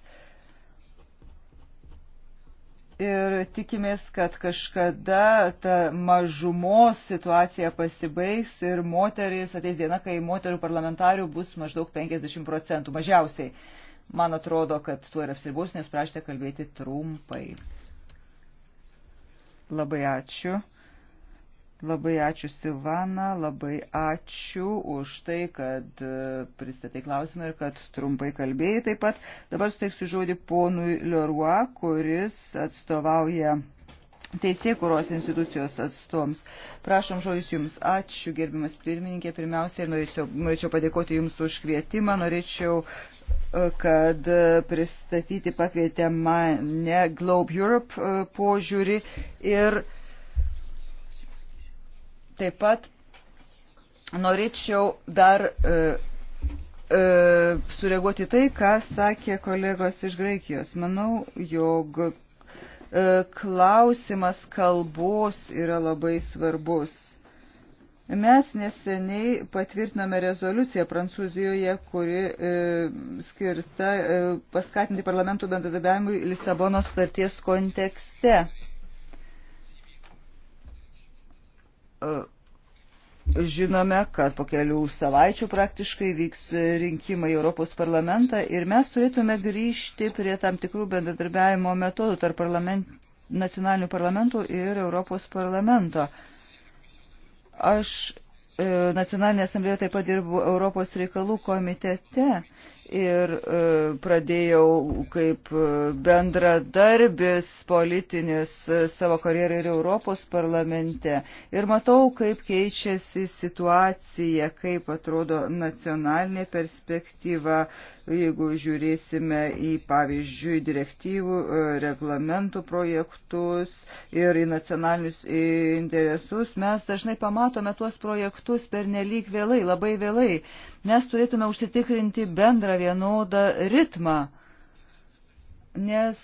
S5: ir tikimės, kad kažkada ta mažumos situacija pasibaigs ir moteris ateis diena, kai moterų parlamentarių bus maždaug 50 procentų mažiausiai. Man atrodo, kad tuo ir apsiribos, nes prašėte kalbėti trumpai. Labai ačiū. Labai ačiū Silvana, labai ačiū už tai, kad e, pristatai klausimą ir kad trumpai kalbėjai taip pat. Dabar suteiksiu žodį ponui Leroy, kuris atstovauja teisėkuros institucijos atstovams. Prašom žodis Jums. Ačiū, gerbimas pirmininkė. Pirmiausiai norėčiau, norėčiau padėkoti Jums už kvietimą. Norėčiau, e, kad e, pristatyti pakvietė mane Globe Europe požiūrį ir uh, Taip pat norėčiau dar e, e, sureaguoti tai, ką sakė kolegos iš Graikijos. Manau, jog e, klausimas kalbos yra labai svarbus. Mes neseniai patvirtinome rezoliuciją Prancūzijoje, kuri e, skirta e, paskatinti parlamentų bendradarbiavimui Lisabonos sutarties kontekste. E, Žinome, kad po kelių savaičių praktiškai vyks rinkimai į Europos parlamentą ir mes turėtume grįžti prie tam tikrų bendradarbiavimo metodų tarp parlament, nacionalinių parlamentų ir Europos parlamento. Aš e, Nacionalinė asamblėje taip pat dirbu Europos reikalų komitete ir e, pradėjau kaip e, bendradarbis politinis e, savo karjerą ir Europos parlamente. Ir matau, kaip keičiasi situacija, kaip atrodo nacionalinė perspektyva, jeigu žiūrėsime į pavyzdžiui direktyvų, reglamentų projektus ir į nacionalinius interesus, mes dažnai pamatome tuos projektus per nelik vėlai, labai vėlai. Mes turėtume užsitikrinti bendrą bendrą vienodą ritmą, nes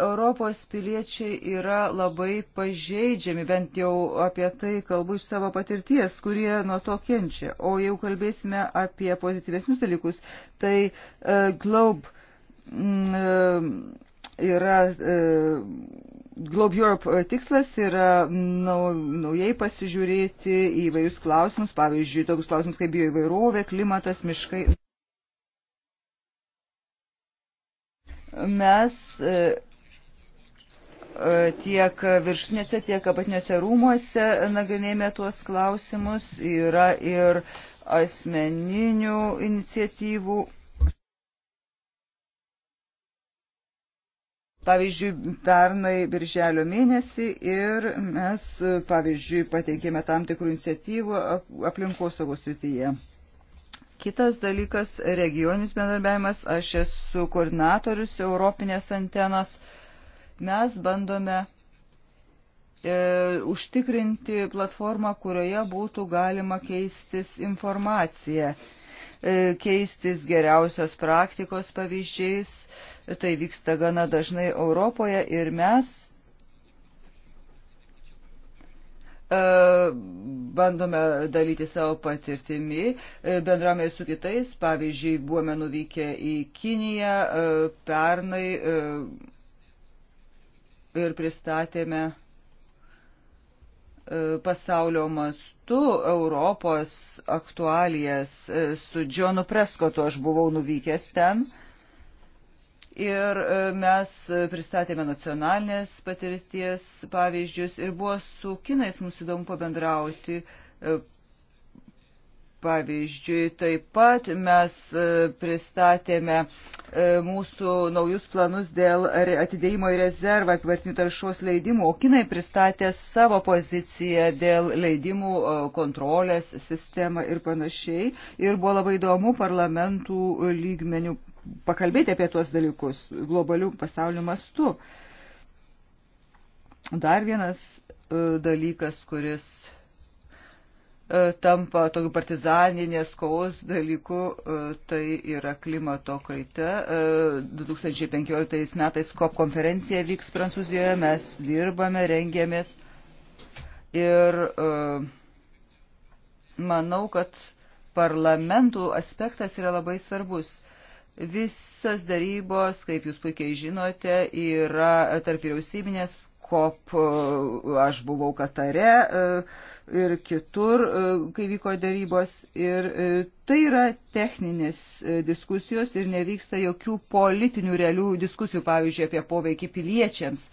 S5: Europos piliečiai yra labai pažeidžiami, bent jau apie tai kalbu iš savo patirties, kurie nuo to kenčia. O jau kalbėsime apie pozityvesnius dalykus, tai uh, Globe mm, e, yra. Uh, Globe Europe tikslas yra nau, naujai pasižiūrėti į vairius klausimus, pavyzdžiui, tokius klausimus kaip bioįvairovė, klimatas, miškai. mes e, e, tiek viršinėse, tiek apatiniuose rūmuose nagrinėjame tuos klausimus. Yra ir asmeninių iniciatyvų. Pavyzdžiui, pernai birželio mėnesį ir mes, pavyzdžiui, pateikėme tam tikrų iniciatyvų aplinkosaugos srityje. Kitas dalykas - regioninis bendarbiavimas. Aš esu koordinatorius Europinės antenos. Mes bandome e, užtikrinti platformą, kurioje būtų galima keistis informaciją, e, keistis geriausios praktikos pavyzdžiais. Tai vyksta gana dažnai Europoje ir mes E, bandome dalyti savo patirtimi, e, bendravome su kitais, pavyzdžiui, buvome nuvykę į Kiniją e, pernai ir pristatėme pasaulio mastu Europos aktualijas su Džonu Preskotu, aš buvau nuvykęs ten. Uh, Ir e, mes pristatėme nacionalinės patirties pavyzdžius ir buvo su kinais mums įdomu pabendrauti e, Pavyzdžiui, taip pat mes e, pristatėme e, mūsų naujus planus dėl atidėjimo į rezervą apivartinių taršos leidimų, o kinai pristatė savo poziciją dėl leidimų e, kontrolės sistemą ir panašiai. Ir buvo labai įdomu parlamentų lygmenių pakalbėti apie tuos dalykus globalių pasaulio mastu. Dar vienas dalykas, kuris E, tampa tokiu partizaninės kovos dalyku, e, tai yra klimato kaita. 2015 e, metais COP konferencija vyks Prancūzijoje, mes dirbame, rengiamės ir manau, kad parlamentų aspektas yra labai svarbus. Visas darybos, kaip jūs puikiai žinote, yra tarp vyriausybinės COP, e, aš buvau Katare e, ir kitur, e, kai vyko darybos. Ir tai yra techninės diskusijos ir nevyksta jokių politinių realių diskusijų, pavyzdžiui, apie poveikį piliečiams.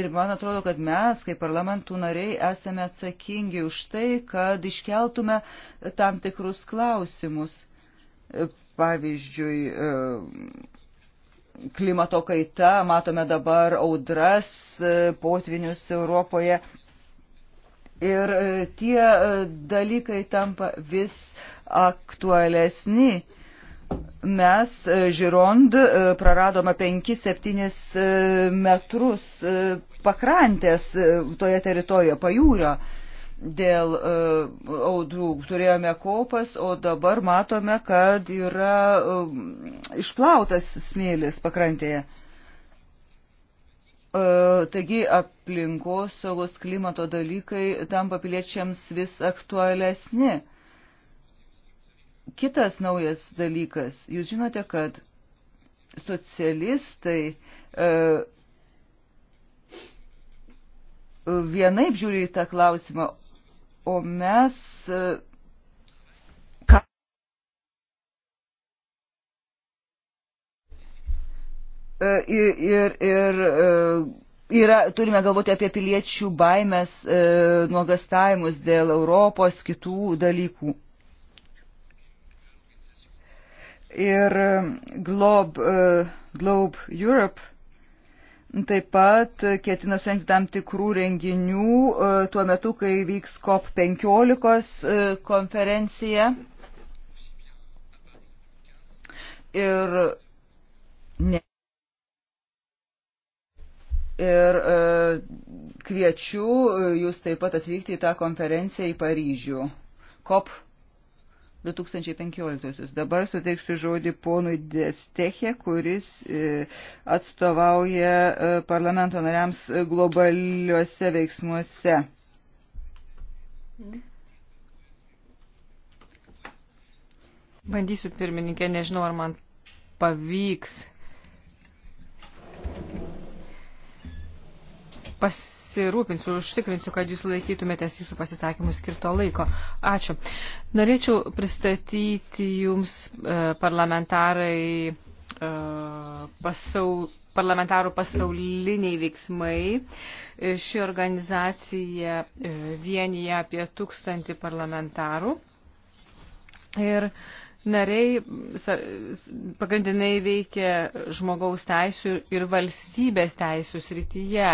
S5: Ir man atrodo, kad mes, kaip parlamentų nariai, esame atsakingi už tai, kad iškeltume tam tikrus klausimus. Pavyzdžiui, klimato kaita, matome dabar audras, e, potvinius Europoje. Ir e, tie e, dalykai tampa vis aktualesni. Mes Žirond praradome 5-7 metrus pakrantės toje teritorijoje, pajūrio dėl e, audrų. Turėjome kopas, o dabar matome, kad yra e, išplautas smėlis pakrantėje. E, taigi aplinkos saugos klimato dalykai tampa piliečiams vis aktualesni. Kitas naujas dalykas. Jūs žinote, kad socialistai vienaip žiūri į tą klausimą, o mes. E, ką... E, ir, ir, ir e, yra, turime galvoti apie piliečių baimės, nuogastavimus dėl Europos kitų dalykų. Ir Globe, Globe Europe Taip pat ketina surenkti tam tikrų renginių e, tuo metu, kai vyks COP15 e, konferencija. Ir, ne, ir e, kviečiu jūs taip pat atvykti į tą konferenciją į Paryžių. COP15. 2015. Dabar suteiksiu žodį ponui Destechė, kuris e, atstovauja e, parlamento nariams globaliuose veiksmuose.
S2: Bandysiu pirmininkė, nežinau, ar man pavyks pas pasirūpinsiu, užtikrinsiu, kad jūs laikytumėtės jūsų pasisakymų skirto laiko. Ačiū. Norėčiau pristatyti jums e, parlamentarai e, pasau, parlamentarų pasauliniai veiksmai. E, ši organizacija vienyje apie tūkstantį parlamentarų. Ir uh, nariai pagrindinai veikia žmogaus teisų ir valstybės teisų srityje.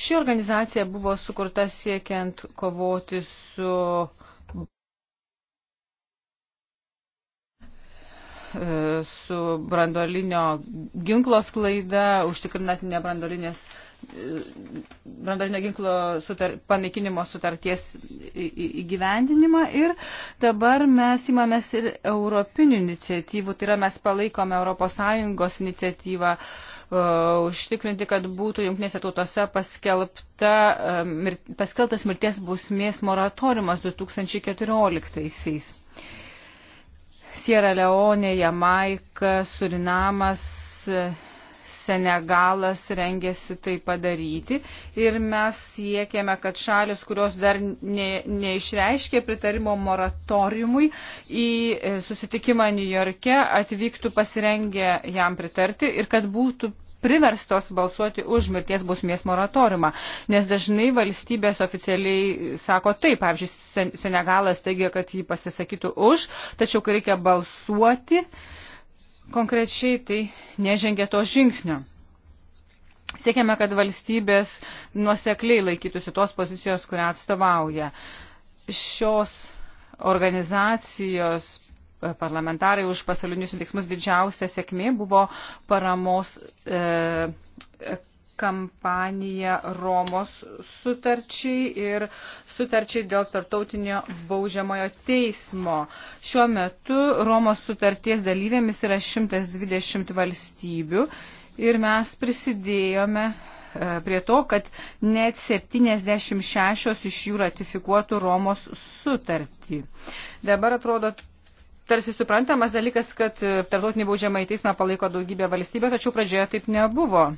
S2: Ši organizacija buvo sukurta siekiant kovoti su e, su brandolinio ginklo sklaida, užtikrinant nebrandolinės brandarinio ginklo sutar, panaikinimo sutarties įgyvendinimą ir dabar mes imamės ir europinių iniciatyvų, tai yra mes palaikome ES iniciatyvą uh, užtikrinti, kad būtų jungtinėse tautose paskelbta, um, mir, paskeltas mirties bausmės moratoriumas 2014. -aisiais. Sierra Leone, Jamaika, Surinamas, uh, Senegalas rengėsi tai padaryti ir mes siekiame, kad šalis, kurios dar ne, neišreiškė pritarimo moratoriumui į e, susitikimą New Yorke, atvyktų pasirengę jam pritarti ir kad būtų priverstos balsuoti už mirties bausmės moratoriumą, nes dažnai valstybės oficialiai sako taip, pavyzdžiui, Senegalas teigia, kad jį pasisakytų už, tačiau kai reikia balsuoti, uh, konkrečiai tai nežengė to žingsnio. Siekiame, kad valstybės nuosekliai laikytųsi tos pozicijos, kurią atstovauja. Šios organizacijos e, parlamentarai už pasaulinius veiksmus didžiausia sėkmė buvo paramos e, kampaniją Romos sutarčiai ir sutarčiai dėl tartautinio baudžiamojo teismo. Šiuo metu Romos sutarties dalyvėmis yra 120 valstybių ir mes prisidėjome e, prie to, kad net 76 iš jų ratifikuotų Romos sutartį. Dabar atrodo tarsi suprantamas dalykas, kad e, tarptautinį baudžiamą į teismą palaiko daugybė valstybė, tačiau pradžioje taip nebuvo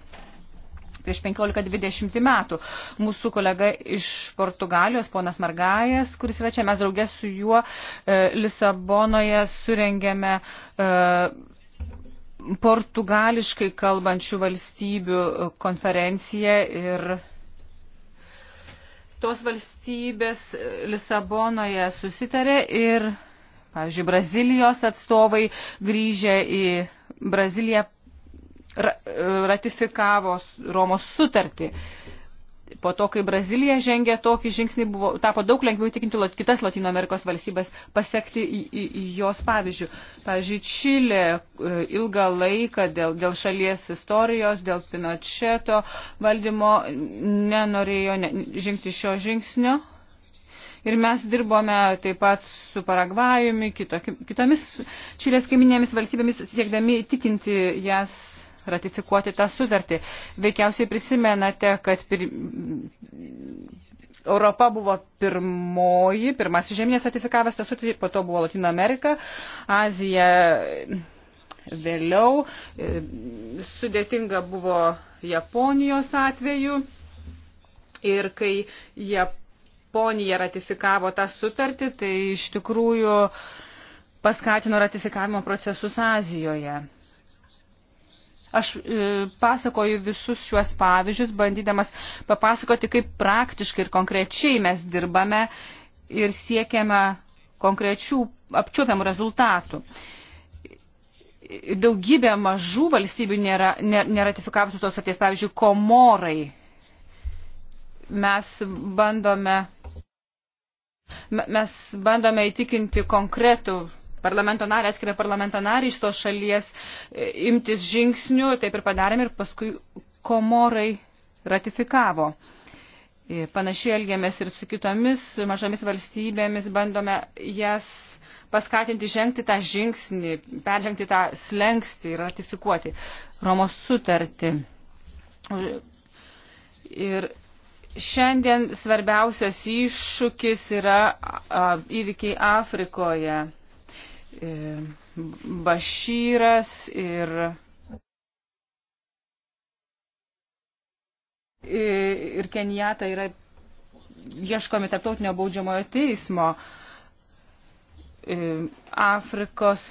S2: prieš 15-20 metų. Mūsų kolega iš Portugalijos, ponas Margajas, kuris yra čia, mes draugės su juo e, Lisabonoje surengėme e, portugališkai kalbančių valstybių e, konferenciją ir tos valstybės e, Lisabonoje susitarė ir, pavyzdžiui, Brazilijos atstovai grįžę į Braziliją ratifikavo Romos sutartį. Po to, kai Brazilija žengė tokį žingsnį, buvo, tapo daug lengviau įtikinti kitas Latino Amerikos valstybės pasiekti į, į, į jos pavyzdžių. Pavyzdžiui, Čilė e, ilgą laiką dėl, dėl šalies istorijos, dėl Pinocheto valdymo nenorėjo ne, žingti šio žingsnio. Ir mes dirbome taip pat su Paragvajumi, kitomis Čilės kaiminėmis valstybėmis, siekdami įtikinti jas ratifikuoti tą sutartį. Veikiausiai prisimenate, kad pir... Europa buvo pirmoji, pirmasis žemynas ratifikavęs tą sutartį, po to buvo Latino Amerika, Azija e, vėliau. E, sudėtinga buvo Japonijos atveju ir kai Japonija ratifikavo tą sutartį, tai iš tikrųjų paskatino ratifikavimo procesus Azijoje. Aš e, pasakoju visus šiuos pavyzdžius, bandydamas papasakoti, kaip praktiškai ir konkrečiai mes dirbame ir siekiame konkrečių apčiuopiamų rezultatų. Daugybė mažų valstybių nėra, neratifikavusios tos atės, pavyzdžiui, komorai. Mes bandome, mes bandome įtikinti konkretų parlamento narį, atskirą parlamento narį iš tos šalies e, imtis žingsnių, taip ir padarėm ir paskui komorai ratifikavo. E, panašiai elgiamės ir su kitomis mažomis valstybėmis, bandome jas paskatinti žengti tą žingsnį, peržengti tą slengstį ir ratifikuoti Romos sutartį. Ir šiandien svarbiausias iššūkis yra įvykiai Afrikoje E, Bašyras ir, e, ir Kenijata yra ieškomi tarptautinio baudžiamojo teismo e, Afrikos.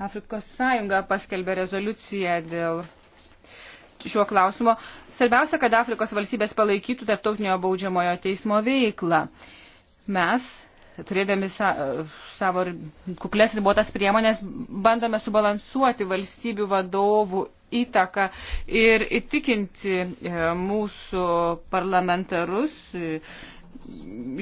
S2: Afrikos sąjunga paskelbė rezoliuciją dėl šiuo klausimo. Svarbiausia, kad Afrikos valstybės palaikytų tarptautinio baudžiamojo teismo veiklą. Mes turėdami sa, savo kuklės ribotas priemonės, bandome subalansuoti valstybių vadovų įtaką ir įtikinti e, mūsų parlamentarus. E,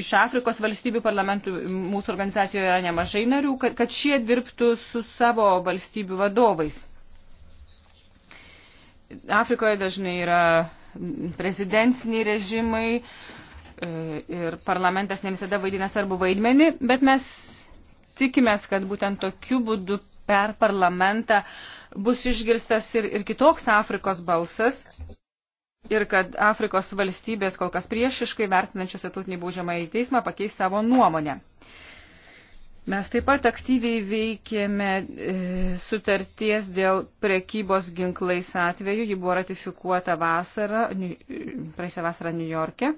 S2: iš Afrikos valstybių parlamentų mūsų organizacijoje yra nemažai narių, kad, kad šie dirbtų su savo valstybių vadovais. Afrikoje dažnai yra prezidenciniai režimai, uh, E, ir parlamentas ne visada vaidina svarbu vaidmenį, bet mes tikimės, kad būtent tokiu būdu per parlamentą bus išgirstas ir, ir kitoks Afrikos balsas ir kad Afrikos valstybės kol kas priešiškai vertinančios atutinį baudžiamą į teismą pakeis savo nuomonę. Mes taip pat aktyviai veikėme e, sutarties dėl prekybos ginklais atveju. Ji buvo ratifikuota vasarą, praeisę vasarą New York'e.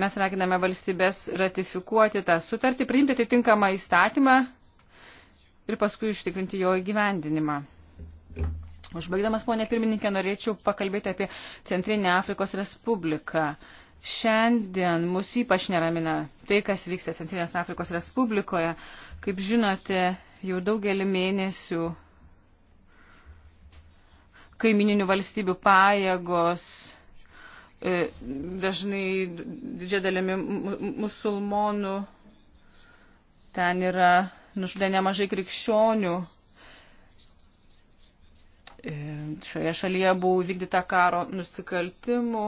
S2: Mes raginame valstybės ratifikuoti tą sutartį, priimti atitinkamą įstatymą ir paskui ištikrinti jo įgyvendinimą. Užbaigdamas, ponė pirmininkė, norėčiau pakalbėti apie Centrinę Afrikos Respubliką. Šiandien mus ypač neramina tai, kas vyksta Centrinės Afrikos Respublikoje. Kaip žinote, jau daugelį mėnesių kaimininių valstybių pajėgos E, dažnai didžia dalimi musulmonų, ten yra nužudę nemažai krikščionių. E, šioje šalyje buvo vykdyta karo nusikaltimų,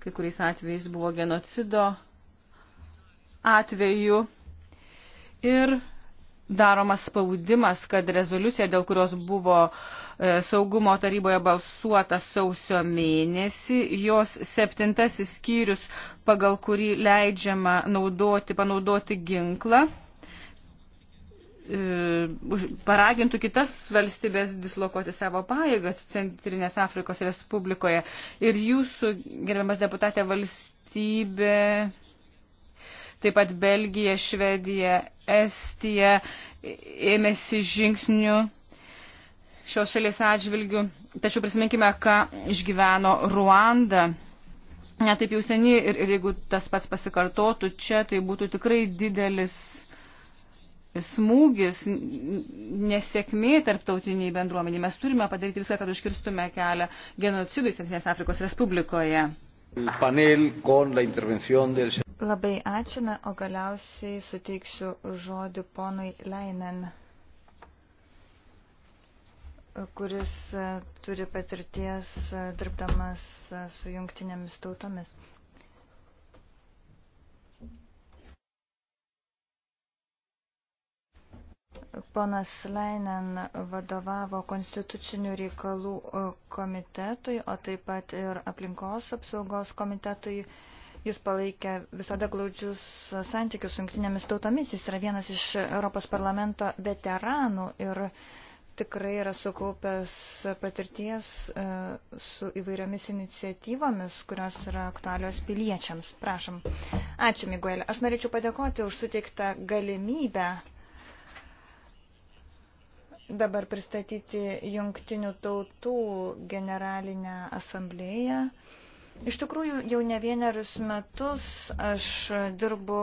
S2: kai kuriais atvejais buvo genocido atveju. Ir daromas spaudimas, kad rezoliucija, dėl kurios buvo uh, E, saugumo taryboje balsuota sausio mėnesį. Jos septintasis skyrius, pagal kurį leidžiama naudoti, panaudoti ginklą, e, paragintų kitas valstybės dislokuoti savo pajėgas Centrinės Afrikos Respublikoje. Ir jūsų, gerbiamas deputatė, valstybė taip pat Belgija, Švedija, Estija ėmėsi žingsnių šios šalies atžvilgių. Tačiau prisiminkime, ką išgyveno Ruanda. Netaip jau seniai ir, ir jeigu tas pats pasikartotų čia, tai būtų tikrai didelis smūgis, nesėkmė tarptautiniai bendruomeniai. Mes turime padaryti viską, kad užkirstume kelią genocidui Centrinės Afrikos Respublikoje.
S3: Labai ačiū, o galiausiai suteiksiu žodį ponui Leinen kuris e, turi patirties e, dirbdamas e, su jungtinėmis tautomis. Ponas Leinen vadovavo konstitucinių reikalų komitetui, o taip pat ir aplinkos apsaugos komitetui. Jis palaikė visada glaudžius santykius su jungtinėmis tautomis. Jis yra vienas iš Europos parlamento veteranų ir uh, tikrai yra sukaupęs patirties e, su įvairiomis iniciatyvomis, kurios yra aktualios piliečiams. Prašom. Ačiū, Miguelė. Aš norėčiau padėkoti už suteiktą galimybę dabar pristatyti Jungtinių tautų generalinę asamblėją. Iš tikrųjų, jau ne vienerius metus aš dirbu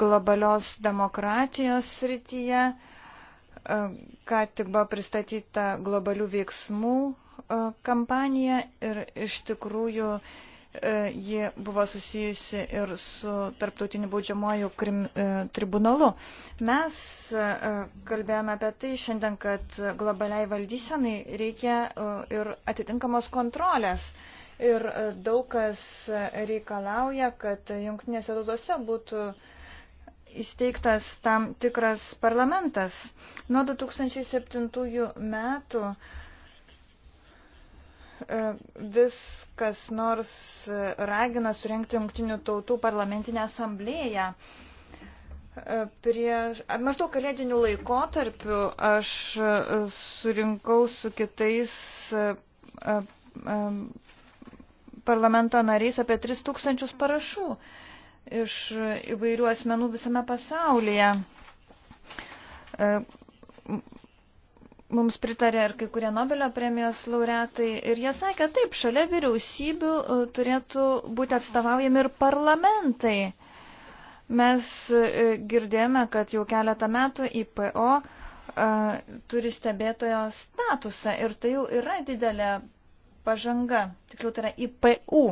S3: globalios demokratijos srityje ką tik buvo pristatyta globalių veiksmų e, kampanija ir iš tikrųjų e, ji buvo susijusi ir su tarptautiniu baudžiamuoju krim, e, tribunalu. Mes kalbėjome apie tai šiandien, kad globaliai valdysenai reikia ir atitinkamos kontrolės. Ir daug kas reikalauja, kad jungtinėse tautose būtų uh, įsteigtas tam tikras parlamentas. Nuo 2007 metų e, vis kas nors e, ragina surenkti jungtinių tautų parlamentinę asamblėją. E, Prieš, maždaug kalėdinių laikotarpių aš surinkau su kitais parlamento nariais apie 3000 parašų iš įvairių asmenų visame pasaulyje. E, mums pritarė ir kai kurie Nobelio premijos laureatai ir jie sakė, taip, šalia vyriausybių e, turėtų būti atstovaujami ir parlamentai. Mes e, girdėjome, kad jau keletą metų IPO turi stebėtojo statusą ir tai jau yra didelė pažanga, tiksliau tai yra IPU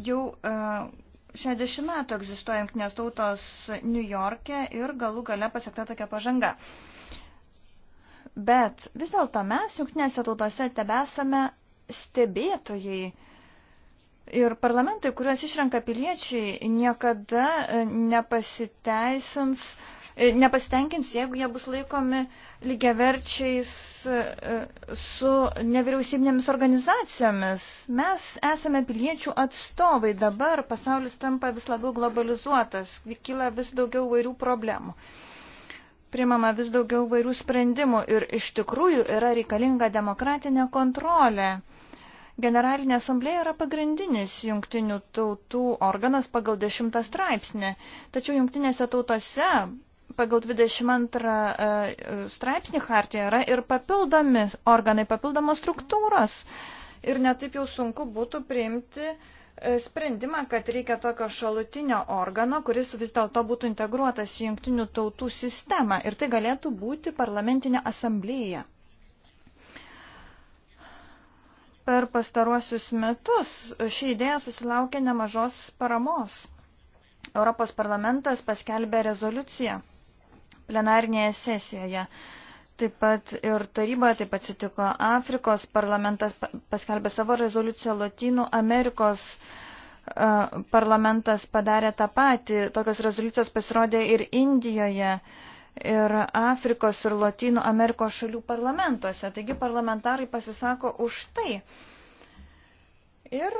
S3: Jau 60 e, metų egzistuoja jungtinės tautos New York'e ir galų gale pasiekta tokia pažanga. Bet vis dėlto mes jungtinėse tautose tebesame stebėtojai. Ir parlamentai, kuriuos išrenka piliečiai, niekada e, nepasiteisins uh, E, nepasitenkins, jeigu jie bus laikomi lygiaverčiais e, su nevyriausybinėmis organizacijomis. Mes esame piliečių atstovai, dabar pasaulis tampa vis labiau globalizuotas, kyla vis daugiau vairių problemų. Primama vis daugiau vairių sprendimų ir iš tikrųjų yra reikalinga demokratinė kontrolė. Generalinė asamblėja yra pagrindinis jungtinių tautų organas pagal dešimtą straipsnį, tačiau jungtinėse tautose pagal 22 e, straipsnį hartijoje yra ir papildomi organai, papildomos struktūros. Ir netaip jau sunku būtų priimti e, sprendimą, kad reikia tokio šalutinio organo, kuris vis dėlto būtų integruotas į jungtinių tautų sistemą. Ir tai galėtų būti parlamentinė asamblėja. Per pastaruosius metus ši idėja susilaukė nemažos paramos. Europos parlamentas paskelbė rezoliuciją plenarnėje sesijoje. Taip pat ir taryboje taip atsitiko Afrikos parlamentas paskelbė savo rezoliuciją Latinų Amerikos e, parlamentas padarė tą patį. Tokios rezoliucijos pasirodė ir Indijoje, ir Afrikos, ir Latino Amerikos šalių parlamentuose. Taigi parlamentarai pasisako už tai. Ir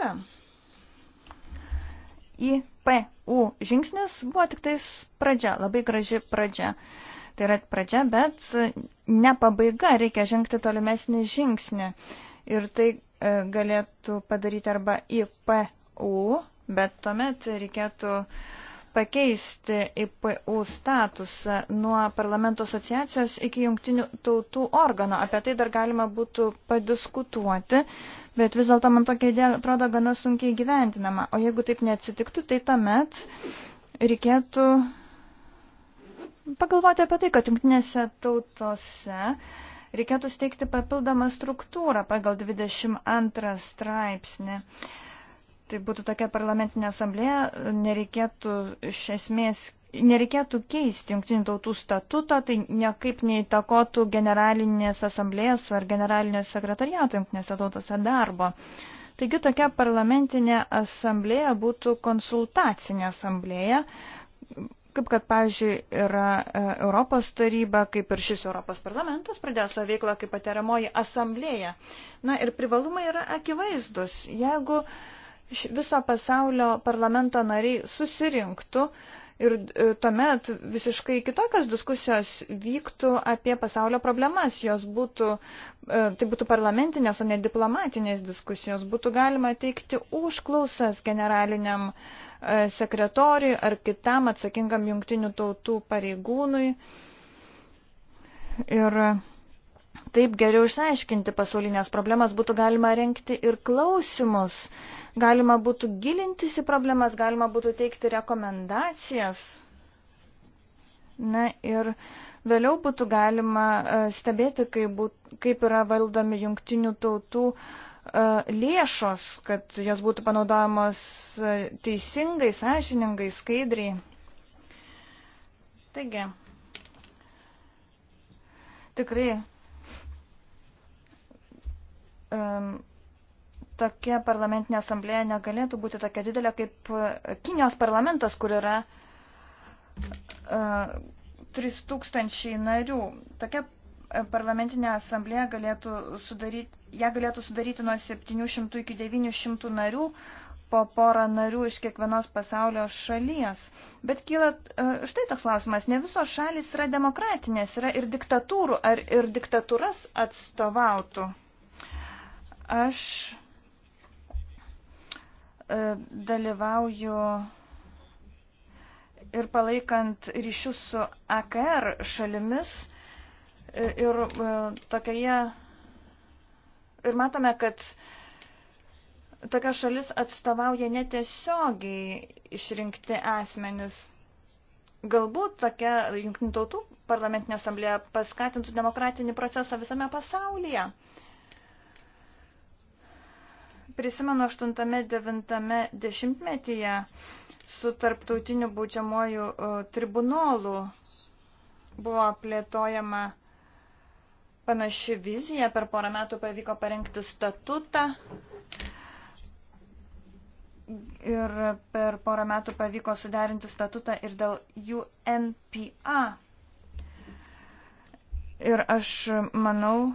S3: IPU žingsnis buvo tik tais pradžia, labai graži pradžia. Tai yra pradžia, bet ne pabaiga, reikia žengti tolimesnį žingsnį. Ir tai e, galėtų padaryti arba IPU, bet tuomet reikėtų uh, pakeisti IPU statusą nuo parlamento asociacijos iki jungtinių tautų organo. Apie tai dar galima būtų padiskutuoti, bet vis dėlto man tokia idėja atrodo gana sunkiai gyventinama. O jeigu taip neatsitiktų, tai tuomet reikėtų pagalvoti apie tai, kad jungtinėse tautose reikėtų steigti papildomą struktūrą pagal 22 straipsnį tai būtų tokia parlamentinė asamblėja, nereikėtų iš esmės, nereikėtų keisti jungtinių tautų statuto, tai niekaip neįtakotų generalinės asamblėjos ar generalinio sekretariato jungtinėse tautose darbo. Taigi tokia parlamentinė asamblėja būtų konsultacinė asamblėja, kaip kad, pavyzdžiui, yra e, Europos taryba, kaip ir šis Europos parlamentas pradėjo savo veiklą kaip patariamoji asamblėja. Na ir privalumai yra akivaizdus. Jeigu uh, viso pasaulio parlamento nariai susirinktų ir e, tuomet visiškai kitokios diskusijos vyktų apie pasaulio problemas. Jos būtų, e, tai būtų parlamentinės, o ne diplomatinės diskusijos. Būtų galima teikti užklausas generaliniam e, sekretoriui ar kitam atsakingam jungtinių tautų pareigūnui. Ir Taip geriau išsiaiškinti pasaulinės problemas būtų galima renkti ir klausimus, galima būtų gilintis į problemas, galima būtų teikti rekomendacijas. Na ir vėliau būtų galima e, stebėti, kaip, būt, kaip yra valdomi jungtinių tautų e, lėšos, kad jos būtų panaudojamos e, teisingai, sąžiningai, skaidriai. Taigi, tikrai um, tokia parlamentinė asamblėja negalėtų būti tokia didelė kaip e, Kinijos parlamentas, kur yra uh, e, 3000 narių. Tokia e, parlamentinė asamblėja galėtų sudaryti, ją galėtų sudaryti nuo 700 iki 900 narių, po porą narių iš kiekvienos pasaulio šalies. Bet kyla štai toks klausimas, ne visos šalis yra demokratinės, yra ir diktatūrų, ar ir diktatūras atstovautų Aš e, dalyvauju ir palaikant ryšius su AKR šalimis e, ir e, tokioje ir matome, kad tokia šalis atstovauja netiesiogiai išrinkti asmenis. Galbūt tokia jungtinių tautų parlamentinė asamblėja paskatintų demokratinį procesą visame pasaulyje. Uh, prisimenu 8-9 dešimtmetyje su tarptautiniu baudžiamuoju e, tribunolu buvo plėtojama panaši vizija, per porą metų pavyko parengti statutą ir per porą metų pavyko suderinti statutą ir dėl UNPA. Ir aš manau,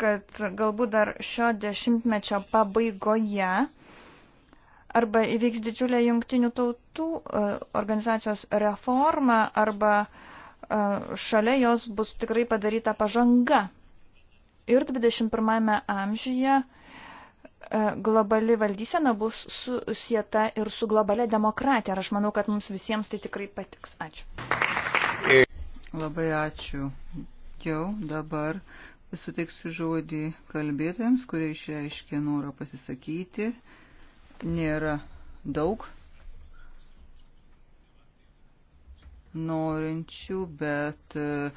S3: kad galbūt dar šio dešimtmečio pabaigoje arba įvyks didžiulė jungtinių tautų e, organizacijos reforma arba e, šalia jos bus tikrai padaryta pažanga. Ir 21 amžiuje e, globali valdysena bus susieta ir su globalia demokratija. Ir aš manau, kad mums visiems tai tikrai patiks. Ačiū.
S5: Labai ačiū. Jau dabar Suteiksiu žodį kalbėtojams, kurie išreiškė norą pasisakyti. Nėra daug norinčių, bet e,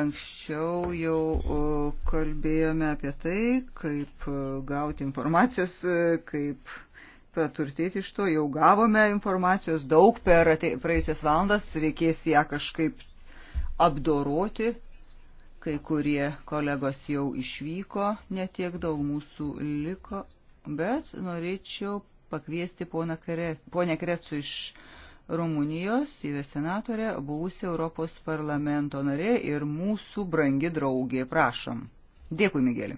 S5: anksčiau jau e, kalbėjome apie tai, kaip e, gauti informacijos, kaip praturtėti iš to. Jau gavome informacijos daug per praėjusias valandas, reikės ją kažkaip apdoroti Kai kurie kolegos jau išvyko, netiek daug mūsų liko, bet norėčiau pakviesti ponę Krecu iš Rumunijos, yra senatorė, buvusi Europos parlamento narė ir mūsų brangi draugė. Prašom. Dėkui, Migeli.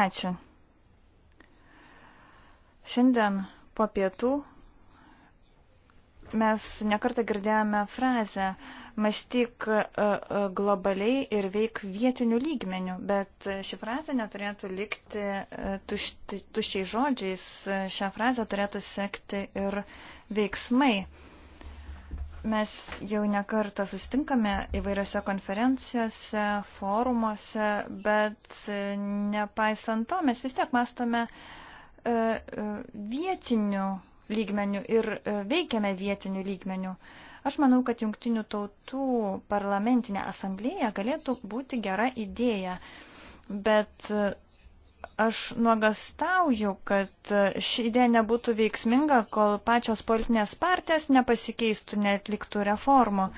S3: Ačiū. Šiandien po pietų Mes nekartą girdėjome frazę mąstyk e, e, globaliai ir veik vietinių lygmenių, bet ši frazė neturėtų likti e, tušti, tuščiai žodžiais, šią frazę turėtų sekti ir veiksmai. Mes jau nekartą sustinkame įvairiose konferencijose, forumuose, bet nepaisant to mes vis tiek mastome vietinių lygmenių ir e, veikiame vietinių lygmenių. Aš manau, kad jungtinių tautų parlamentinė asamblėja galėtų būti gera idėja, bet e, aš nuogastauju, kad e, ši idėja nebūtų veiksminga, kol pačios politinės partijas nepasikeistų, netliktų reformų,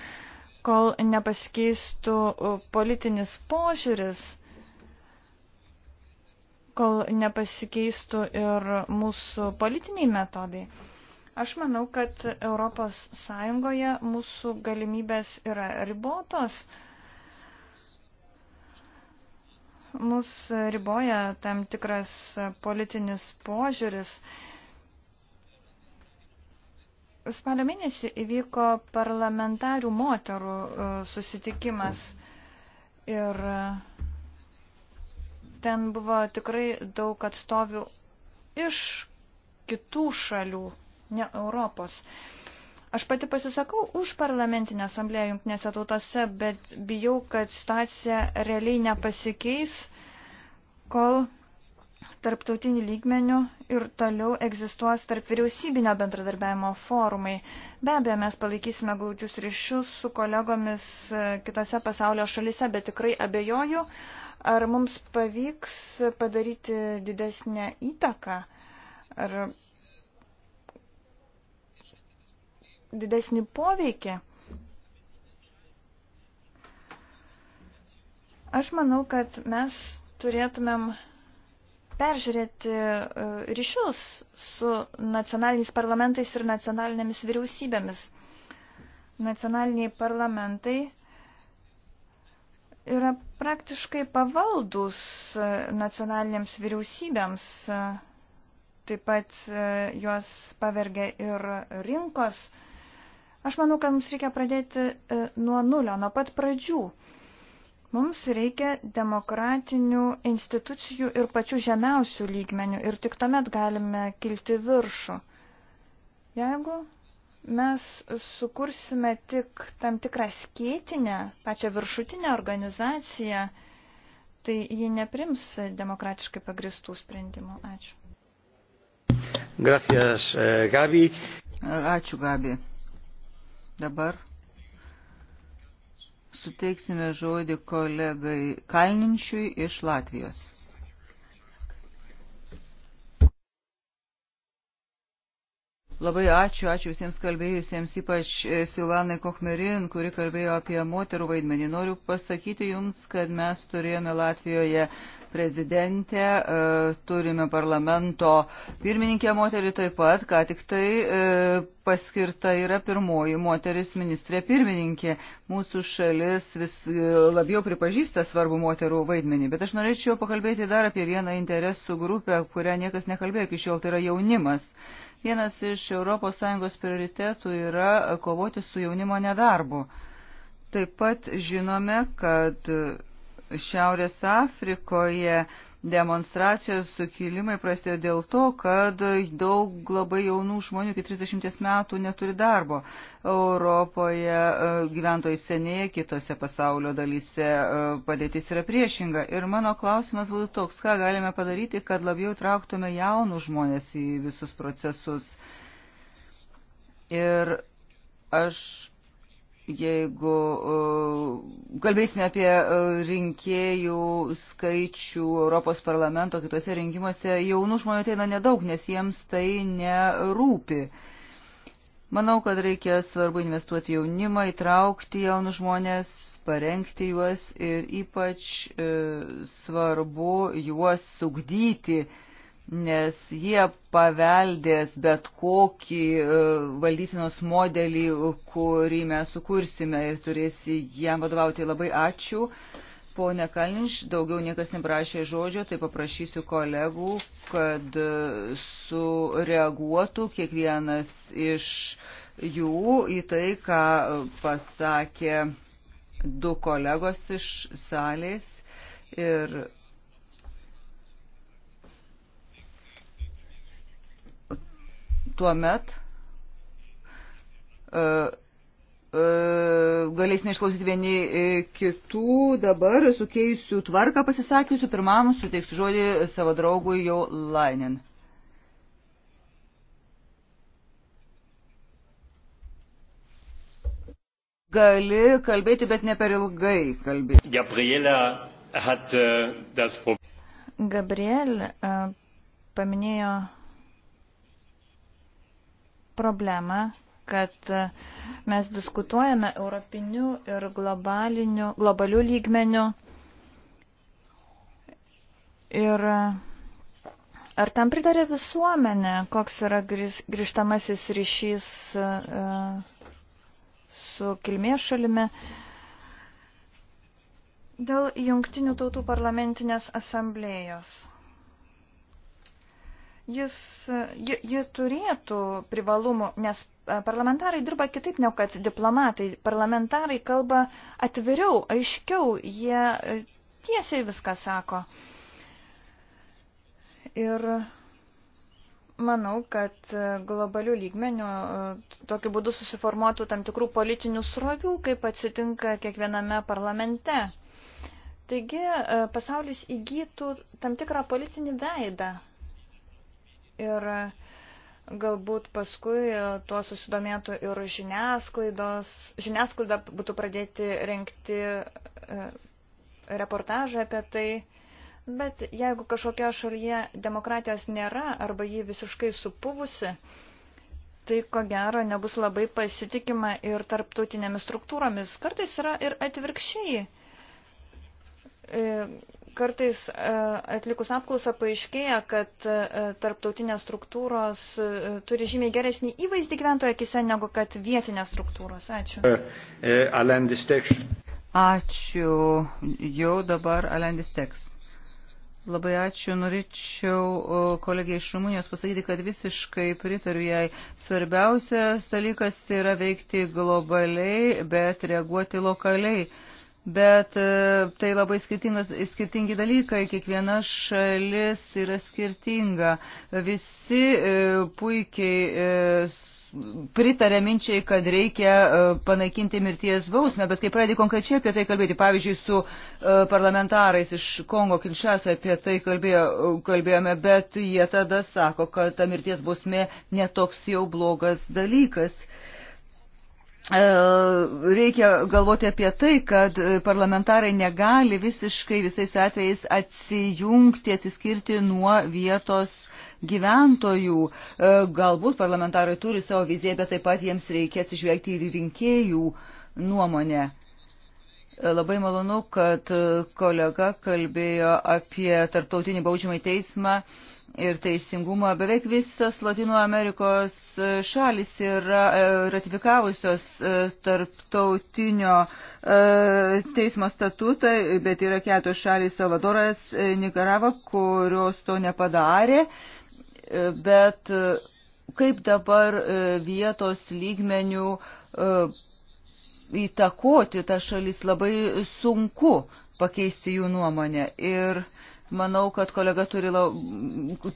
S3: kol nepasikeistų politinis požiūris kol nepasikeistų ir mūsų politiniai metodai. Aš manau, kad ES mūsų galimybės yra ribotos. Mus riboja tam tikras politinis požiūris. Spalio mėnesį įvyko parlamentarių moterų e, susitikimas ir uh, Ten buvo tikrai daug atstovių iš kitų šalių, ne Europos. Aš pati pasisakau už parlamentinę asamblėją jungtinėse tautose, bet bijau, kad situacija realiai nepasikeis, kol tarptautinių lygmenių ir toliau egzistuos tarp vyriausybinio bendradarbiavimo forumai. Be abejo, mes palaikysime gaudžius ryšius su kolegomis e, kitose pasaulio šalise, bet tikrai abejoju, Ar mums pavyks padaryti didesnę įtaką? Ar didesnį poveikį? Aš manau, kad mes turėtumėm peržiūrėti e, ryšius su nacionaliniais parlamentais ir nacionalinėmis vyriausybėmis. Nacionaliniai parlamentai yra praktiškai pavaldus e, nacionalinėms vyriausybėms. E, taip pat e, juos pavergia ir rinkos. Aš manau, kad mums reikia pradėti nuo nulio, nuo pat pradžių. Mums reikia demokratinių institucijų ir pačių žemiausių lygmenių ir tik tuomet galime kilti viršų. Jeigu Mes sukursime tik tam tikrą skėtinę, pačią viršutinę organizaciją, tai ji neprims demokratiškai pagristų sprendimų. Ačiū.
S1: Gracias, eh, Gabi.
S5: Ačiū, Gabi. Dabar suteiksime žodį kolegai Kalninčiui iš Latvijos. Labai ačiū, ačiū visiems kalbėjusiems, ypač e, Silvanai Kochmerin, kuri kalbėjo apie moterų vaidmenį. Noriu pasakyti Jums, kad mes turėjome Latvijoje prezidentę, e, turime parlamento pirmininkę moterį taip pat, ką tik tai e, paskirta yra pirmoji moteris ministrė pirmininkė. Mūsų šalis vis e, labiau pripažįsta svarbu moterų vaidmenį. Bet aš norėčiau pakalbėti dar apie vieną interesų grupę, kurią niekas nekalbėjo iki šiol, tai yra jaunimas. Vienas iš ES prioritetų yra kovoti su jaunimo nedarbu. Taip pat žinome, kad Šiaurės Afrikoje demonstracijos sukilimai prasidėjo dėl to, kad daug labai jaunų žmonių iki 30 metų neturi darbo. Europoje e, gyventojai senėja, kitose pasaulio dalyse e, padėtis yra priešinga. Ir mano klausimas būtų toks, ką galime padaryti, kad labiau trauktume jaunų žmonės į visus procesus. Ir aš jeigu e, kalbėsime apie e, rinkėjų skaičių Europos parlamento kitose rinkimuose, jaunų žmonių ateina nedaug, nes jiems tai nerūpi. Manau, kad reikia svarbu investuoti jaunimą, įtraukti jaunus žmonės, parengti juos ir ypač e, svarbu juos sugdyti. E, nes jie paveldės bet kokį e, valdysenos modelį, kurį mes sukursime ir turėsi jam vadovauti. Labai ačiū. Pone Kalniš, daugiau niekas neprašė žodžio, tai paprašysiu kolegų, kad e, sureaguotų kiekvienas iš jų į tai, ką pasakė du kolegos iš salės. Ir tuomet e, e, galėsime išklausyti vieni e, kitų dabar sukeisiu tvarką pasisakiusių. Pirmam suteiksiu žodį savo draugui jau Lainin. Gali kalbėti, bet ne per ilgai kalbėti.
S1: Gabriela hat das
S5: Gabriel paminėjo
S3: problemą, kad e, mes diskutuojame europiniu ir globaliniu, globaliu lygmeniu. Ir e, ar tam pritarė visuomenė, koks yra grįžtamasis ryšys e, su kilmės šalimi? Dėl jungtinių tautų parlamentinės asamblėjos jis, ji, ji turėtų privalumų, nes e, parlamentarai dirba kitaip negu kad diplomatai. Parlamentarai kalba atviriau, aiškiau, jie e, tiesiai viską sako. Ir manau, kad e, globalių lygmenių tokiu būdu susiformuotų tam tikrų politinių srovių, kaip atsitinka kiekviename parlamente. Taigi pasaulis įgytų tam tikrą politinį veidą, ir galbūt paskui tuo susidomėtų ir žiniasklaidos, žiniasklaida būtų pradėti renkti e, reportažą apie tai. Bet jeigu kažkokia šalyje demokratijos nėra arba ji visiškai supuvusi, tai ko gero nebus labai pasitikima ir tarptautinėmis struktūromis. Kartais yra ir atvirkščiai. E, kartais e, atlikus apklausą paaiškėja, kad e, tarptautinės struktūros turi žymiai geresnį įvaizdį gyventojo akise negu kad vietinės struktūros.
S1: Ačiū.
S5: Ačiū. Jau dabar Alendis Teks. Labai ačiū. Norėčiau kolegiai iš Rumunijos pasakyti, kad visiškai pritariu jai. Svarbiausias dalykas yra veikti globaliai, bet reaguoti lokaliai bet e, tai labai skirtingi dalykai, kiekviena šalis yra skirtinga. Visi e, puikiai e, pritarė minčiai, kad reikia panaikinti mirties bausmę, bet kai pradėjai konkrečiai apie tai kalbėti, pavyzdžiui, su parlamentarais iš Kongo Kinšaso apie tai kalbėjo, kalbėjome, bet jie tada sako, kad ta mirties bausmė netoks jau blogas dalykas. Uh, E, reikia galvoti apie tai, kad parlamentarai negali visiškai visais atvejais atsijungti, atsiskirti nuo vietos gyventojų. E, galbūt parlamentarai turi savo viziją, bet taip pat jiems reikia atsižvelgti ir rinkėjų nuomonę. E, labai malonu, kad kolega kalbėjo apie tarptautinį baudžiamą teismą ir teisingumo. Beveik visas Latino Amerikos e, šalis yra e, ratifikavusios e, tarptautinio teismo statutą, bet yra keturios šalis Salvadoras, Nikarava, kurios to nepadarė. Bet kaip dabar vietos lygmenių įtakoti tą šalis labai sunku pakeisti jų nuomonę. Ir uh, Manau, kad kolega turi la,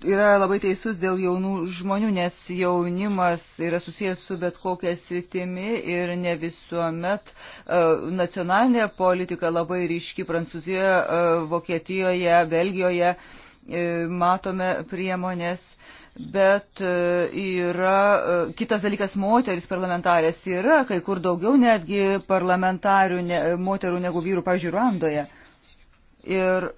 S5: yra labai teisus dėl jaunų žmonių, nes jaunimas yra susijęs su bet kokia sritimi ir ne visuomet e, nacionalinė politika labai ryški Prancūzijoje, e, Vokietijoje, Belgijoje e, matome priemonės bet yra kitas dalykas moteris parlamentarės yra kai kur daugiau netgi parlamentarių ne, moterų negu vyrų, pavyzdžiui, Ruandoje. Ir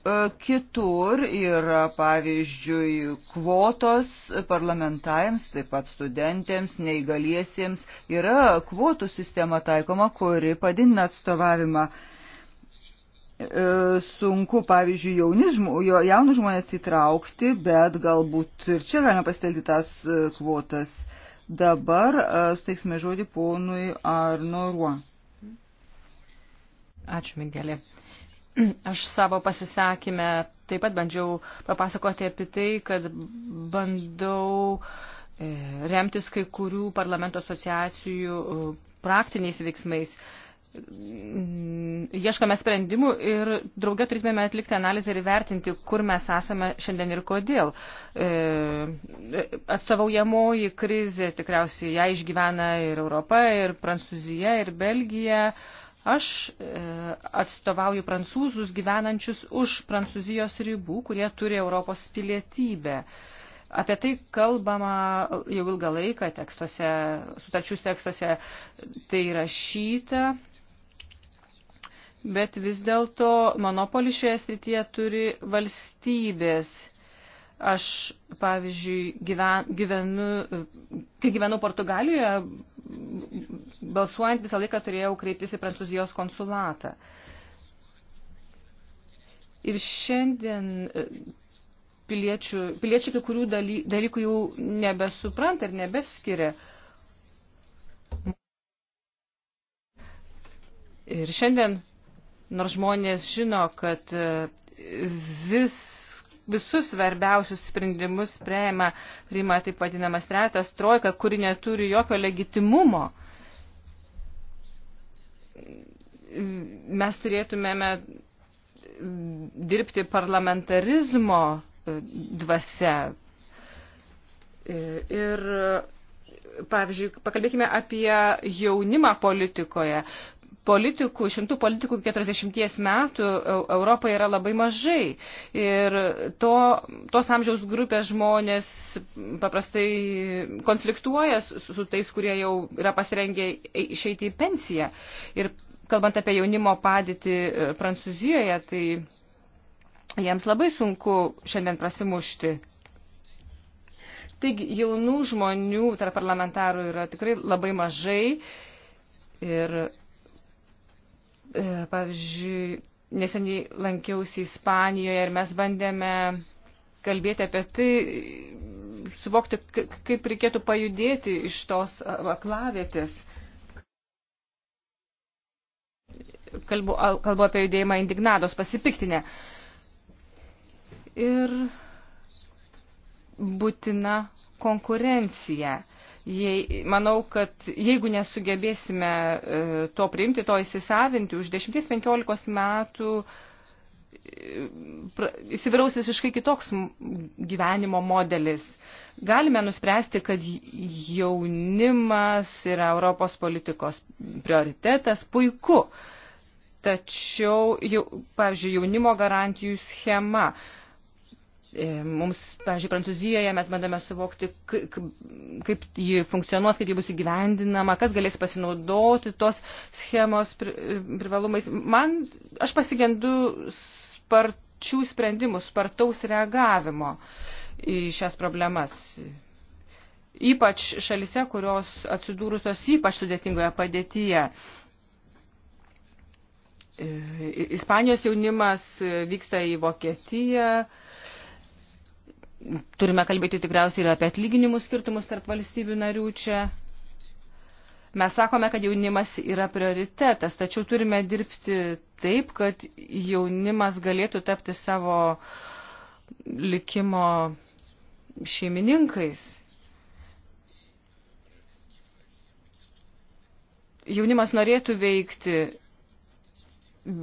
S5: E, kitur yra, pavyzdžiui, kvotos parlamentarėms, taip pat studentėms, neįgaliesiems. Yra kvotų sistema taikoma, kuri padidina atstovavimą. E, sunku, pavyzdžiui, jaunus žmonės įtraukti, bet galbūt ir čia galima pasitelkti tas e, kvotas. Dabar suteiksime žodį ponui
S2: Arno Ruo. Ačiū, Migelė. Uh, Aš savo pasisakymę taip pat bandžiau papasakoti apie tai, kad bandau e, remtis kai kurių parlamento asociacijų e, praktiniais veiksmais. Mm, Ieškame sprendimų ir draugė turėtume atlikti analizę ir vertinti, kur mes esame šiandien ir kodėl. E, Atsavaujamoji krizė tikriausiai ją išgyvena ir Europa, ir Prancūzija, ir Belgija. E, Aš e, atstovauju prancūzus gyvenančius už Prancūzijos ribų, kurie turi Europos pilietybę. Apie tai kalbama jau ilgą laiką tekstuose, sutarčių tekstuose tai rašyta, bet vis dėlto monopolį šioje srityje turi valstybės. Aš, pavyzdžiui, gyven, gyvenu, kai gyvenau Portugalijoje, balsuojant visą laiką turėjau kreiptis į Prancūzijos konsulatą. Ir šiandien piliečių, piliečiai kai kurių daly, dalykų jau nebesupranta ir nebeskiria. Ir šiandien, nors žmonės žino, kad e, vis visus svarbiausius sprendimus prieima, priima taip vadinamas retas trojka, kuri neturi jokio legitimumo. Mes turėtumėme dirbti parlamentarizmo dvasia. Ir pavyzdžiui, pakalbėkime apie jaunimą politikoje politikų, šimtų politikų 40 metų Europoje yra labai mažai. Ir to, tos amžiaus grupės žmonės paprastai konfliktuoja su, su tais, kurie jau yra pasirengę išeiti į pensiją. Ir kalbant apie jaunimo padėtį e, Prancūzijoje, tai jiems labai sunku šiandien prasimušti. Taigi jaunų žmonių tarp parlamentarų yra tikrai labai mažai ir E, pavyzdžiui, neseniai lankiausi Ispanijoje ir mes bandėme kalbėti apie tai, suvokti, kaip reikėtų pajudėti iš tos aklavietės. Kalbu, kalbu apie judėjimą indignados, pasipiktinę. Ir būtina konkurencija. Uh, Jei, manau, kad jeigu nesugebėsime e, to priimti, to įsisavinti, už 10-15 metų e, įsivyraus visiškai kitoks gyvenimo modelis. Galime nuspręsti, kad jaunimas yra Europos politikos prioritetas, puiku. Tačiau, jau, pavyzdžiui, jaunimo garantijų schema. Uh, E, mums, pažiūrėjau, Prancūzijoje mes bandome suvokti, kaip ji funkcionuos, kaip ji bus įgyvendinama, kas galės pasinaudoti tos schemos privalumais. Man, aš pasigendu sparčių sprendimų, spartaus reagavimo į šias problemas. Ypač šalise, kurios atsidūrusios ypač sudėtingoje padėtyje. E, Ispanijos jaunimas vyksta į Vokietiją, turime kalbėti tikriausiai ir apie atlyginimų skirtumus tarp valstybių narių čia. Mes sakome, kad jaunimas yra prioritetas, tačiau turime dirbti taip, kad jaunimas galėtų tapti savo likimo šeimininkais. Jaunimas norėtų veikti,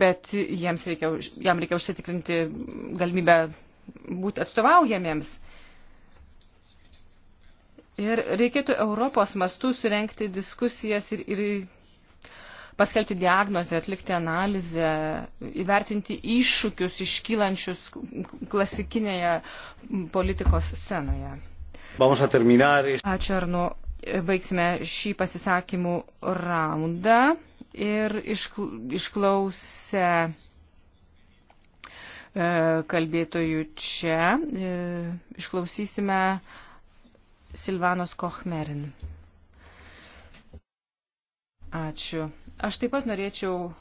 S2: bet jiems reikia, jam reikia užsitikrinti galimybę būti atstovaujamiems. Ir reikėtų Europos mastų surenkti diskusijas ir, ir paskelbti diagnozę, atlikti analizę, įvertinti iššūkius iškylančius klasikinėje politikos scenoje.
S1: Ačiū
S2: Arnu. Baigsime šį pasisakymų raundą ir išklausę E, kalbėtojų čia. E, išklausysime Silvanos Kochmerin. Ačiū. Aš taip pat norėčiau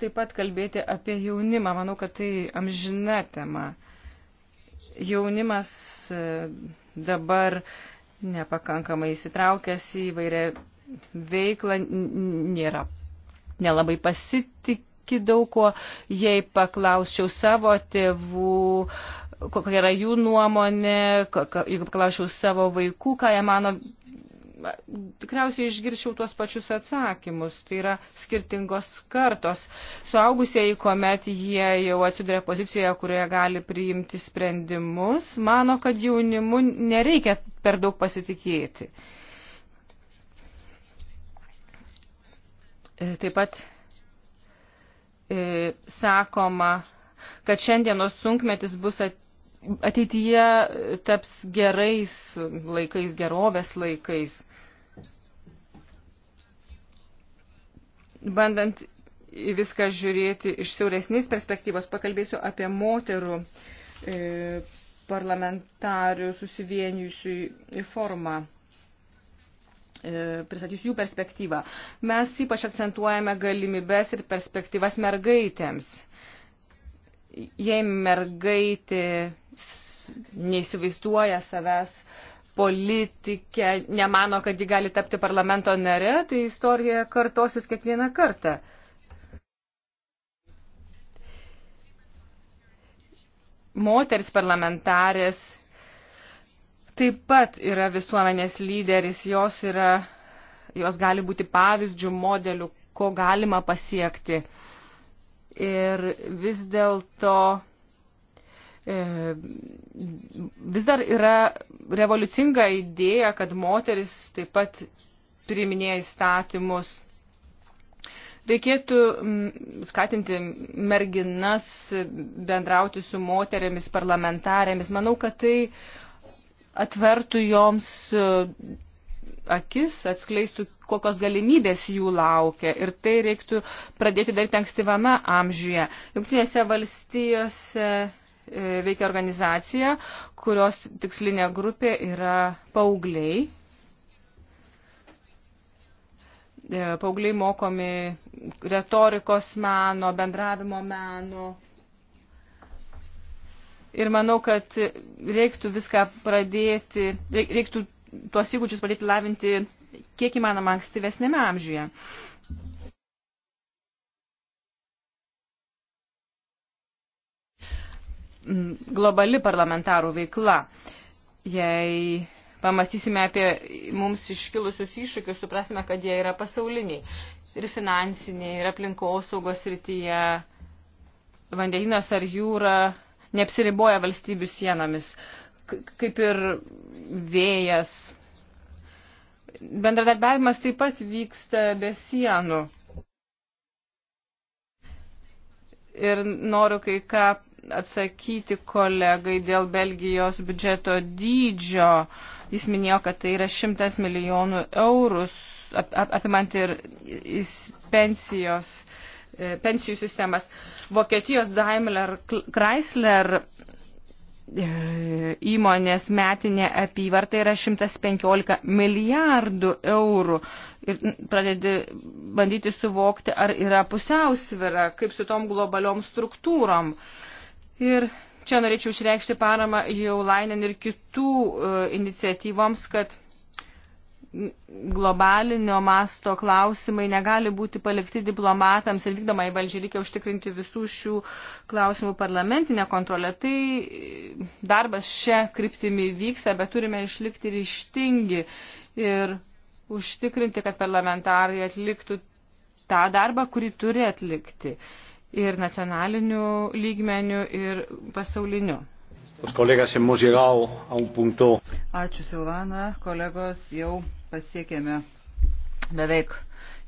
S2: taip pat kalbėti apie jaunimą. Manau, kad tai amžina tema. Jaunimas e, dabar nepakankamai įsitraukęs į vairią veiklą, nėra nelabai pasitik, tiki daug kuo, jei paklausčiau savo tėvų, kokia yra jų nuomonė, jeigu paklausčiau savo vaikų, ką jie mano, tikriausiai išgirčiau tuos pačius atsakymus. Tai yra skirtingos kartos. Suaugusieji, kuomet jie jau atsiduria pozicijoje, kurioje gali priimti sprendimus, mano, kad jaunimu nereikia per daug pasitikėti. E, taip pat e, sakoma, kad šiandienos sunkmetis bus ateityje e, taps gerais laikais, gerovės laikais. Bandant į viską žiūrėti iš siauresnės perspektyvos, pakalbėsiu apie moterų e, parlamentarių susivienijusių formą. E, pristatysiu jų perspektyvą. Mes ypač akcentuojame galimybes ir perspektyvas mergaitėms. Jei mergaitė neįsivaizduoja savęs politikė, nemano, kad ji gali tapti parlamento nare, tai istorija kartosis kiekvieną kartą. Moters parlamentarės taip pat yra visuomenės lyderis, jos, yra, jos gali būti pavyzdžių, modelių, ko galima pasiekti. Ir vis dėlto e, vis dar yra revoliucinga idėja, kad moteris taip pat priiminėja įstatymus. Reikėtų skatinti merginas bendrauti su moterėmis parlamentarėmis. Manau, kad tai atvertų joms e, akis, atskleistų, kokios galimybės jų laukia. Ir tai reiktų pradėti daryti ankstyvame amžiuje. Junktinėse valstijose e, veikia organizacija, kurios tikslinė grupė yra paaugliai. E, paaugliai mokomi retorikos meno, bendravimo meno, Ir manau, kad reiktų viską pradėti, reiktų tuos įgūdžius pradėti lavinti kiek įmanoma ankstyvesnėme amžiuje. Mm, globali parlamentarų veikla. Jei pamastysime apie mums iškilusius iššūkius, suprasime, kad jie yra pasauliniai. Ir finansiniai, ir aplinkosaugos rytyje, vandeninas ar jūra, neapsiriboja valstybių sienomis, kaip ir vėjas. Bendradarbiavimas taip pat vyksta be sienų. Ir noriu kai ką atsakyti kolegai dėl Belgijos biudžeto dydžio. Jis minėjo, kad tai yra 100 milijonų eurus apimanti ir pensijos uh, E, pensijų sistemas. Vokietijos Daimler Chrysler e, įmonės metinė apyvarta yra 115 milijardų eurų. Ir pradedi bandyti suvokti, ar yra pusiausvira, kaip su tom globaliom struktūrom. Ir čia norėčiau išreikšti paramą jau Lainen ir kitų e, iniciatyvoms, kad globalinio masto klausimai negali būti palikti diplomatams ir vykdomai valdžiai reikia užtikrinti visų šių klausimų parlamentinę kontrolę. Tai e, darbas šią kryptimį vyksta, bet turime išlikti ryštingi ir užtikrinti, kad parlamentarai atliktų tą darbą, kurį turi atlikti ir nacionaliniu lygmeniu, ir pasauliniu.
S1: Kolegas, hemos llegado a un punto.
S2: Ačiū Silvana, kolegos, jau
S5: pasiekėme beveik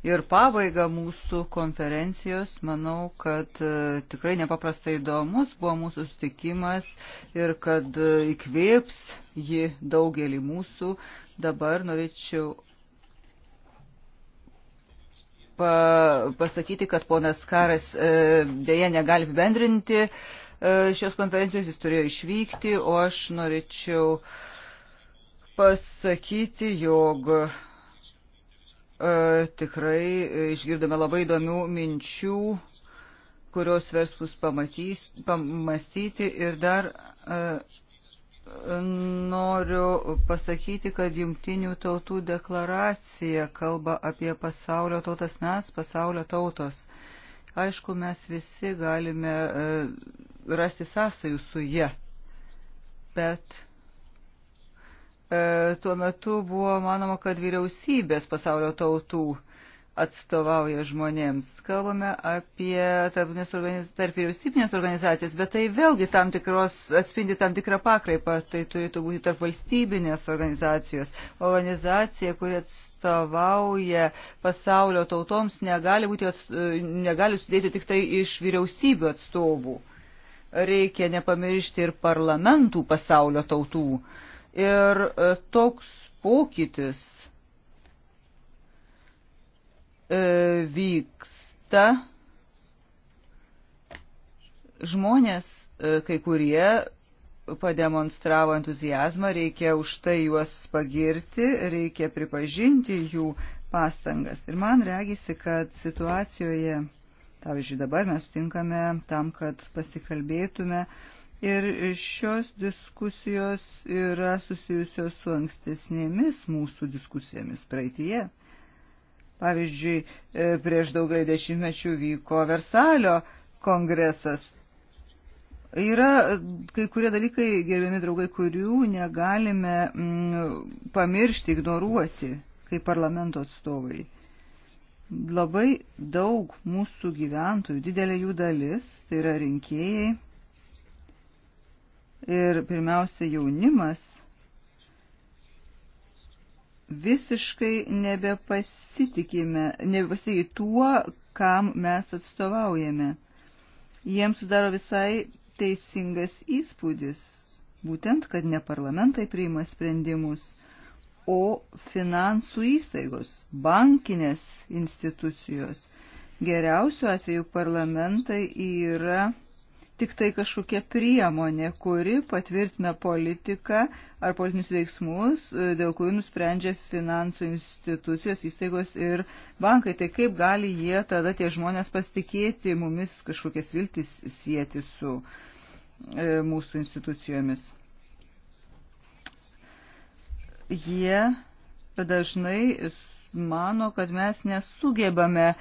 S5: ir pabaigą mūsų konferencijos. Manau, kad e, tikrai nepaprastai įdomus buvo mūsų sustikimas ir kad e, įkvėps ji daugelį mūsų. Dabar norėčiau pa pasakyti, kad ponas Karas e, dėja negali bendrinti E, šios konferencijos, jis turėjo išvykti, o aš norėčiau pasakyti, jog e, tikrai išgirdome labai įdomių minčių kurios vers mus pamastyti ir dar e, noriu pasakyti, kad jungtinių tautų deklaracija kalba apie pasaulio tautas mes, pasaulio tautos. Aišku, mes visi galime rasti sąsajų su jie. Bet e, tuo metu buvo manoma, kad vyriausybės pasaulio tautų atstovauja žmonėms. Kalbame apie organiz... tarp vyriausybinės organizacijas, bet tai vėlgi tam tikros, atspindi tam tikrą pakraipą, tai turėtų būti tarp valstybinės organizacijos. Organizacija, kuri atstovauja pasaulio tautoms, negali, būti, negali sudėti tik tai iš vyriausybių atstovų reikia nepamiršti ir parlamentų pasaulio tautų. Ir e, toks pokytis e, vyksta. Žmonės, e, kai kurie pademonstravo entuzijazmą, reikia už tai juos pagirti, reikia pripažinti jų pastangas. Ir man regisi, kad situacijoje Pavyzdžiui, dabar mes sutinkame tam, kad pasikalbėtume. Ir šios diskusijos yra susijusios su ankstesnėmis mūsų diskusijomis praeitie. Pavyzdžiui, e, prieš daugai dešimtmečių vyko Versalio kongresas. Yra kai kurie dalykai, gerbiami draugai, kurių negalime mm, pamiršti, ignoruoti kaip parlamento atstovai. Labai daug mūsų gyventojų, didelė jų dalis, tai yra rinkėjai ir pirmiausia jaunimas, visiškai nebepasitikime, nebepasitikime tuo, kam mes atstovaujame. Jiems sudaro visai teisingas įspūdis, būtent, kad ne parlamentai priima sprendimus, o finansų įstaigos, bankinės institucijos. Geriausiu atveju parlamentai yra tik tai kažkokia priemonė, kuri patvirtina politiką ar politinius veiksmus, e, dėl kurių nusprendžia finansų institucijos, įstaigos ir bankai. Tai kaip gali jie tada tie žmonės pasitikėti mumis kažkokias viltis sieti su e, mūsų institucijomis? jie dažnai mano, kad mes nesugebame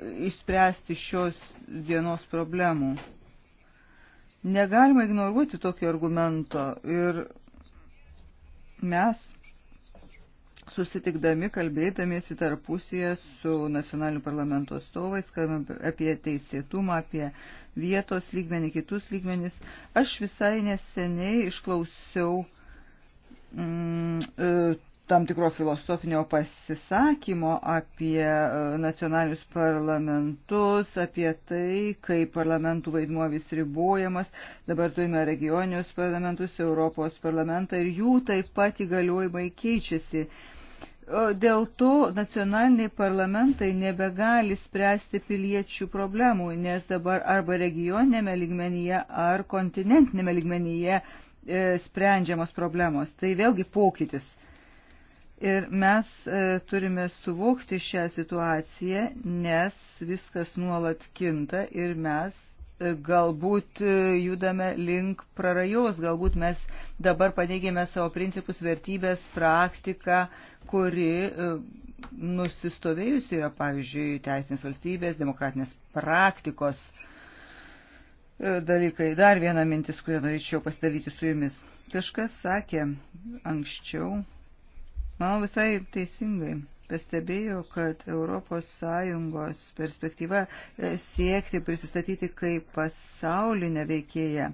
S5: išspręsti šios dienos problemų. Negalima ignoruoti tokio argumento ir mes susitikdami, kalbėdamiesi tarpusyje su nacionaliniu parlamento atstovais, kalbame apie teisėtumą, apie vietos lygmenį, kitus lygmenis. Aš visai neseniai išklausiau Mm, e, tam tikro filosofinio pasisakymo apie e, nacionalinius parlamentus, apie tai, kaip parlamentų vaidmuo vis ribojamas. Dabar turime regioninius parlamentus, Europos parlamentą ir jų taip pat įgaliojimai keičiasi. Dėl to nacionaliniai parlamentai nebegali spręsti piliečių problemų, nes dabar arba regioninėme lygmenyje, ar kontinentinėme lygmenyje uh, E, sprendžiamos problemos. Tai vėlgi pokytis. Ir mes e, turime suvokti šią situaciją, nes viskas nuolat kinta ir mes e, galbūt judame link prarajos, galbūt mes dabar paneigėme savo principus, vertybės, praktiką, kuri nusistovėjusi yra, pavyzdžiui, teisinės valstybės, demokratinės praktikos uh, E, dalykai. Dar viena mintis, kurią norėčiau pasidalyti su jumis. Kažkas sakė anksčiau, manau visai teisingai, pastebėjo, kad ES perspektyva e, siekti prisistatyti kaip pasaulinę veikėją.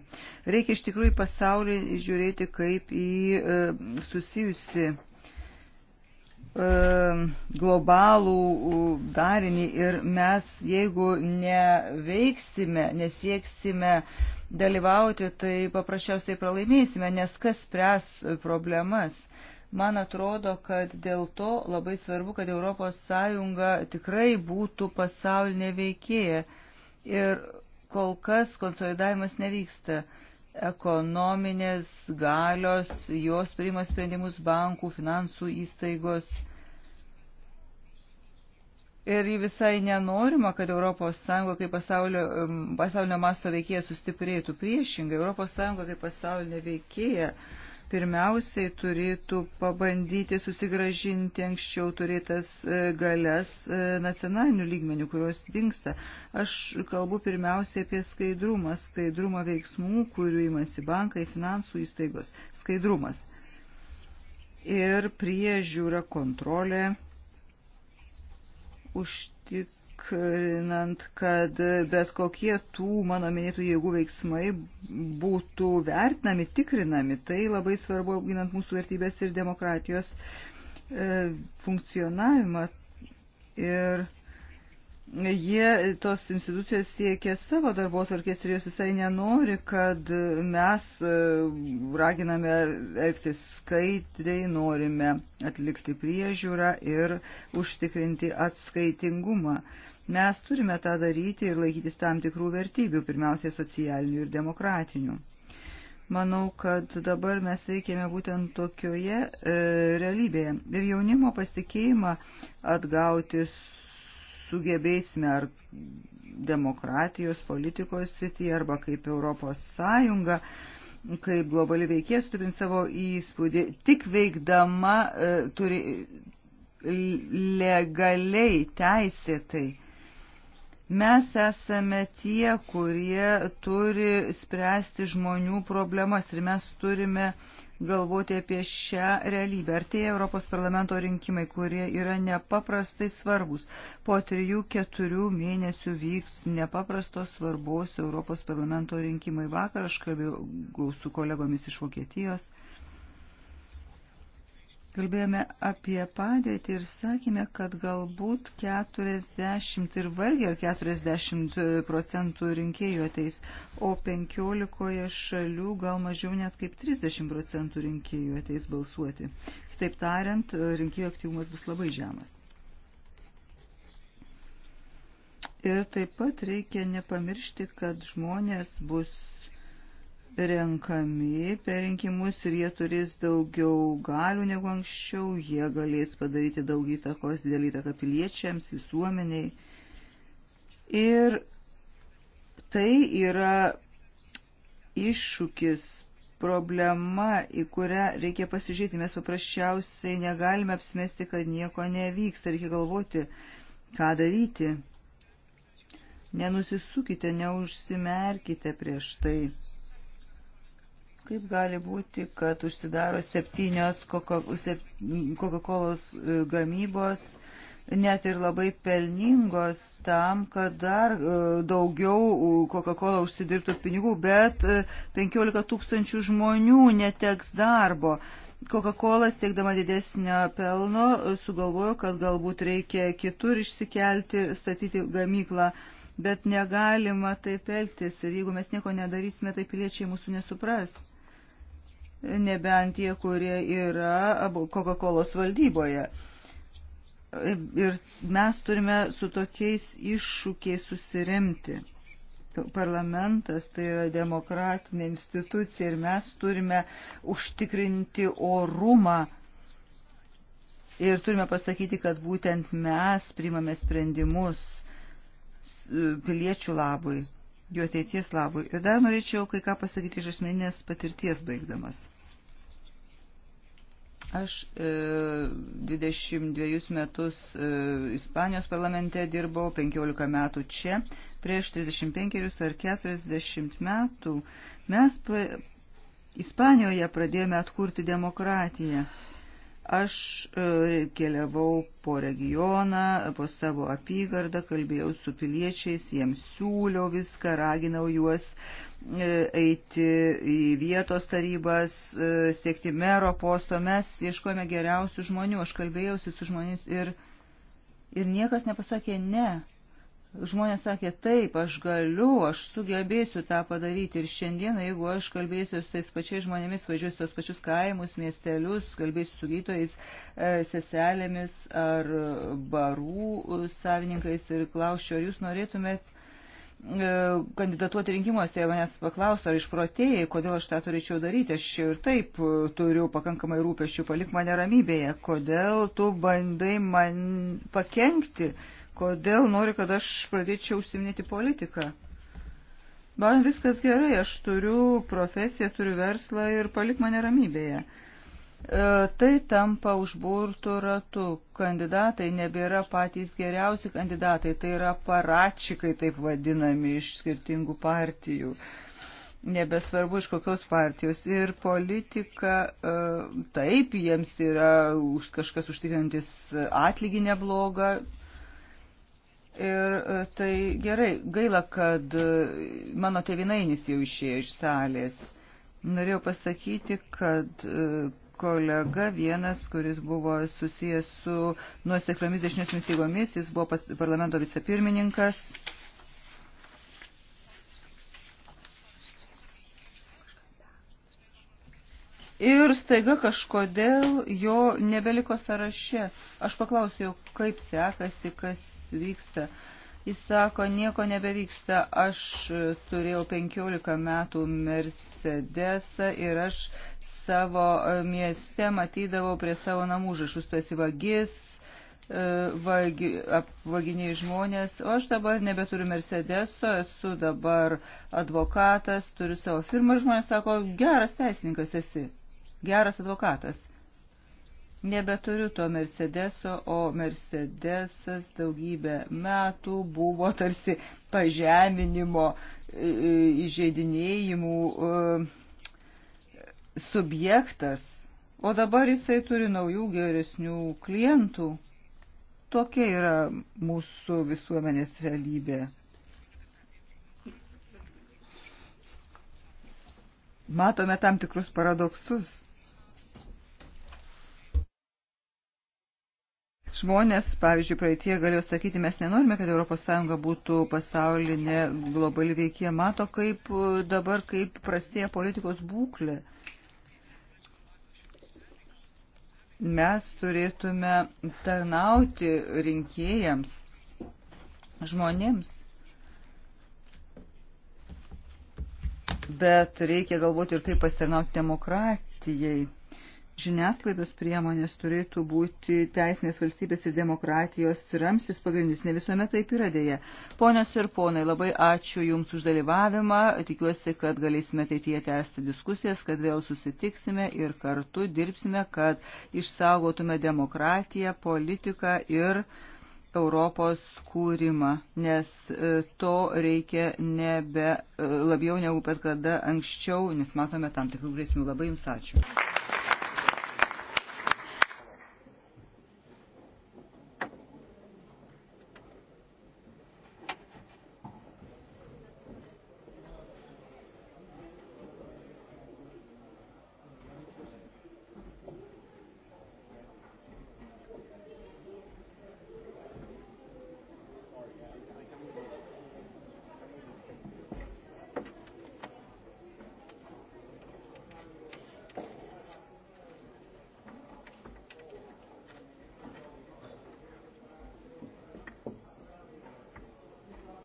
S5: Reikia iš tikrųjų pasaulį žiūrėti kaip į e, susijusi globalų darinį ir mes, jeigu neveiksime, nesieksime dalyvauti, tai paprasčiausiai pralaimėsime, nes kas spręs problemas. Man atrodo, kad dėl to labai svarbu, kad ES tikrai būtų pasaulinė veikėja ir kol kas konsolidavimas nevyksta. Uh, ekonominės galios, jos priima sprendimus bankų, finansų įstaigos. Ir visai nenorima, kad ES kaip pasaulio, um, pasaulio masto veikėja sustiprėtų. Priešingai, ES kaip pasaulinė veikėja uh, pirmiausiai turėtų pabandyti susigražinti anksčiau turėtas e, galias e, nacionalinių lygmenių, kurios dinksta. Aš kalbu pirmiausiai apie skaidrumą, skaidrumą veiksmų, kurių imasi bankai, finansų įstaigos. Skaidrumas. Ir priežiūra, kontrolė, užtikrinti užtikrinant, kad bet kokie tų mano minėtų jėgų veiksmai būtų vertinami, tikrinami. Tai labai svarbu apginant mūsų vertybės ir demokratijos e, funkcionavimą. Ir jie tos institucijos siekia savo darbo tvarkės ir jos visai nenori, kad mes e, raginame elgtis skaidriai, norime atlikti priežiūrą ir užtikrinti atskaitingumą. Mes turime tą daryti ir laikytis tam tikrų vertybių, pirmiausiai socialinių ir demokratinių. Manau, kad dabar mes veikėme būtent tokioje e, realybėje. Ir jaunimo pasitikėjimą atgauti sugebėsime ar demokratijos politikos srityje arba kaip Europos Sąjunga, kaip globali veikėja sustiprint savo įspūdį, tik veikdama e, turi legaliai, teisėtai. Mes esame tie, kurie turi spręsti žmonių problemas ir mes turime galvoti apie šią realybę. Artėja Europos parlamento rinkimai, kurie yra nepaprastai svarbus. Po trijų, keturių mėnesių vyks nepaprastos svarbos Europos parlamento rinkimai. Vakar aš kalbėjau su kolegomis iš Vokietijos. Kalbėjome apie padėtį ir sakėme, kad galbūt 40 ir vargiai ar 40 procentų rinkėjų ateis, o 15 šalių gal mažiau net kaip 30 procentų rinkėjų ateis balsuoti. Kitaip tariant, rinkėjų aktyvumas bus labai žemas. Ir taip pat reikia nepamiršti, kad žmonės bus renkami per rinkimus ir jie turės daugiau galių negu anksčiau, jie galės padaryti daug įtakos, didelį įtaką piliečiams, visuomeniai. Ir tai yra iššūkis, problema, į kurią reikia pasižiūrėti. Mes paprasčiausiai negalime apsimesti, kad nieko nevyksta, reikia galvoti, ką daryti. Nenusisukite, neužsimerkite prieš tai Kaip gali būti, kad užsidaro septynios Coca-Colos e, gamybos, net ir labai pelningos tam, kad dar e, daugiau Coca-Cola užsidirbtų pinigų, bet 15 e, tūkstančių žmonių neteks darbo. Coca-Cola siekdama didesnio pelno sugalvojo, kad galbūt reikia kitur išsikelti, statyti gamyklą, bet negalima taip elgtis ir jeigu mes nieko nedarysime, tai piliečiai mūsų nesupras nebent tie, kurie yra Coca-Colos valdyboje. Ir mes turime su tokiais iššūkiais susiremti. Parlamentas tai yra demokratinė institucija ir mes turime užtikrinti orumą ir turime pasakyti, kad būtent mes primame sprendimus piliečių labui jų ateities labui. Ir dar norėčiau kai ką pasakyti iš asmeninės patirties baigdamas. Aš e, 22 metus e, Ispanijos parlamente dirbau, 15 metų čia. Prieš 35 ar 40 metų mes pra, Ispanijoje pradėjome atkurti demokratiją. Aš e, keliavau po regioną, po savo apygardą, kalbėjau su piliečiais, jiems siūliau viską, raginau juos e, eiti į vietos tarybas, e, siekti mero posto. Mes ieškojame geriausių žmonių, aš kalbėjausi su žmonėmis ir, ir niekas nepasakė ne. Žmonės sakė, taip, aš galiu, aš sugebėsiu tą padaryti ir šiandieną, jeigu aš kalbėsiu su tais pačiais žmonėmis, važiuosiu tos pačius kaimus, miestelius, kalbėsiu su gytojais, e, seselėmis ar barų savininkais ir klausčiau, ar jūs norėtumėt e, kandidatuoti rinkimuose, manęs paklausto, ar išprotėjai, kodėl aš tą turėčiau daryti, aš ir taip turiu pakankamai rūpeščių, palik mane ramybėje, kodėl tu bandai man pakengti. Uh, kodėl nori, kad aš pradėčiau užsiminėti politiką. Man viskas gerai, aš turiu profesiją, turiu verslą ir palik mane ramybėje. E, tai tampa užburtų ratų. Kandidatai nebėra patys geriausi kandidatai, tai yra paračikai, taip vadinami, iš skirtingų partijų nebesvarbu iš kokios partijos. Ir politika, e, taip, jiems yra kažkas užtikrintis atlygį neblogą, Ir e, tai gerai, gaila, kad e, mano tevinainis jau išėjo iš salės. Norėjau pasakyti, kad e, kolega vienas, kuris buvo susijęs su nuosekliomis dešinėmis jėgomis, jis buvo parlamento vicepirmininkas. Ir staiga kažkodėl jo nebeliko sąraše. Aš paklausiau, kaip sekasi, kas vyksta. Jis sako, nieko nebevyksta. Aš turėjau 15 metų Mercedesą ir aš savo mieste matydavau prie savo namų žašus, tu esi vagis, e, vagi, apvaginiai žmonės. O aš dabar nebeturiu Mercedeso, esu dabar advokatas, turiu savo firmą ir žmonės sako, geras teisininkas esi geras advokatas. Nebeturiu to Mercedeso, o Mercedesas daugybę metų buvo tarsi pažeminimo, e, e, įžeidinėjimų e, subjektas, o dabar jisai turi naujų geresnių klientų. Tokia yra mūsų visuomenės realybė. Matome tam tikrus paradoksus. Žmonės, pavyzdžiui, praeitie galėjo sakyti, mes nenorime, kad ES būtų pasaulinė globali veikėja. Mato, kaip e, dabar, kaip prastėja politikos būklė. Mes turėtume tarnauti rinkėjams, žmonėms. Bet reikia galvoti ir kaip pasitarnauti demokratijai žiniasklaidos priemonės turėtų būti teisinės valstybės ir demokratijos ramsis pagrindinis. Ne visuomet taip yra dėja. Ponios ir ponai, labai ačiū Jums už dalyvavimą. Tikiuosi, kad galėsime ateityje tęsti diskusijas, kad vėl susitiksime ir kartu dirbsime, kad išsaugotume demokratiją, politiką ir Europos kūrimą, nes e, to reikia nebe e, labiau negu bet kada anksčiau, nes matome tam tikrų grėsmių. Labai Jums
S1: ačiū.